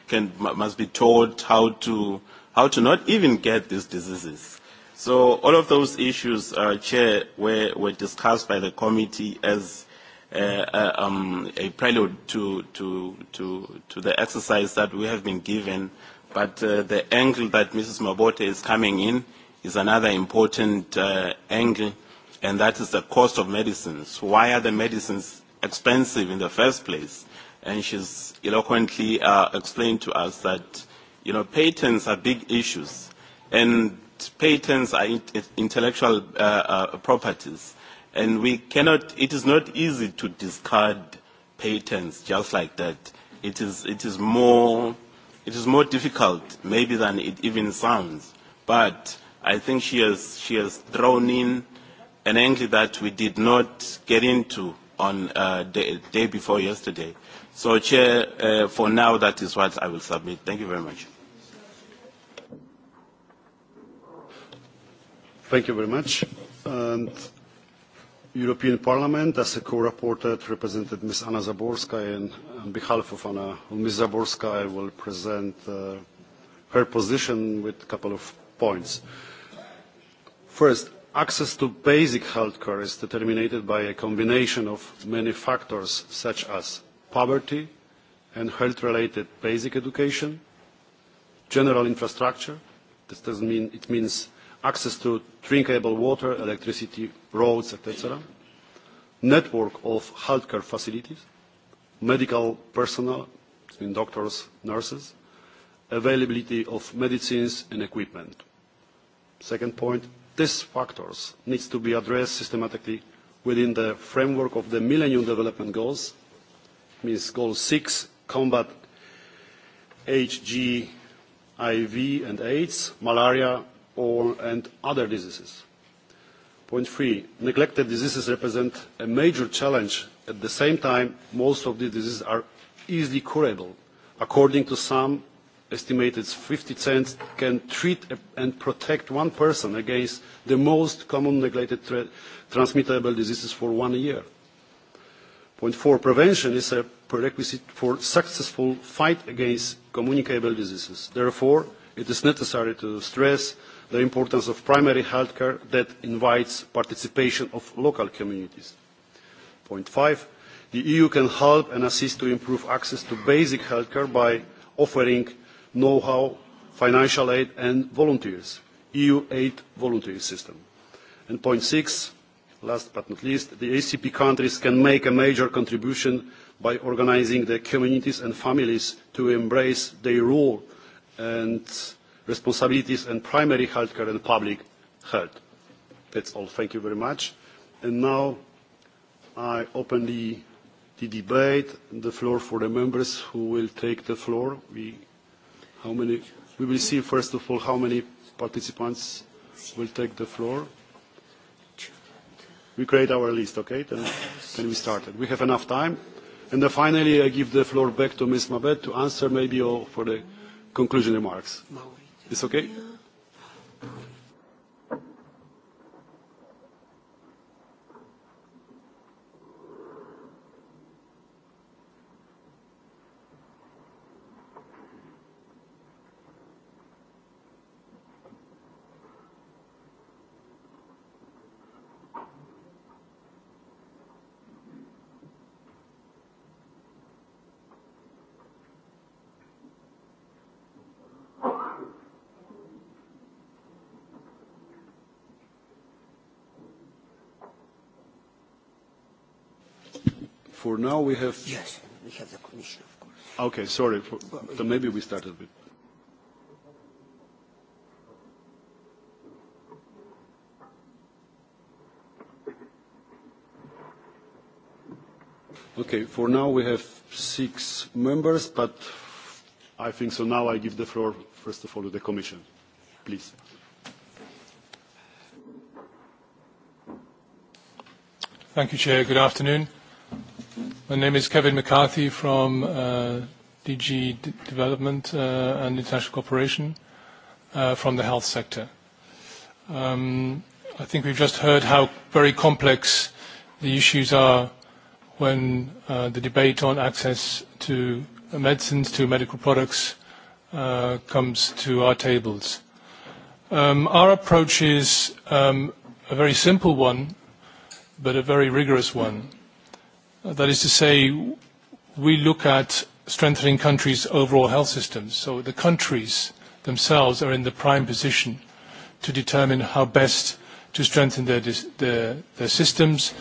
S17: can, must be taught how to, how to not even get these diseases. So all of those issues, uh, Chair, were, were discussed by the committee as uh, uh, um, a prelude to, to, to, to the exercise that we have been given. But uh, the angle that Mrs. Mabote is coming in is another important uh, angle and that is the cost of medicines. Why are the medicines expensive in the first place? And she's eloquently uh, explained to us that, you know, patents are big issues, and patents are in intellectual uh, uh, properties, and we cannot. It is not easy to discard patents just like that. It is. It is more. It is more difficult, maybe, than it even sounds. But I think she has, she has thrown in an angle that we did not get into on uh, day, day before yesterday. So, Chair, uh, for now, that is what I will submit. Thank you very
S1: much. Thank you very much. And European Parliament, as a co reporter represented Ms. Anna Zaborska, and on behalf of Anna, Ms. Zaborska, I will present uh, her position with a couple of points. First, access to basic health care is determined by a combination of many factors such as poverty and health-related basic education, general infrastructure. This doesn't mean it means access to drinkable water, electricity, roads, etc. Network of healthcare facilities, medical personnel, mean doctors, nurses, availability of medicines and equipment. Second point, These factors need to be addressed systematically within the framework of the Millennium Development Goals, means Goal six, combat HGIV and AIDS, malaria, or, and other diseases. Point three, neglected diseases represent a major challenge. At the same time, most of the diseases are easily curable. According to some, estimated 50 cents can treat and protect one person against the most common neglected transmittable diseases for one year. Point four, prevention is a prerequisite for successful fight against communicable diseases. Therefore, it is necessary to stress the importance of primary health care that invites participation of local communities. Point five, the EU can help and assist to improve access to basic health care by offering know-how, financial aid and volunteers, EU aid volunteer system. And point six, last but not least, the ACP countries can make a major contribution by organising their communities and families to embrace their role and responsibilities in primary healthcare and public health. That's all. Thank you very much. And now I open the, the debate, the floor for the members who will take the floor. We how many, we will see first of all how many participants will take the floor. We create our list, okay? Then, then we started. We have enough time. And then finally, I give the floor back to Ms. Mabet to answer maybe all for the conclusion remarks. It's okay? for now we have... Yes, we have the Commission, of course. Okay, sorry. For, so maybe we started with... Okay, for now we have six members, but I think so now I give the floor, first of all, to the Commission. Please.
S18: Thank you, Chair. Good afternoon. My name is Kevin McCarthy from uh, DG D Development uh, and International Cooperation uh, from the health sector. Um, I think we've just heard how very complex the issues are when uh, the debate on access to medicines, to medical products, uh, comes to our tables. Um, our approach is um, a very simple one, but a very rigorous one. That is to say, we look at strengthening countries' overall health systems. So the countries themselves are in the prime position to determine how best to strengthen their, their, their systems.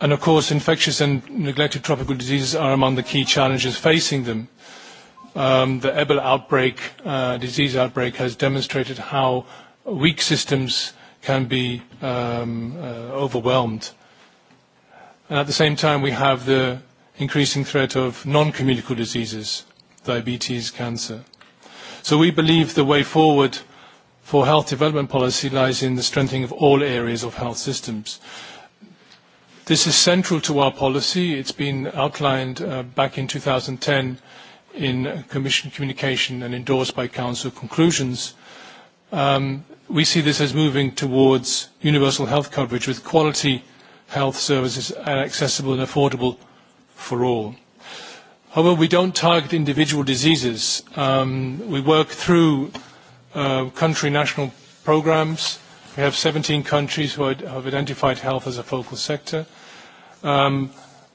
S18: And of course, infectious and neglected tropical diseases are among the key challenges facing them. Um, the Ebola outbreak, uh, disease outbreak, has demonstrated how weak systems can be um, uh, overwhelmed at the same time, we have the increasing threat of non-communicable diseases, diabetes, cancer. So we believe the way forward for health development policy lies in the strengthening of all areas of health systems. This is central to our policy. It's been outlined uh, back in 2010 in Commission communication and endorsed by Council conclusions. Um, we see this as moving towards universal health coverage with quality health services are accessible and affordable for all. However, we don't target individual diseases. Um, we work through uh, country national programs. We have 17 countries who have identified health as a focal sector. Um,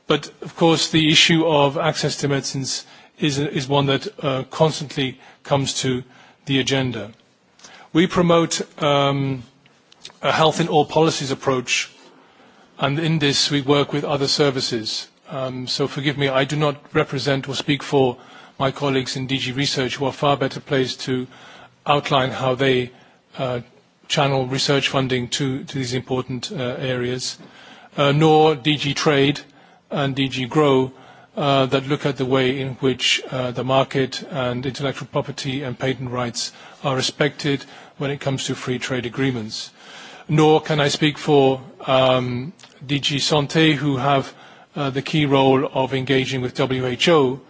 S18: but, of course, the issue of access to medicines is, is one that uh, constantly comes to the agenda. We promote um, a health in all policies approach And in this, we work with other services. Um, so forgive me, I do not represent or speak for my colleagues in DG Research, who are far better placed to outline how they uh, channel research funding to, to these important uh, areas, uh, nor DG Trade and DG Grow uh, that look at the way in which uh, the market and intellectual property and patent rights are respected when it comes to free trade agreements. Nor can I speak for um, DG Santé, who have uh, the key role of engaging with WHO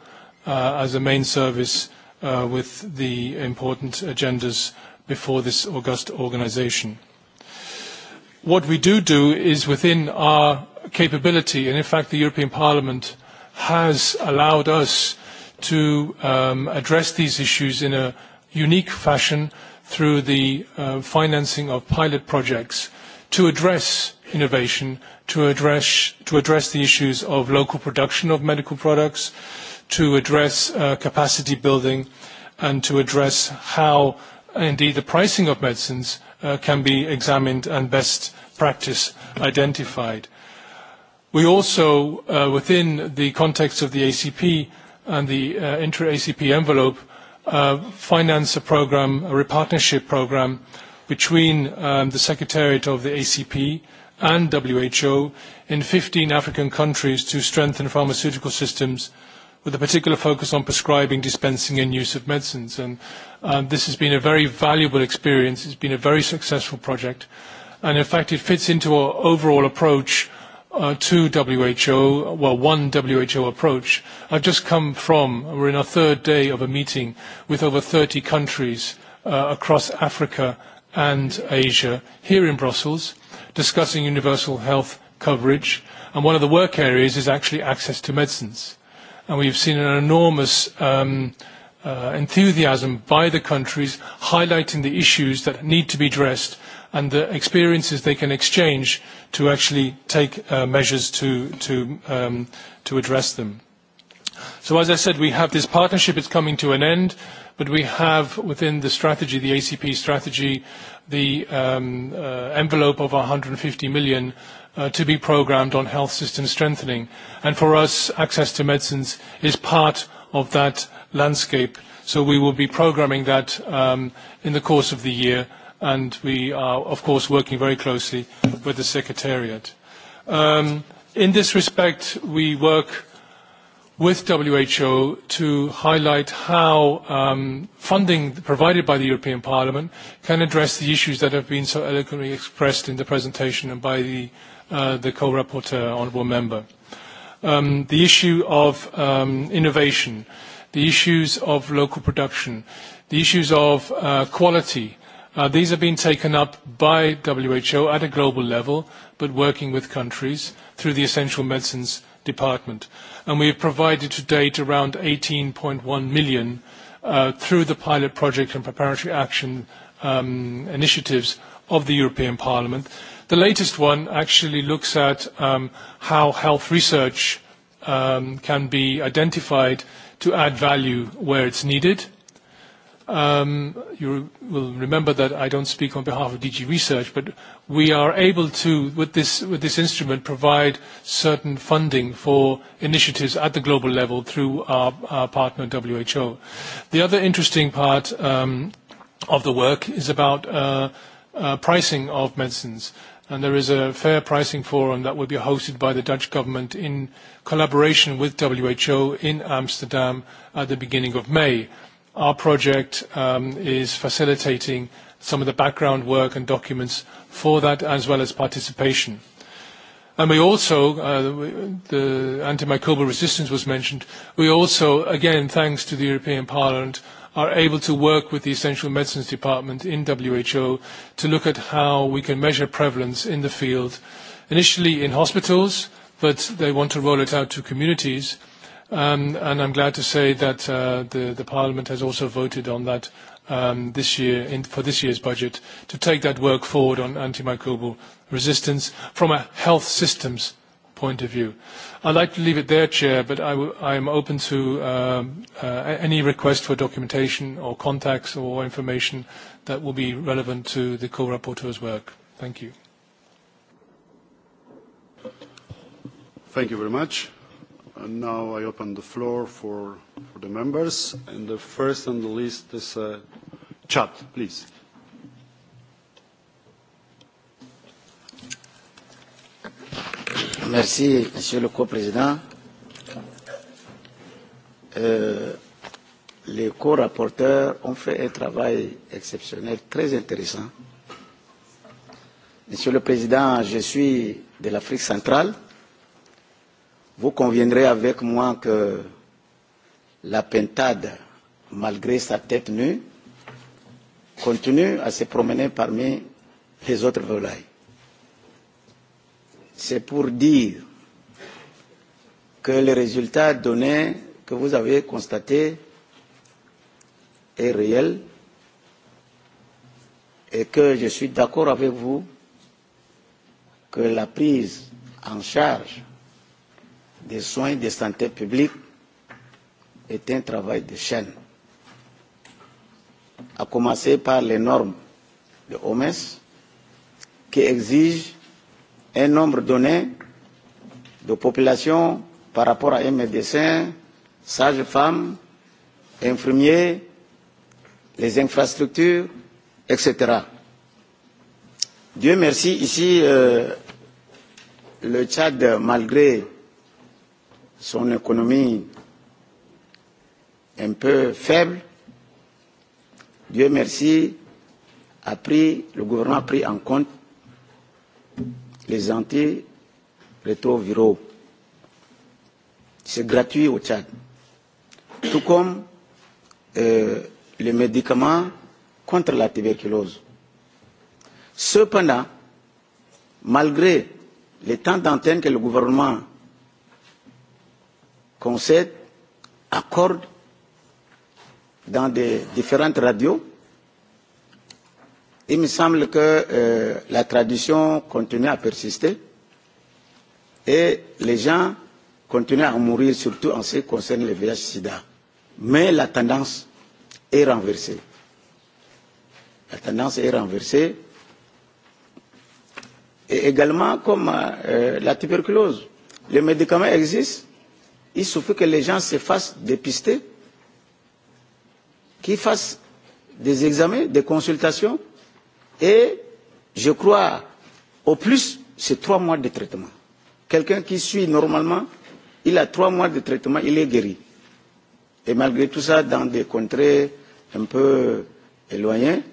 S18: uh, as a main service uh, with the important agendas before this august organization. What we do do is within our capability, and in fact the European Parliament has allowed us to um, address these issues in a unique fashion through the uh, financing of pilot projects to address innovation, to address, to address the issues of local production of medical products, to address uh, capacity building, and to address how indeed the pricing of medicines uh, can be examined and best practice identified. We also, uh, within the context of the ACP and the uh, intra-ACP envelope, uh, finance a program, a partnership program between um, the Secretariat of the ACP and WHO in 15 African countries to strengthen pharmaceutical systems with a particular focus on prescribing, dispensing and use of medicines. And um, this has been a very valuable experience. It's been a very successful project. And in fact, it fits into our overall approach uh, to WHO, well, one WHO approach. I've just come from, we're in our third day of a meeting with over 30 countries uh, across Africa and Asia here in Brussels discussing universal health coverage. And one of the work areas is actually access to medicines. And we've seen an enormous um, uh, enthusiasm by the countries highlighting the issues that need to be addressed and the experiences they can exchange to actually take uh, measures to, to, um, to address them. So as I said, we have this partnership. It's coming to an end. But we have within the strategy, the ACP strategy, the um, uh, envelope of 150 million uh, to be programmed on health system strengthening. for us, access to medicines is part of that landscape. So we will be programming that um, in the course of the year, and we are, of course, working very closely with the Secretariat. Um, in this respect, we work with WHO to highlight how um, funding provided by the European Parliament can address the issues that have been so eloquently expressed in the presentation and by the, uh, the co-rapporteur, honourable member. Um, the issue of um, innovation, the issues of local production, the issues of uh, quality, Uh, these have been taken up by WHO at a global level, but working with countries through the Essential Medicines department. And we have provided to date around 18.1 million uh, through the pilot project and preparatory action um, initiatives of the European Parliament. The latest one actually looks at um, how health research um, can be identified to add value where it's needed Um, you will remember that I don't speak on behalf of DG Research, but we are able to, with this, instrument, provide certain funding for initiatives at the global level through our, partner WHO. The other interesting part um, of the work is about uh, uh, pricing of medicines and there is a fair pricing forum that will be hosted by the Dutch government in collaboration with WHO in Amsterdam at the beginning of May. Our project um, is facilitating some of the background work and documents for that, as well as participation. And we also, uh, the antimicrobial resistance was mentioned. We also, again, thanks to the European Parliament, are able to work with the Essential Medicines Department in WHO to look at how we can measure prevalence in the field, initially in hospitals, but they want to roll it out to communities. Um, and I'm glad to say that uh, the, the Parliament has also voted on that um, this year for this year's budget to take that work forward on antimicrobial resistance from a health systems point of view. I'd like to leave it there, Chair, but I, w I am open to um, uh, any request for documentation or contacts or information that will be relevant to the co-rapporteur's work. Thank you.
S1: Thank you very much. And now I open the floor for, for the members. And the first on the list is uh, Chad, please.
S8: Merci, Monsieur le Co-président. Euh, les co-rapporteurs ont fait un travail exceptionnel, très intéressant. Monsieur le Président, je suis de l'Afrique centrale Vous conviendrez avec moi que la pentade, malgré sa tête nue, continue à se promener parmi les autres volailles. C'est pour dire que le résultat donné que vous avez constaté est réel et que je suis d'accord avec vous que la prise en charge des soins de santé publique est un travail de chaîne, à commencer par les normes de OMS qui exigent un nombre donné de populations par rapport à un médecin, sage-femme, infirmier, les infrastructures, etc. Dieu merci, ici, euh, le Tchad, malgré son économie un peu faible, Dieu merci, a pris, le gouvernement a pris en compte les antirétroviraux. C'est gratuit au Tchad. Tout comme euh, les médicaments contre la tuberculose. Cependant, malgré les temps d'antenne que le gouvernement à cordes dans des différentes radios. Il me semble que euh, la tradition continue à persister et les gens continuent à mourir, surtout en ce qui concerne le VIH-Sida. Mais la tendance est renversée. La tendance est renversée. Et également comme euh, la tuberculose. Les médicaments existent, il suffit que les gens se fassent dépister, qu'ils fassent des examens, des consultations, et je crois au plus, c'est trois mois de traitement. Quelqu'un qui suit normalement, il a trois mois de traitement, il est guéri. Et malgré tout ça, dans des contrées un peu éloignées,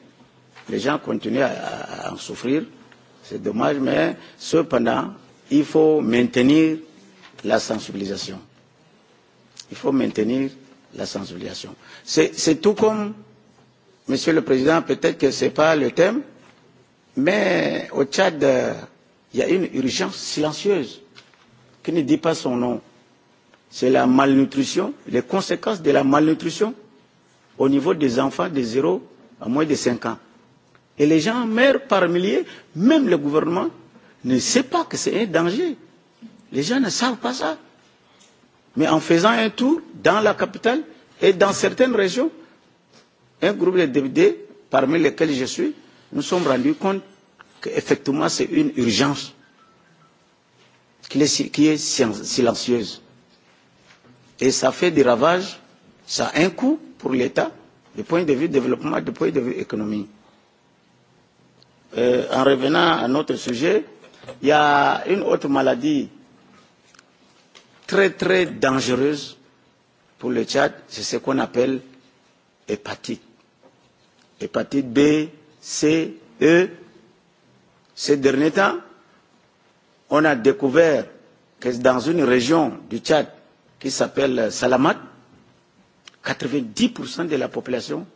S8: les gens continuent à, à en souffrir. C'est dommage, mais cependant, il faut maintenir la sensibilisation il faut maintenir la sensibilisation. C'est tout comme, Monsieur le Président, peut-être que ce n'est pas le thème, mais au Tchad, euh, il euh, y a une urgence silencieuse qui ne dit pas son nom. C'est la malnutrition, les conséquences de la malnutrition au niveau des enfants de 0 à moins de 5 ans. Et les gens meurent par milliers, même le gouvernement ne sait pas que c'est un danger. Les gens ne savent pas ça mais en faisant un tour dans la capitale et dans certaines régions, un groupe de députés, parmi lesquels je suis, nous sommes rendus compte qu'effectivement c'est une urgence qui est, qui est silencieuse. Et ça fait des ravages, ça a un coût pour l'État, du point de vue développement, du point de vue économie. Euh, en revenant à notre sujet, il y a une autre maladie très très dangereuse pour le Tchad, c'est ce qu'on appelle hépatite. Hépatite B, C, E. Ces derniers temps, on a découvert que dans une région du Tchad qui s'appelle Salamat, 90% de la population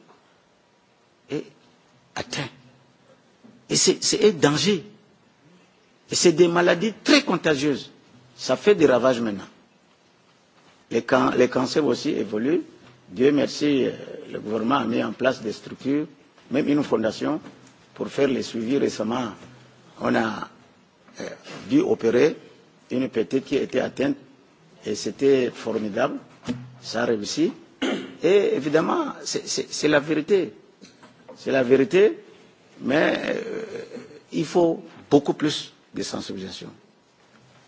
S8: est atteinte. Et c'est un danger. Et c'est des maladies très contagieuses. Ça fait des ravages maintenant. Les, can les cancers aussi évoluent. Dieu merci, euh, le gouvernement a mis en place des structures, même une fondation, pour faire les suivis récemment. On a euh, dû opérer une petite qui était atteinte et c'était formidable. Ça a réussi. Et évidemment, c'est la vérité. C'est la vérité, mais euh, il faut beaucoup plus de sensibilisation.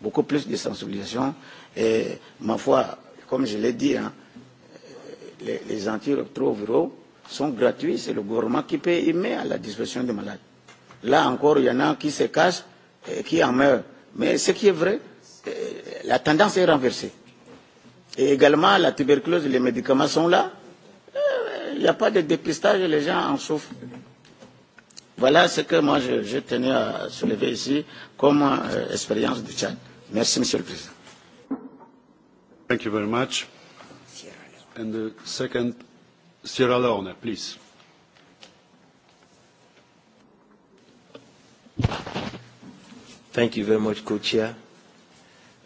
S8: Beaucoup plus de sensibilisation. Et ma foi, comme je l'ai dit, hein, les, les antirétroviraux sont gratuits, c'est le gouvernement qui paye, et met à la disposition des malades. Là encore, il y en a qui se cachent et qui en meurent. Mais ce qui est vrai, euh, la tendance est renversée. Et également, la tuberculose, les médicaments sont là. Euh, il n'y a pas de dépistage, les gens en souffrent. Voilà ce que moi je, je tenais à soulever ici
S1: comme euh, expérience du Tchad. Merci, Monsieur le Président. Thank you very much. And the second, Sierra Leone, please.
S19: very much, Co-Chair.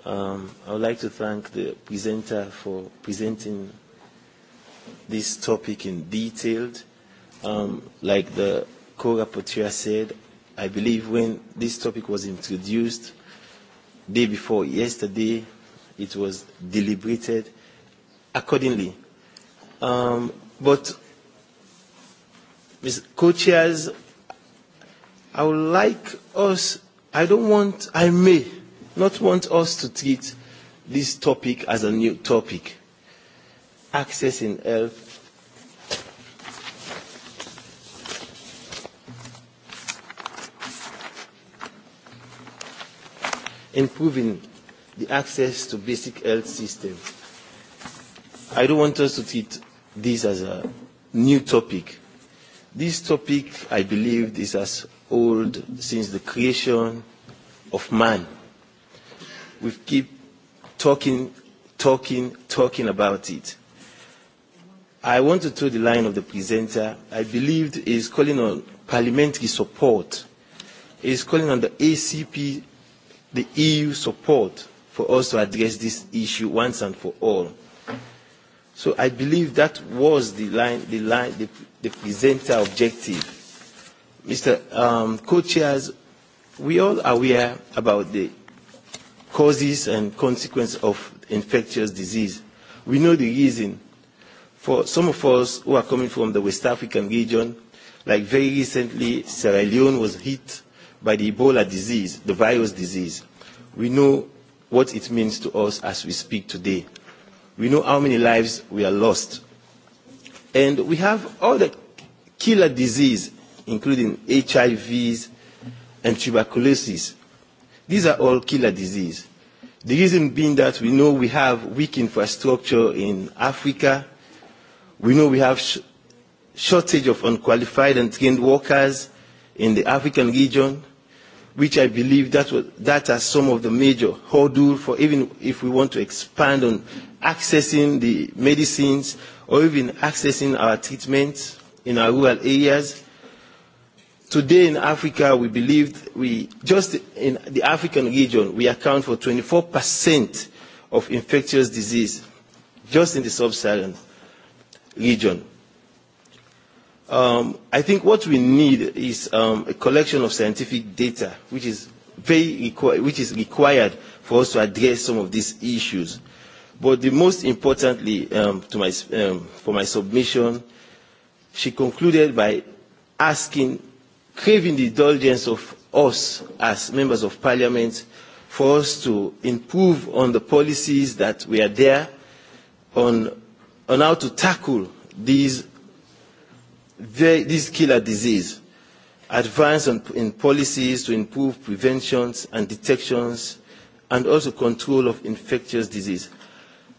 S19: Um, I would like to thank the presenter for presenting this topic in detail. Um, like the co-rapporteur said, I believe when this topic was introduced, day before yesterday, it was deliberated accordingly. Um, but, Ms. Co-chairs, I would like us, I don't want, I may not want us to treat this topic as a new topic. Access in health improving the access to basic health system. I don't want us to treat this as a new topic. This topic, I believe, is as old since the creation of man. We keep talking, talking, talking about it. I want to throw the line of the presenter. I he is calling on parliamentary support. He Is calling on the ACP, the EU support for us to address this issue once and for all. So I believe that was the, line, the, line, the, the presenter objective. Mr. Um, Co-chairs, we all are aware about the causes and consequences of infectious disease. We know the reason. For some of us who are coming from the West African region, like very recently, Sierra Leone was hit by the Ebola disease, the virus disease. We know what it means to us as we speak today. We know how many lives we are lost. And we have all the killer disease, including HIVs and tuberculosis. These are all killer disease. The reason being that we know we have weak infrastructure in Africa. We know we have sh shortage of unqualified and trained workers in the African region which I believe that, was, that are some of the major hurdles for even if we want to expand on accessing the medicines or even accessing our treatments in our rural areas. Today in Africa, we believe we, just in the African region, we account for 24% of infectious disease just in the sub-Saharan region. Um, I think what we need is um, a collection of scientific data, which is, very requ- which is required for us to address some of these issues. But the most importantly, um, to my, um, for my submission, she concluded by asking, craving the indulgence of us as members of parliament for us to improve on the policies that we are there on, on how to tackle these very, this killer disease, advance on, in policies to improve preventions and detections, and also control of infectious disease.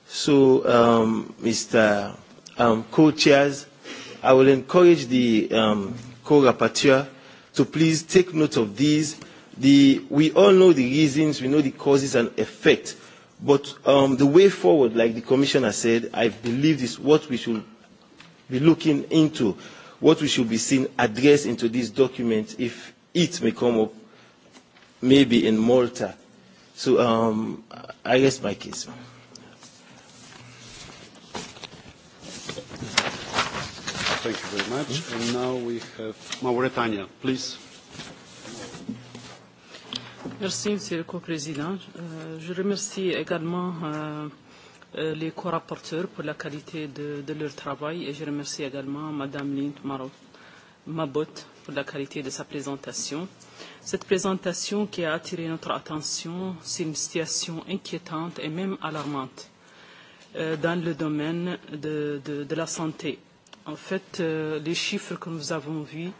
S19: So, um, Mr. Um, co-chairs, I will encourage the um, co-rapporteur to please take note of these. The, we all know the reasons, we know the causes and effects, but um, the way forward, like the Commissioner said, I believe is what we should be looking into what we should be seeing addressed into this document if it may come up maybe in Malta. So um, I rest my case.
S1: Thank you very much. Mm-hmm. And now we have Mauretania, please.
S20: Merci, Monsieur le Co-président. Uh, je remercie également uh, Euh, les co-rapporteurs pour la qualité de, de leur travail et je remercie également Madame Lind Mabot pour la qualité de sa présentation. Cette présentation qui a attiré notre attention c'est une situation inquiétante et même alarmante euh, dans le domaine de, de, de la santé. En fait, euh, les chiffres que nous avons vus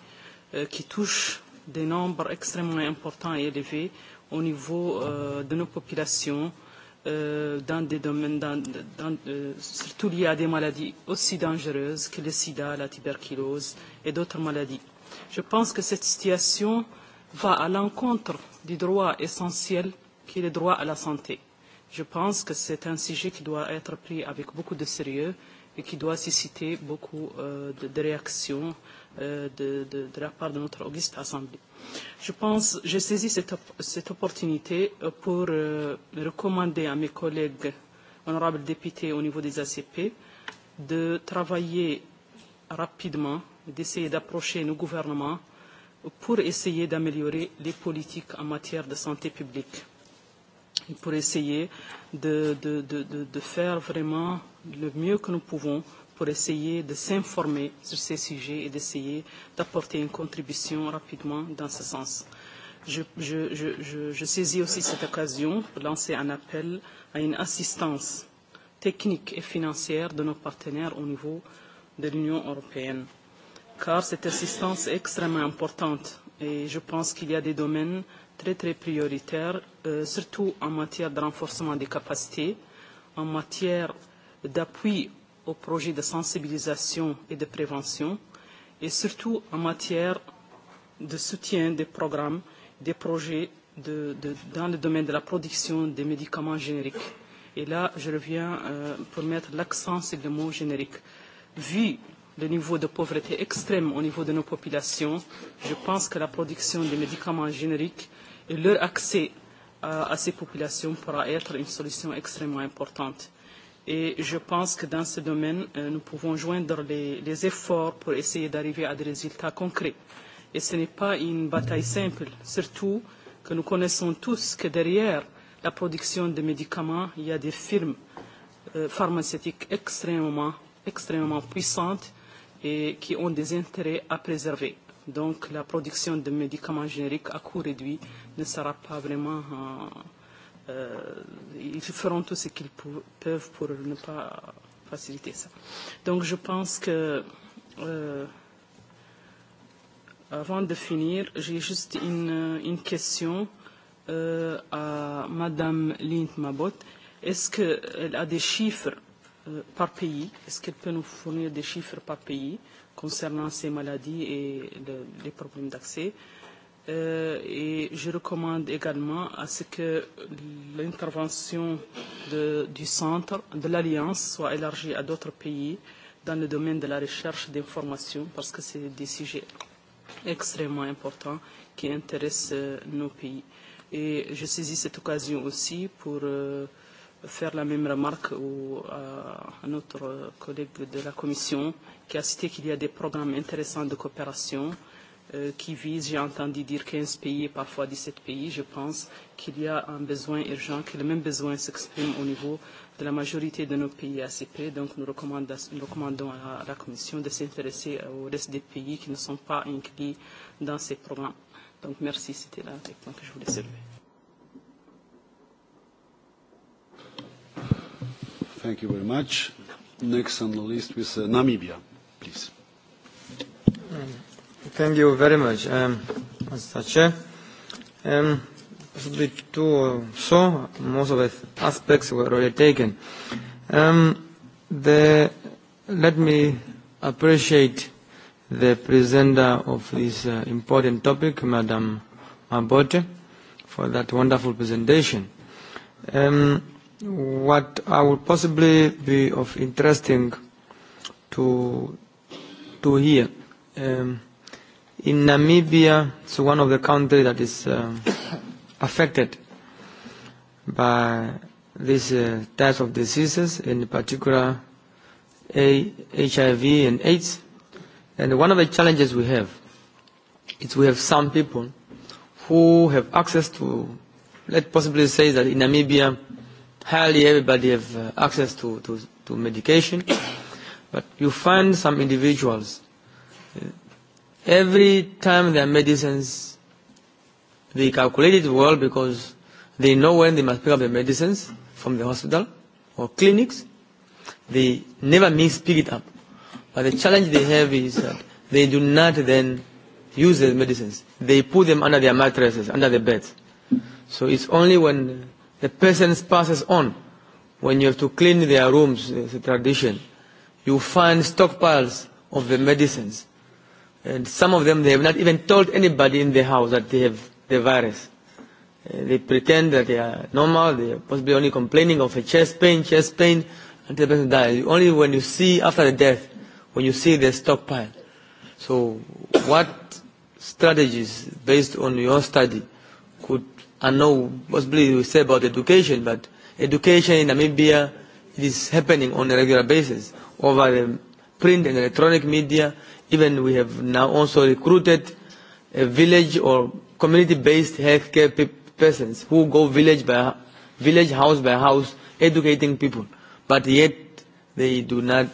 S20: euh, qui touchent des nombres extrêmement importants et élevés au niveau euh, de nos populations euh, dans des domaines, dans, dans, euh, surtout liés à des maladies aussi dangereuses que le sida, la tuberculose et d'autres maladies. Je pense que cette situation va à l'encontre du droit essentiel qui est le droit à la santé. Je pense que c'est un sujet qui doit être pris avec beaucoup de sérieux et qui doit susciter beaucoup euh, de, de réactions euh, de, de, de la part de notre auguste Assemblée. Je pense, j'ai saisi cette, cette opportunité euh, pour euh, recommander à mes collègues honorables députés au niveau des ACP de travailler rapidement, d'essayer d'approcher nos gouvernements pour essayer d'améliorer les politiques en matière de santé publique, pour essayer de, de, de, de, de faire vraiment le mieux que nous pouvons pour essayer de s'informer sur ces sujets et d'essayer d'apporter une contribution rapidement dans ce sens. Je, je, je, je, je saisis aussi cette occasion pour lancer un appel à une assistance technique et financière de nos partenaires au niveau de l'Union européenne. Car cette assistance est extrêmement importante et je pense qu'il y a des domaines très très prioritaires, euh, surtout en matière de renforcement des capacités, en matière d'appui aux projets de sensibilisation et de prévention, et surtout en matière de soutien des programmes, des projets de, de, dans le domaine de la production des médicaments génériques. Et là, je reviens euh, pour mettre l'accent sur le mot générique. Vu le niveau de pauvreté extrême au niveau de nos populations, je pense que la production des médicaments génériques et leur accès à, à ces populations pourra être une solution extrêmement importante. Et je pense que dans ce domaine, euh, nous pouvons joindre les, les efforts pour essayer d'arriver à des résultats concrets. Et ce n'est pas une bataille simple, surtout que nous connaissons tous que derrière la production de médicaments, il y a des firmes euh, pharmaceutiques extrêmement, extrêmement puissantes et qui ont des intérêts à préserver. Donc la production de médicaments génériques à coût réduit ne sera pas vraiment euh, euh, ils feront tout ce qu'ils peuvent pour ne pas faciliter ça. Donc je pense que, euh, avant de finir, j'ai juste une, une question euh, à Madame Lint Mabot. Est-ce qu'elle a des chiffres euh, par pays Est-ce qu'elle peut nous fournir des chiffres par pays concernant ces maladies et le, les problèmes d'accès euh, Euh, et je recommande également à ce que l'intervention du centre, de l'Alliance, soit élargie à d'autres pays dans le domaine de la recherche d'informations, parce que c'est des sujets extrêmement importants qui intéressent euh, nos pays. Et je saisis cette occasion aussi pour euh, faire la même remarque au, à, à notre collègue de la Commission qui a cité qu'il y a des programmes intéressants de coopération Euh, qui vise, j'ai entendu dire 15 pays et parfois 17 pays, je pense qu'il y a un besoin urgent, que le même besoin s'exprime au niveau de la majorité de nos pays ACP. Donc nous recommandons, recommandons à la Commission de s'intéresser au reste des pays qui ne sont pas inclus dans ces programmes. Donc merci, c'était la réponse que je voulais saluer.
S1: Thank you very much. Next on the list is uh, Namibia, please.
S14: Um, Thank you very much, um, Mr. Chair. Um, possibly two or so, most of the aspects were already taken. Um, the, let me appreciate the presenter of this uh, important topic, Madam Mabote, for that wonderful presentation. Um, what I would possibly be of interesting to, to hear um, In Namibia, it's one of the countries that is uh, affected by these uh, types of diseases, in particular A HIV and AIDS. And one of the challenges we have is we have some people who have access to, let's possibly say that in Namibia, hardly everybody have uh, access to, to, to medication, but you find some individuals Every time their medicines, they calculate it well because they know when they must pick up the medicines from the hospital or clinics. They never miss pick it up. But the challenge they have is that they do not then use the medicines. They put them under their mattresses, under the beds. So it's only when the person passes on, when you have to clean their rooms, it's a tradition, you find stockpiles of the medicines And some of them, they have not even told anybody in the house that they have the virus. Uh, they pretend that they are normal, they are possibly only complaining of a chest pain, chest pain, until the person dies. Only when you see, after the death, when you see the stockpile. So what strategies, based on your study, could, I know possibly you say about education, but education in Namibia, it is happening on a regular basis over the print and electronic media, even we have now also recruited a village or community-based healthcare pe persons who go village by village house by house educating people but yet they do not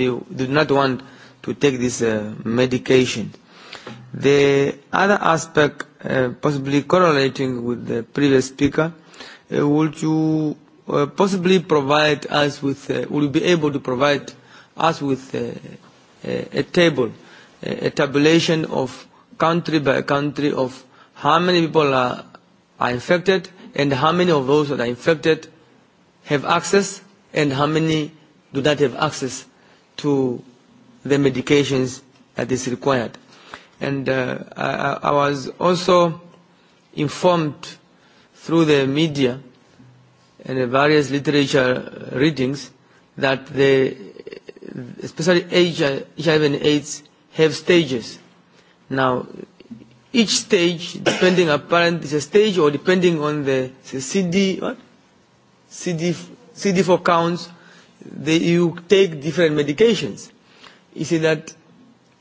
S14: be do not want to take this uh, medication the other aspect uh, possibly correlating with the previous speaker uh, would you uh, possibly provide us with uh, will you be able to provide us with uh, a table, a tabulation of country by country of how many people are, are infected and how many of those that are infected have access and how many do not have access to the medications that is required. And uh, I, I was also informed through the media and the various literature readings that the especially uh, HIV and AIDS, have stages. Now, each stage, depending upon the stage or depending on the CD, what? CD, CD4 counts, they, you take different medications. You see that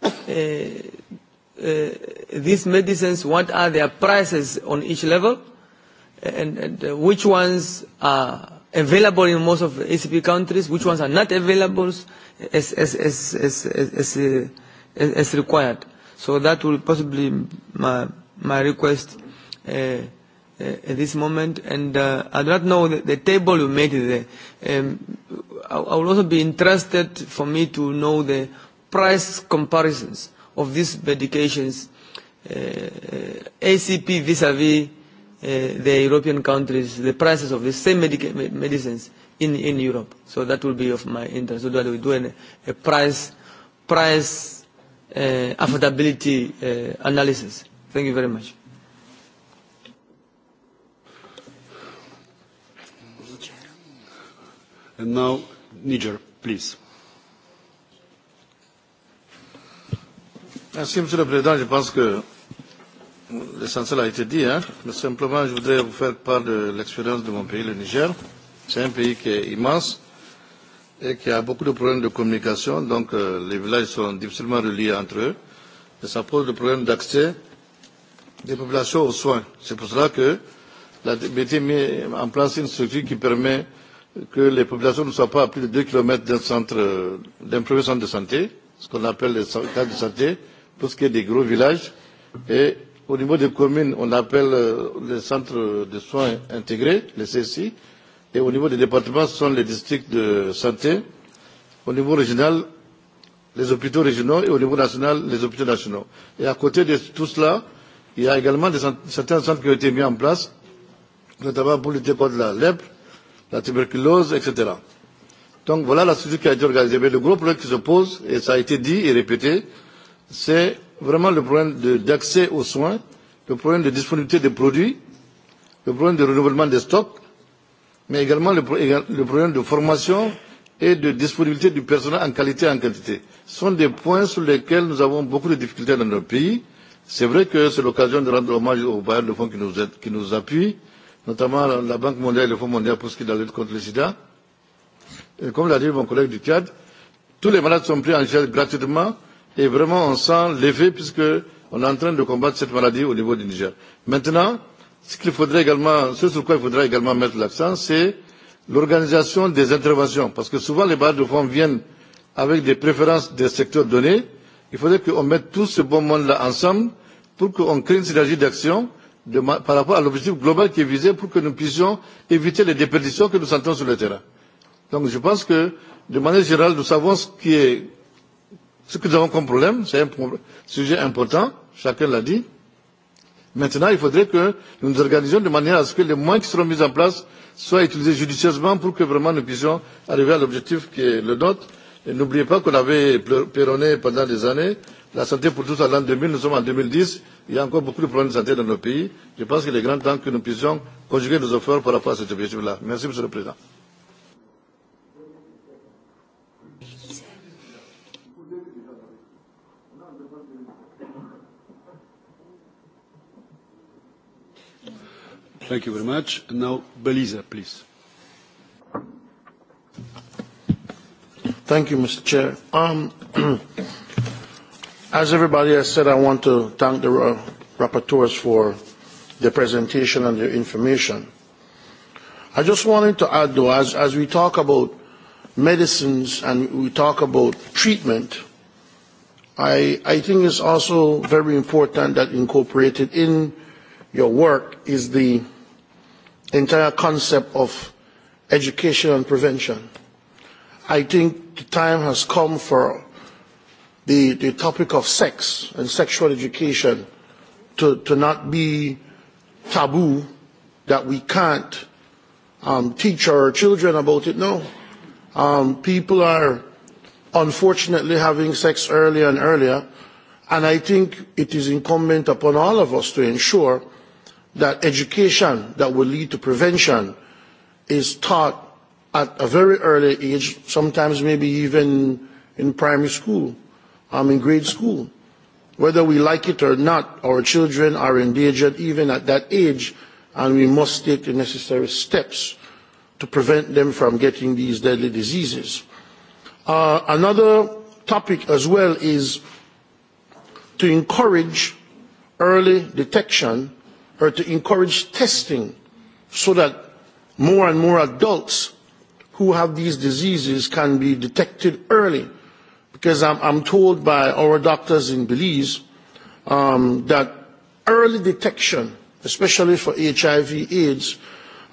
S14: uh, uh, these medicines, what are their prices on each level, and, and uh, which ones are available in most of the ACP countries, which ones are not available as, as, as, as, as, uh, as, as required. So that will possibly my, my request uh, uh, at this moment. And uh, I do not know the, the table you made there. Um, I, I would also be interested for me to know the price comparisons of these medications, uh, uh, ACP vis-à-vis vis a vis vis Uh, the European countries the prices of the same medic medicines in, in Europe. So that will be of my interest. So that we do an, a price, price uh, affordability uh, analysis. Thank you very much. And now,
S13: Niger, please. Merci, Monsieur le Président. Je pense que l'essentiel a été dit. Hein. Mais simplement, je voudrais vous faire part de l'expérience de mon pays, le Niger. C'est un pays qui est immense et qui a beaucoup de problèmes de communication. Donc, euh, les villages sont difficilement reliés entre eux. Et ça pose le problème d'accès des populations aux soins. C'est pour cela que la DBT met en place une structure qui permet que les populations ne soient pas à plus de 2 km d'un centre, euh, d'un premier centre de santé, ce qu'on appelle les centres de santé, pour ce qui est des gros villages. Et Au niveau des communes, on appelle euh, les centres de soins intégrés, les CSI, et au niveau des départements, ce sont les districts de santé. Au niveau régional, les hôpitaux régionaux et au niveau national, les hôpitaux nationaux. Et à côté de tout cela, il y a également des, certains centres qui ont été mis en place, notamment pour lutter contre la lèpre, la tuberculose, etc. Donc voilà la structure qui a été organisée. Mais le gros problème qui se pose, et ça a été dit et répété, c'est vraiment le problème d'accès aux soins, le problème de disponibilité des produits, le problème de renouvellement des stocks, mais également le, le problème de formation et de disponibilité du personnel en qualité et en quantité. Ce sont des points sur lesquels nous avons beaucoup de difficultés dans notre pays. C'est vrai que c'est l'occasion de rendre hommage aux bailleurs de fonds qui nous, aident, qui nous appuient, notamment la Banque mondiale et le Fonds mondial pour ce qui est de la lutte contre le sida. Et comme l'a dit mon collègue du Tchad, tous les malades sont pris en charge gratuitement et vraiment on sent l'effet puisqu'on est en train de combattre cette maladie au niveau du Niger. Maintenant, ce qu'il faudrait également, ce sur quoi il faudra également mettre l'accent, c'est l'organisation des interventions, parce que souvent les barres de fonds viennent avec des préférences des secteurs donnés. Il faudrait qu'on mette tout ce bon monde-là ensemble pour qu'on crée une synergie d'action par rapport à l'objectif global qui est visé pour que nous puissions éviter les déperditions que nous sentons sur le terrain. Donc je pense que, de manière générale, nous savons ce qui est Ce que nous avons comme problème, c'est un sujet important, chacun l'a dit. Maintenant, il faudrait que nous nous organisions de manière à ce que les moyens qui seront mis en place soient utilisés judicieusement pour que vraiment nous puissions arriver à l'objectif qui est le nôtre. Et n'oubliez pas qu'on avait péronné pendant des années la santé pour tous à l'an 2000, nous sommes en 2010, il y a encore beaucoup de problèmes de santé dans nos pays. Je pense qu'il est grand temps que nous puissions conjuguer nos efforts par rapport à cet objectif-là. Merci, Monsieur le Président.
S1: Thank you very much. And now, Belisa, please.
S21: Thank you, Mr. Chair. Um, [CLEARS THROAT]
S1: as everybody has
S21: said, I want to thank the uh, rapporteurs for their presentation and their information. I just wanted to add, though, as, as we talk about medicines and we talk about treatment, I, I think it's also very important that incorporated in your work is the entire concept of education and prevention. I think the time has come for the, the topic of sex and sexual education to, to not be taboo that we can't um, teach our children about it. No. Um, people are unfortunately having sex earlier and earlier, and I think it is incumbent upon all of us to ensure that education that will lead to prevention is taught at a very early age, sometimes maybe even in primary school, um, in grade school. Whether we like it or not, our children are endangered even at that age, and we must take the necessary steps to prevent them from getting these deadly diseases. Uh, another topic as well is to encourage early detection or uh, to encourage testing so that more and more adults who have these diseases can be detected early. Because I'm, I'm told by our doctors in Belize um, that early detection, especially for HIV AIDS,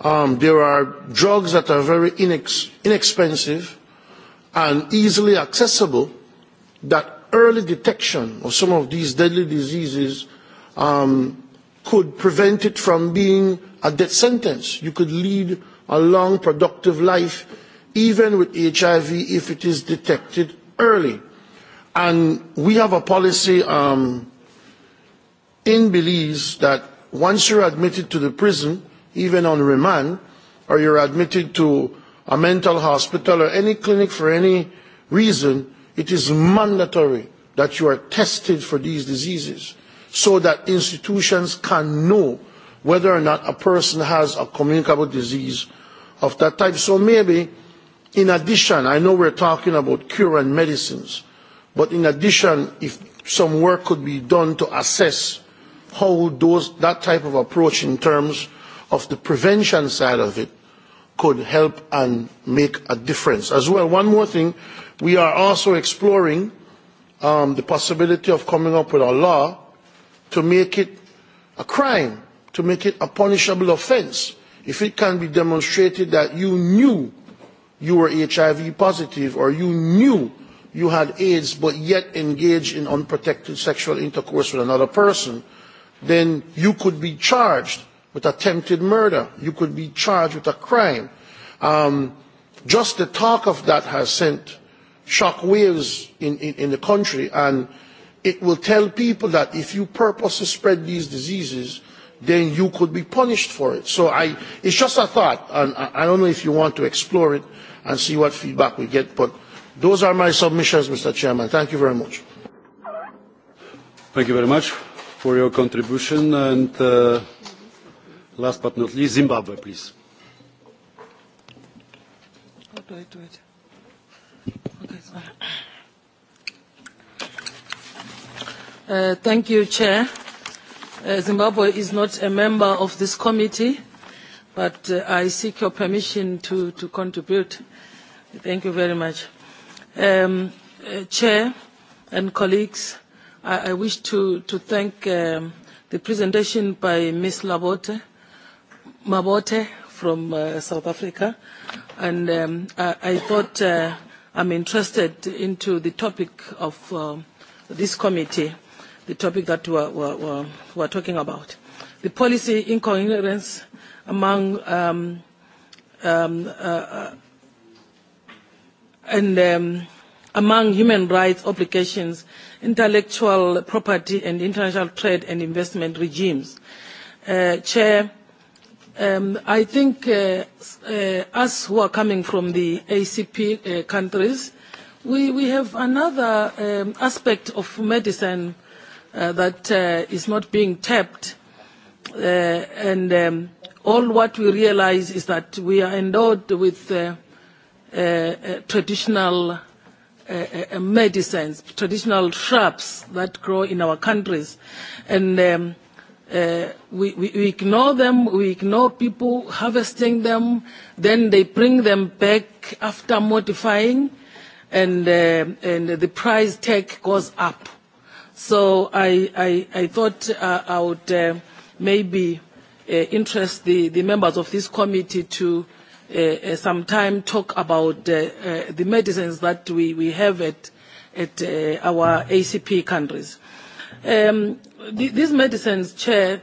S21: um, there are drugs that are very inex- inexpensive and easily accessible that early detection of some of these deadly diseases um, could prevent it from being a death sentence. You could lead a long, productive life, even with HIV, if it is detected early. And we have a policy um, in Belize that once you're admitted to the prison, even on remand, or you're admitted to a mental hospital or any clinic for any reason, it is mandatory that you are tested for these diseases so that institutions can know whether or not a person has a communicable disease of that type. So maybe, in addition, I know we're talking about cure and medicines, but in addition, if some work could be done to assess how those, that type of approach in terms of the prevention side of it could help and make a difference. As well, one more thing, we are also exploring um, the possibility of coming up with a law to make it a crime, to make it a punishable offense, if it can be demonstrated that you knew you were HIV positive or you knew you had AIDS but yet engaged in unprotected sexual intercourse with another person, then you could be charged with attempted murder. You could be charged with a crime. Um, just the talk of that has sent shock waves in, in, in the country and it will tell people that if you purpose to spread these diseases, then you could be punished for it. So I, it's just a thought, and I don't know if you want to explore it and see what feedback we get, but those are my submissions, Mr. Chairman. Thank you very much.
S1: Thank you very much for your contribution, and uh, last but not least, Zimbabwe, please.
S4: How do I do it?
S22: Okay, sorry. Uh, thank you, Chair. Uh, Zimbabwe is not a member of this committee, but uh, I seek your permission to, to contribute. Thank you very much. Um, uh, Chair and colleagues, I, I wish to, to thank um, the presentation by Ms. Labote, Mabote from uh, South Africa, and um, I, I thought uh, I'm interested into the topic of uh, this committee the topic that we are, we are, talking about. The policy incoherence among um, um, uh, uh, and um, among human rights obligations, intellectual property and international trade and investment regimes. Uh, Chair, um, I think uh, uh, us who are coming from the ACP uh, countries, we, we have another um, aspect of medicine that uh, uh, is not being tapped. Uh, and um, all what we realize is that we are endowed with uh, uh, uh, traditional uh, uh, medicines, traditional shrubs that grow in our countries. And um, uh, we, we, we ignore them, we ignore people harvesting them, then they bring them back after modifying, and, uh, and the price tag goes up so I, I, I thought uh, I would uh, maybe uh, interest the, the members of this committee to uh, uh, time talk about uh, uh, the medicines that we, we have at, at uh, our ACP countries. Um, th these medicines, Chair,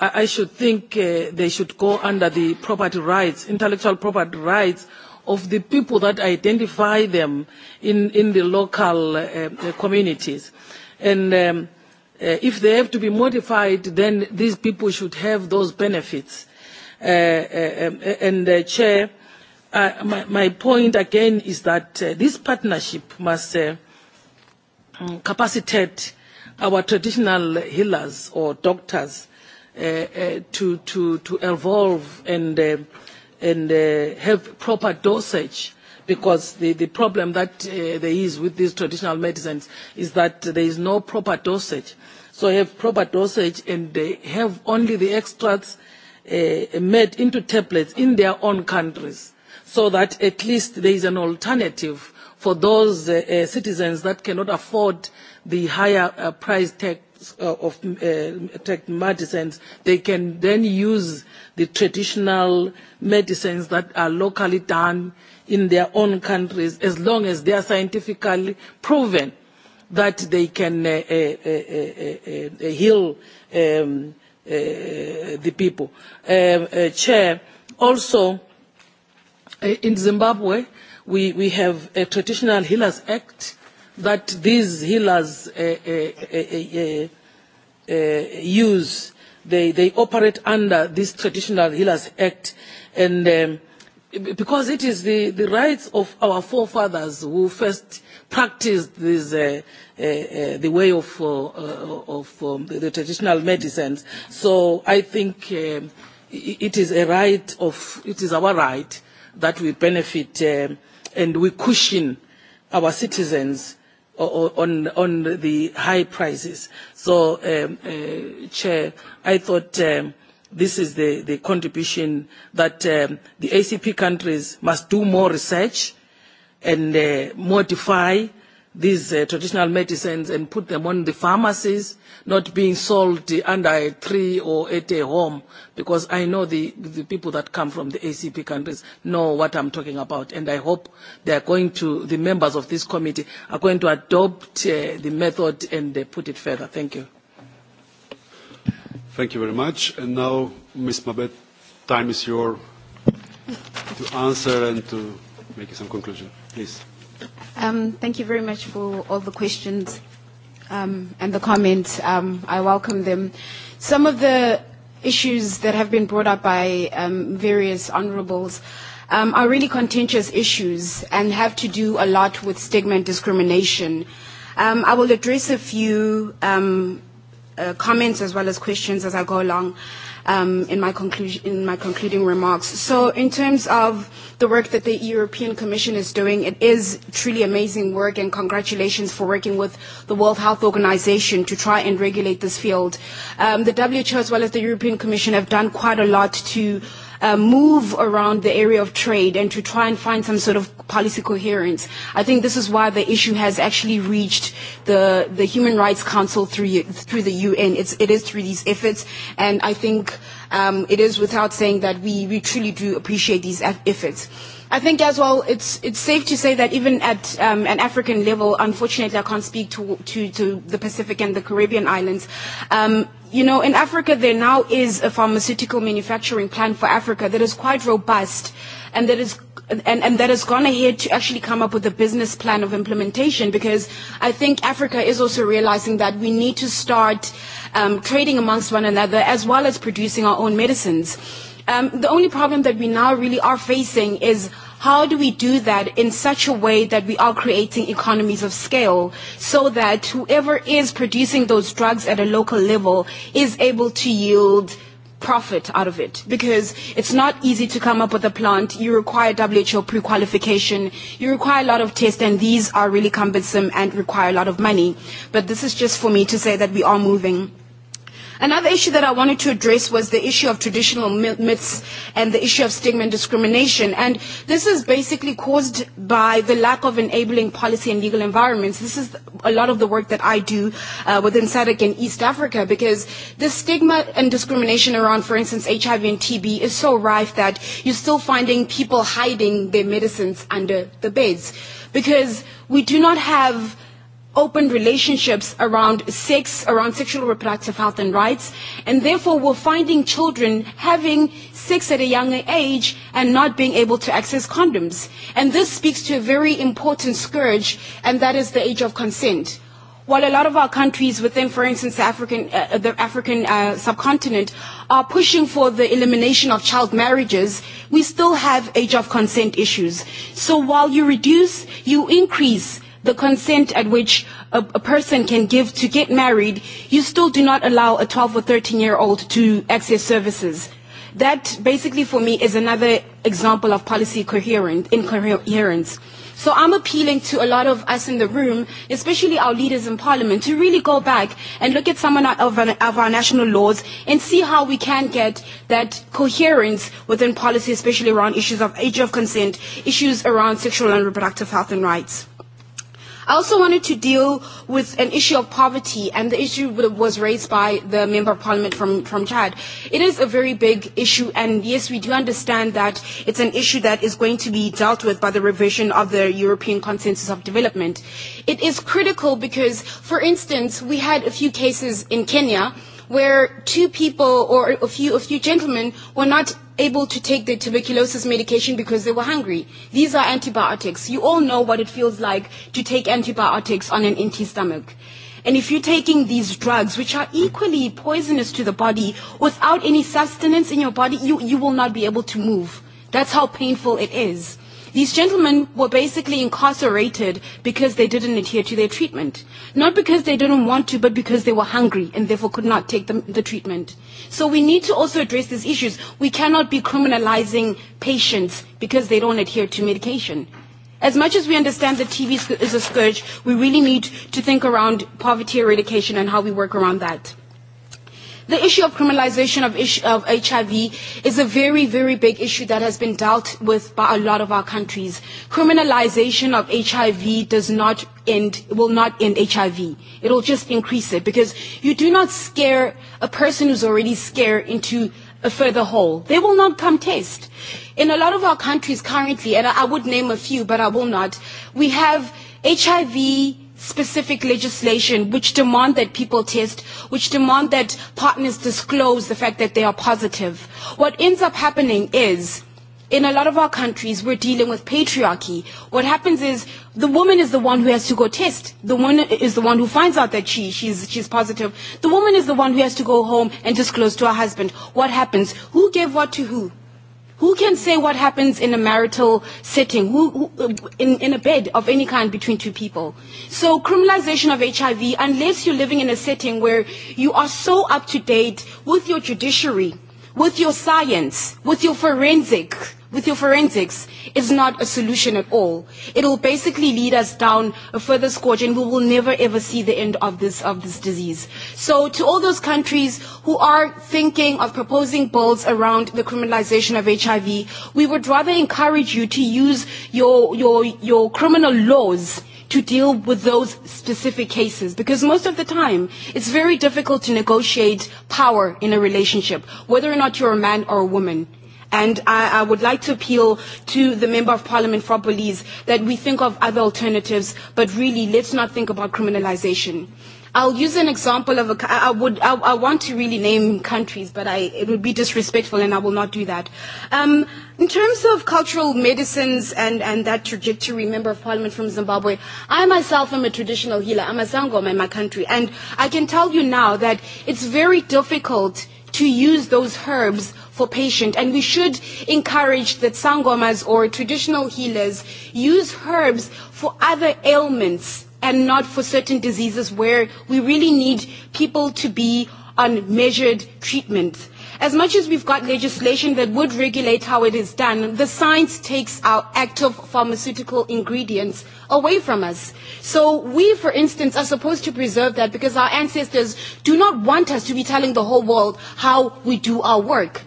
S22: I, I should think uh, they should go under the property rights, intellectual property rights of the people that identify them in, in the local uh, uh communities And um, uh, if they have to be modified, then these people should have those benefits. Uh, uh, um, uh and, uh, Chair, uh, my, my point again is that uh, this partnership must uh, mm, capacitate our traditional healers or doctors uh, uh, to, to, to evolve and, uh, and uh, have proper dosage because the, the problem that uh, there is with these traditional medicines is that there is no proper dosage. So have proper dosage and they have only the extracts uh, made into tablets in their own countries so that at least there is an alternative for those uh, uh, citizens that cannot afford the higher uh, price tag uh, of tech uh, medicines, they can then use the traditional medicines that are locally done in their own countries as long as they are scientifically proven that they can uh, uh, uh, uh, uh, heal um, uh, the people. Uh, uh, Chair, also uh, in Zimbabwe, we, we have a traditional healers act that these healers uh, uh, uh, uh, uh, use. They, they operate under this traditional healers act and um, because it is the, the rights of our forefathers who first practiced this, uh, uh, uh, the way of, uh, uh, of um, the, the traditional medicines. So I think um, it is a right of, it is our right that we benefit um, and we cushion our citizens on, on the high prices. So, um, uh, Chair, I thought um, this is the, the contribution that um, the ACP countries must do more research and uh, modify these uh, traditional medicines and put them on the pharmacies, not being sold under a tree or at a home, because I know the, the people that come from the ACP countries know what I'm talking about, and I hope they are going to, the members of this committee are going to adopt uh, the method and uh, put it further. Thank you.
S1: Thank you very much. And now, Ms. Mabet, time is yours
S16: to
S1: answer and to make some conclusion. Please.
S16: Um, thank you very much for all the questions um, and the comments. Um, I welcome them. Some of the issues that have been brought up by um, various honourables um, are really contentious issues and have to do a lot with stigma and discrimination. Um, I will address a few um, uh, comments as well as questions as I go along um, in, my conclusion, in my concluding remarks. So in terms of the work that the European Commission is doing, it is truly amazing work and congratulations for working with the World Health Organization to try and regulate this field. Um, the WHO as well as the European Commission have done quite a lot to uh, move around the area of trade and to try and find some sort of policy coherence. I think this is why the issue has actually reached the, the Human Rights Council through, through the UN. It's, it is through these efforts, and I think um, it is without saying that we, we truly do appreciate these efforts. I think as well, it's, it's safe to say that even at um, an African level, unfortunately, I can't speak to, to, to the Pacific and the Caribbean islands. Um, you know, in Africa, there now is a pharmaceutical manufacturing plan for Africa that is quite robust and that is and, and that has gone ahead to actually come up with a business plan of implementation because I think Africa is also realizing that we need to start um, trading amongst one another as well as producing our own medicines. Um, the only problem that we now really are facing is How do we do that in such a way that we are creating economies of scale so that whoever is producing those drugs at a local level is able to yield profit out of it because it's not easy to come up with a plant. You require WHO pre-qualification. You require a lot of tests and these are really cumbersome and require a lot of money. But this is just for me to say that we are moving. Another issue that I wanted to address was the issue of traditional myths and the issue of stigma and discrimination. And this is basically caused by the lack of enabling policy and legal environments. This is a lot of the work that I do uh, within SADC in East Africa because the stigma and discrimination around, for instance, HIV and TB is so rife that you're still finding people hiding their medicines under the beds because we do not have open relationships around sex, around sexual reproductive health and rights, and therefore we're finding children having sex at a younger age and not being able to access condoms. And this speaks to a very important scourge, and that is the age of consent. While a lot of our countries within, for instance, African, uh, uh, the African uh, subcontinent are pushing for the elimination of child marriages, we still have age of consent issues. So while you reduce, you increase the consent at which a, a person can give to get married, you still do not allow a 12 or 13 year old to access services. That basically for me is another example of policy coherent, incoherence. So I'm appealing to a lot of us in the room, especially our leaders in parliament, to really go back and look at some of our, of our national laws and see how we can get that coherence within policy, especially around issues of age of consent, issues around sexual and reproductive health and rights. I also wanted to deal with an issue of poverty, and the issue that was raised by the Member of Parliament from, from Chad. It is a very big issue, and yes, we do understand that it's an issue that is going to be dealt with by the revision of the European Consensus of Development. It is critical because, for instance, we had a few cases in Kenya where two people or a few, a few gentlemen were not able to take their tuberculosis medication because they were hungry. These are antibiotics. You all know what it feels like to take antibiotics on an empty stomach. And if you're taking these drugs, which are equally poisonous to the body, without any sustenance in your body, you, you will not be able to move. That's how painful it is. These gentlemen were basically incarcerated because they didn't adhere to their treatment. Not because they didn't want to, but because they were hungry and therefore could not take the, the treatment. So we need to also address these issues. We cannot be criminalizing patients because they don't adhere to medication. As much as we understand that TB is a scourge, we really need to think around poverty eradication and how we work around that. The issue of criminalization of, ish, of HIV is a very, very big issue that has been dealt with by a lot of our countries. Criminalization of HIV does not end, will not end HIV. It will just increase it because you do not scare a person who's already scared into a further hole. They will not come test. In a lot of our countries currently, and I would name a few, but I will not, we have HIV, specific legislation which demand that people test, which demand that partners disclose the fact that they are positive. What ends up happening is, in a lot of our countries, we're dealing with patriarchy. What happens is the woman is the one who has to go test. The woman is the one who finds out that she, she's, she's positive. The woman is the one who has to go home and disclose to her husband what happens. Who gave what to who? Who can say what happens in a marital setting, who, who, in, in a bed of any kind between two people? So criminalization of HIV, unless you're living in a setting where you are so up to date with your judiciary, with your science, with your forensic, with your forensics is not a solution at all. It will basically lead us down a further scourge and we will never ever see the end of this, of this disease. So to all those countries who are thinking of proposing bills around the criminalization of HIV, we would rather encourage you to use your, your, your criminal laws to deal with those specific cases because most of the time it's very difficult to negotiate power in a relationship, whether or not you're a man or a woman And I, I would like to appeal to the Member of Parliament for Belize that we think of other alternatives, but really let's not think about criminalization. I'll use an example of a, I, would, I, I want to really name countries, but I, it would be disrespectful and I will not do that. Um, in terms of cultural medicines and, and that trajectory, Member of Parliament from Zimbabwe, I myself am a traditional healer. I'm a Sangoma in my country. And I can tell you now that it's very difficult to use those herbs for patients. And we should encourage that sangomas or traditional healers use herbs for other ailments and not for certain diseases where we really need people to be on measured treatment. As much as we've got legislation that would regulate how it is done, the science takes our active pharmaceutical ingredients away from us. So we, for instance, are supposed to preserve that because our ancestors do not want us to be telling the whole world how we do our work.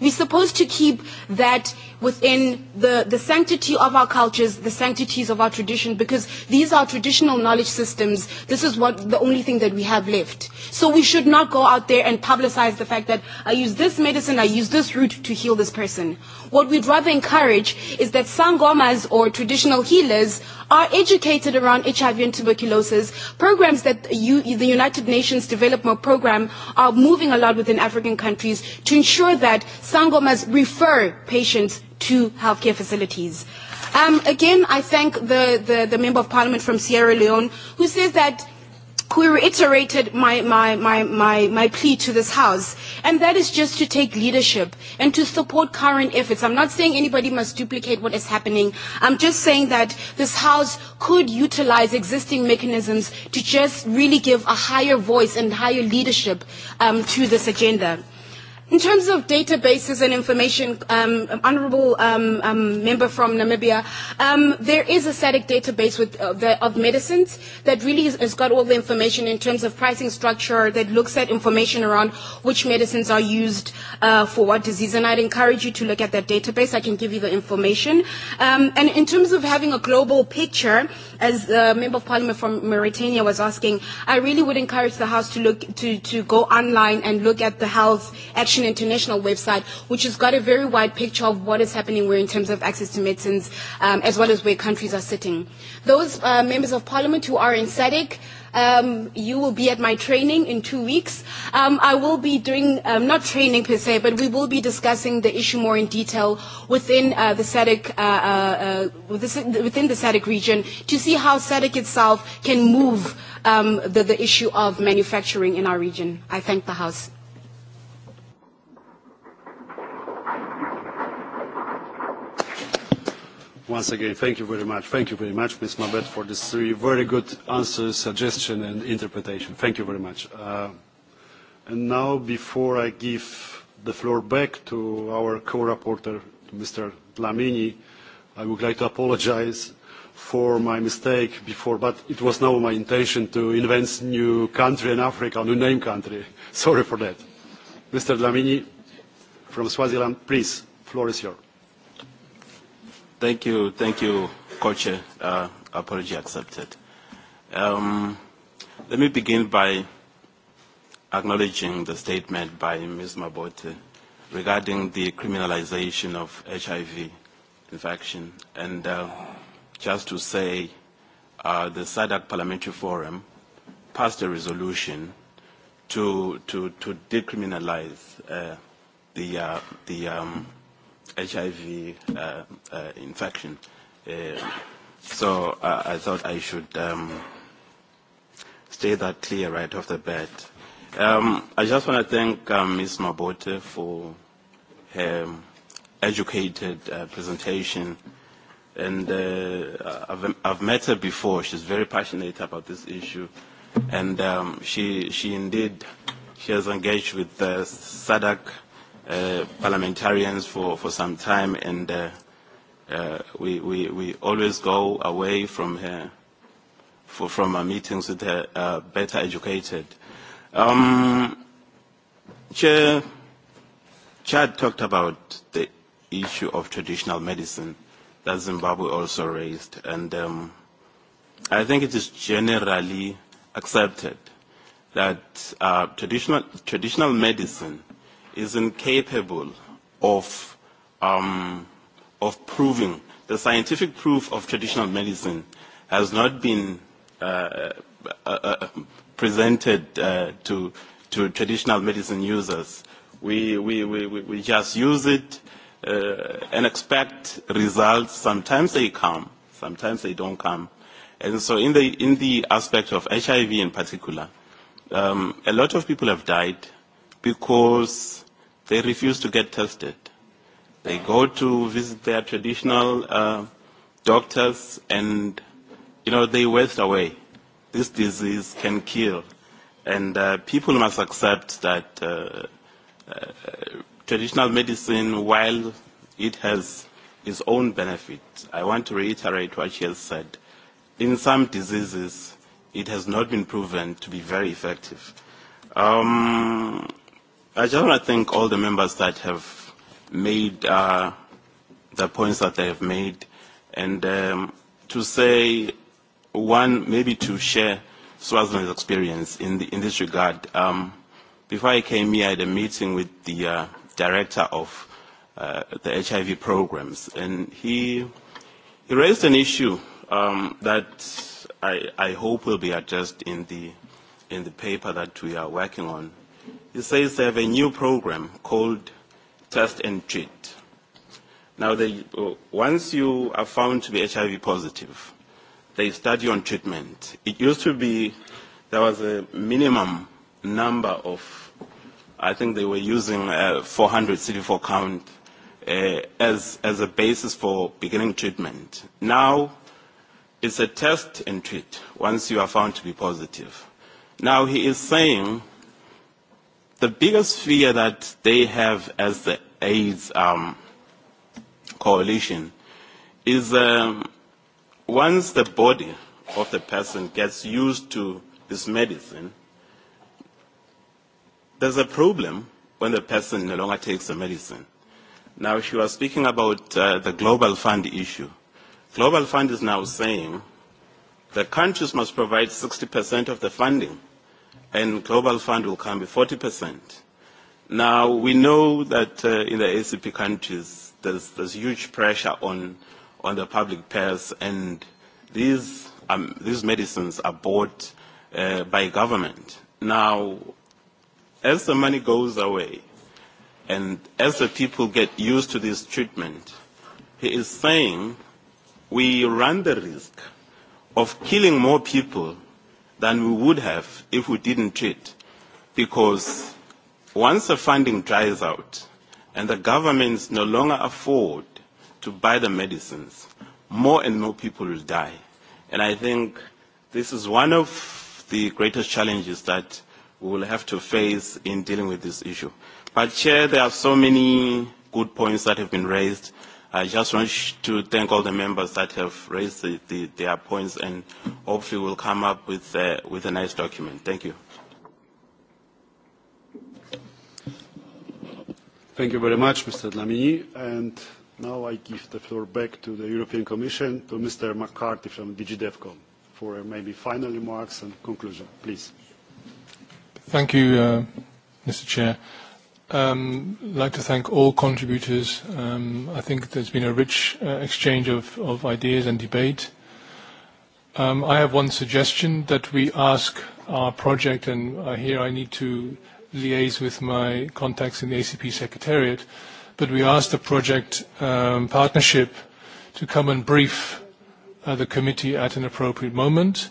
S16: We're supposed to keep that within the, the sanctity of our cultures, the sanctities of our tradition, because these are traditional knowledge systems. This is what the only thing that we have left. So we should not go out there and publicize the fact that I use this medicine, I use this root to heal this person. What we'd rather encourage is that sangomas or traditional healers are educated around HIV and tuberculosis. Programs that you, the United Nations Development Program are moving a lot within African countries to ensure that sangomas refer patients to healthcare facilities. Um, again, I thank the, the, the Member of Parliament from Sierra Leone who says that who reiterated my, my, my, my, my plea to this House, and that is just to take leadership and to support current efforts. I'm not saying anybody must duplicate what is happening. I'm just saying that this House could utilize existing mechanisms to just really give a higher voice and higher leadership um, to this agenda. In terms of databases and information, um, honourable um, um, member from Namibia, um, there is a static database with, uh, the, of medicines that really has, has got all the information in terms of pricing structure that looks at information around which medicines are used uh, for what disease. And I'd encourage you to look at that database. I can give you the information. Um, and in terms of having a global picture, as the Member of Parliament from Mauritania was asking, I really would encourage the House to look to, to go online and look at the Health Action International website, which has got a very wide picture of what is happening where in terms of access to medicines, um, as well as where countries are sitting. Those uh, members of parliament who are in SADC, Um, you will be at my training in two weeks. Um, I will be doing, um, not training per se, but we will be discussing the issue more in detail within uh, the SADC, uh, uh, uh within the SADC region to see how SADC itself can move um, the, the issue of manufacturing in our region. I thank the House.
S1: Once again, thank you very much. Thank you very much, Ms. Mabet, for these three very good answers, suggestion, and interpretation. Thank you very much. Uh, and now, before I give the floor back to our co-rapporteur, Mr. Dlamini, I would like to apologize for my mistake before, but it was not my intention to invent new country in Africa, a new name country. [LAUGHS] Sorry for that. Mr. Dlamini from Swaziland, please, floor is yours.
S17: Thank you, thank you, Co-Chair. Uh, apology accepted. Um, let me begin by acknowledging the statement by Ms. Mabote regarding the criminalization of HIV infection. And uh, just to say, uh, the SADC Parliamentary Forum passed a resolution to, to, to decriminalize uh, the, uh, the um, HIV uh, uh, infection. Uh, so uh, I thought I should um, stay that clear right off the bat. Um, I just want to thank uh, Ms. Mabote for her educated uh, presentation. And uh, I've, I've met her before. She's very passionate about this issue. And um, she, she indeed, she has engaged with uh, SADC uh, parliamentarians for, for some time, and uh, uh, we, we, we always go away from her, for, from our meetings with her, uh, better educated. Um, Chair, Chad talked about the issue of traditional medicine that Zimbabwe also raised, and um, I think it is generally accepted that uh, traditional, traditional medicine is incapable of, um, of proving. The scientific proof of traditional medicine has not been uh, uh, uh, presented uh, to, to traditional medicine users. We, we, we, we just use it uh, and expect results. Sometimes they come, sometimes they don't come. And so in the, in the aspect of HIV in particular, um, a lot of people have died because They refuse to get tested. They go to visit their traditional uh, doctors and, you know, they waste away. This disease can kill. And uh, people must accept that uh, uh, traditional medicine, while it has its own benefits, I want to reiterate what she has said. In some diseases, it has not been proven to be very effective. Um, i just want to thank all the members that have made uh, the points that they have made and um, to say one, maybe to share Swaziland's experience in, the, in this regard. Um, before I came here, I had a meeting with the uh, director of uh, the HIV programs, and he, he raised an issue um, that I, I hope will be addressed in the, in the paper that we are working on It says they have a new program called Test and Treat. Now, they, uh, once you are found to be HIV positive, they start you on treatment. It used to be there was a minimum number of, I think they were using uh, 400 CD4 count uh, as, as a basis for beginning treatment. Now, it's a test and treat once you are found to be positive. Now, he is saying the biggest fear that they have as the AIDS um, coalition is um, once the body of the person gets used to this medicine, there's a problem when the person no longer takes the medicine. Now, she was speaking about uh, the Global Fund issue. Global Fund is now saying the countries must provide 60% of the funding and Global Fund will come with 40%. Now, we know that uh, in the ACP countries, there's, there's huge pressure on, on the public payers, and these, um, these medicines are bought uh, by government. Now, as the money goes away, and as the people get used to this treatment, he is saying we run the risk of killing more people than we would have if we didn't treat. Because once the funding dries out and the governments no longer afford to buy the medicines, more and more people will die. And I think this is one of the greatest challenges that we will have to face in dealing with this issue. But Chair, there are so many good points that have been raised. I just want to thank all the members that have raised the, the, their points and hopefully we'll come up with, uh, with a nice document. Thank you.
S1: Thank you very much, Mr. Dlamini. And now I give the floor back to the European Commission, to Mr. McCarthy from DG for maybe final remarks and conclusion, please.
S18: Thank you, uh, Mr. Chair. I'd um, like to thank all contributors. Um, I think there's been a rich uh, exchange of, ideas and debate. Um, I have one suggestion that we ask our project, and uh, here I need to liaise with my contacts in the ACP Secretariat, but we ask the project partnership to come and brief uh, the committee at an appropriate moment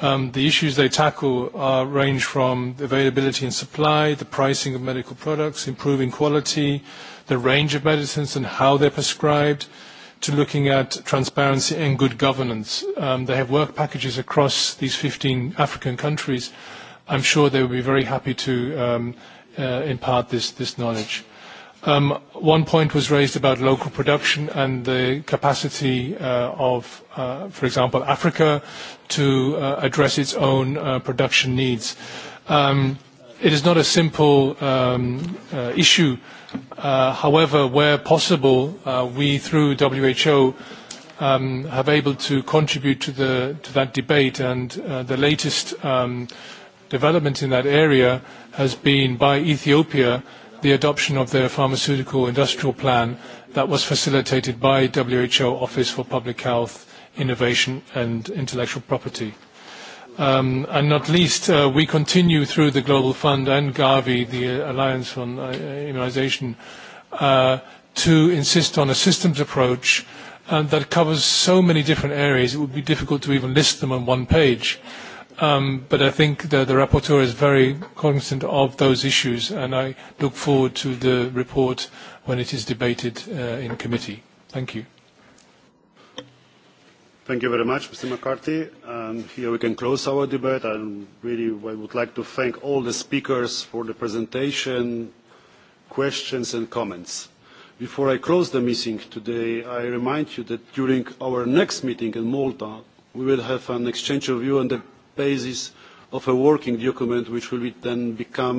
S18: Um, the issues they tackle are, range from availability and supply, the pricing of medical products, improving quality, the range of medicines and how they're prescribed, to looking at transparency and good governance. Um, they have work packages across these 15 African countries. I'm sure they will be very happy to um, uh, impart this knowledge. Um, one point was raised about local production and the capacity uh, of, uh, for example, Africa to uh, address its own production needs. Um, it is not a simple um, issue. however, where possible, we through WHO have have able to contribute to, that debate and the latest development in that area has been by Ethiopia the adoption of the pharmaceutical industrial plan that was facilitated by WHO Office for Public Health, Innovation and Intellectual Property. Um, and not least, uh, we continue through the Global Fund and Gavi, the uh, Alliance on uh, Immunization, uh, to insist on a systems approach uh, that covers so many different areas it would be difficult to even list them on one page. Um, but I think the, the rapporteur is very cognizant of those issues, and I look forward to the report when it is debated uh, in committee. Thank you.
S1: Thank you very much, Mr. McCarthy. And um, here we can close our debate. And really, I would like to thank all the speakers for the presentation, questions, and comments. Before I close the meeting today, I remind you that during our next meeting in Malta, we will have an exchange of view on the basis of a working document which will then become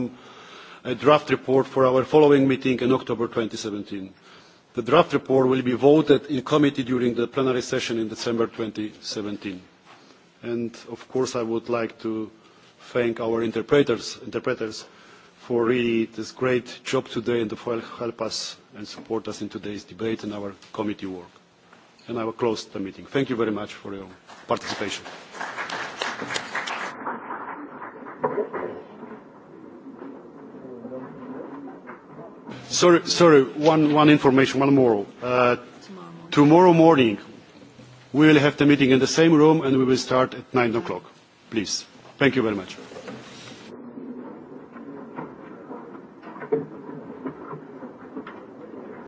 S1: a draft report for our following meeting in October seventeen. The draft report will be voted in committee during the plenary session in December seventeen. And of course, I would like to thank our interpreters, interpreters for really this great job today and for help us and support us in today's debate and our committee work. And I will close the meeting. Thank you very much for your participation. Sorry, sorry one, one information, one more. Uh, tomorrow morning, we will have the meeting in the same room and we will start at 9 o'clock. Please. Thank you very much.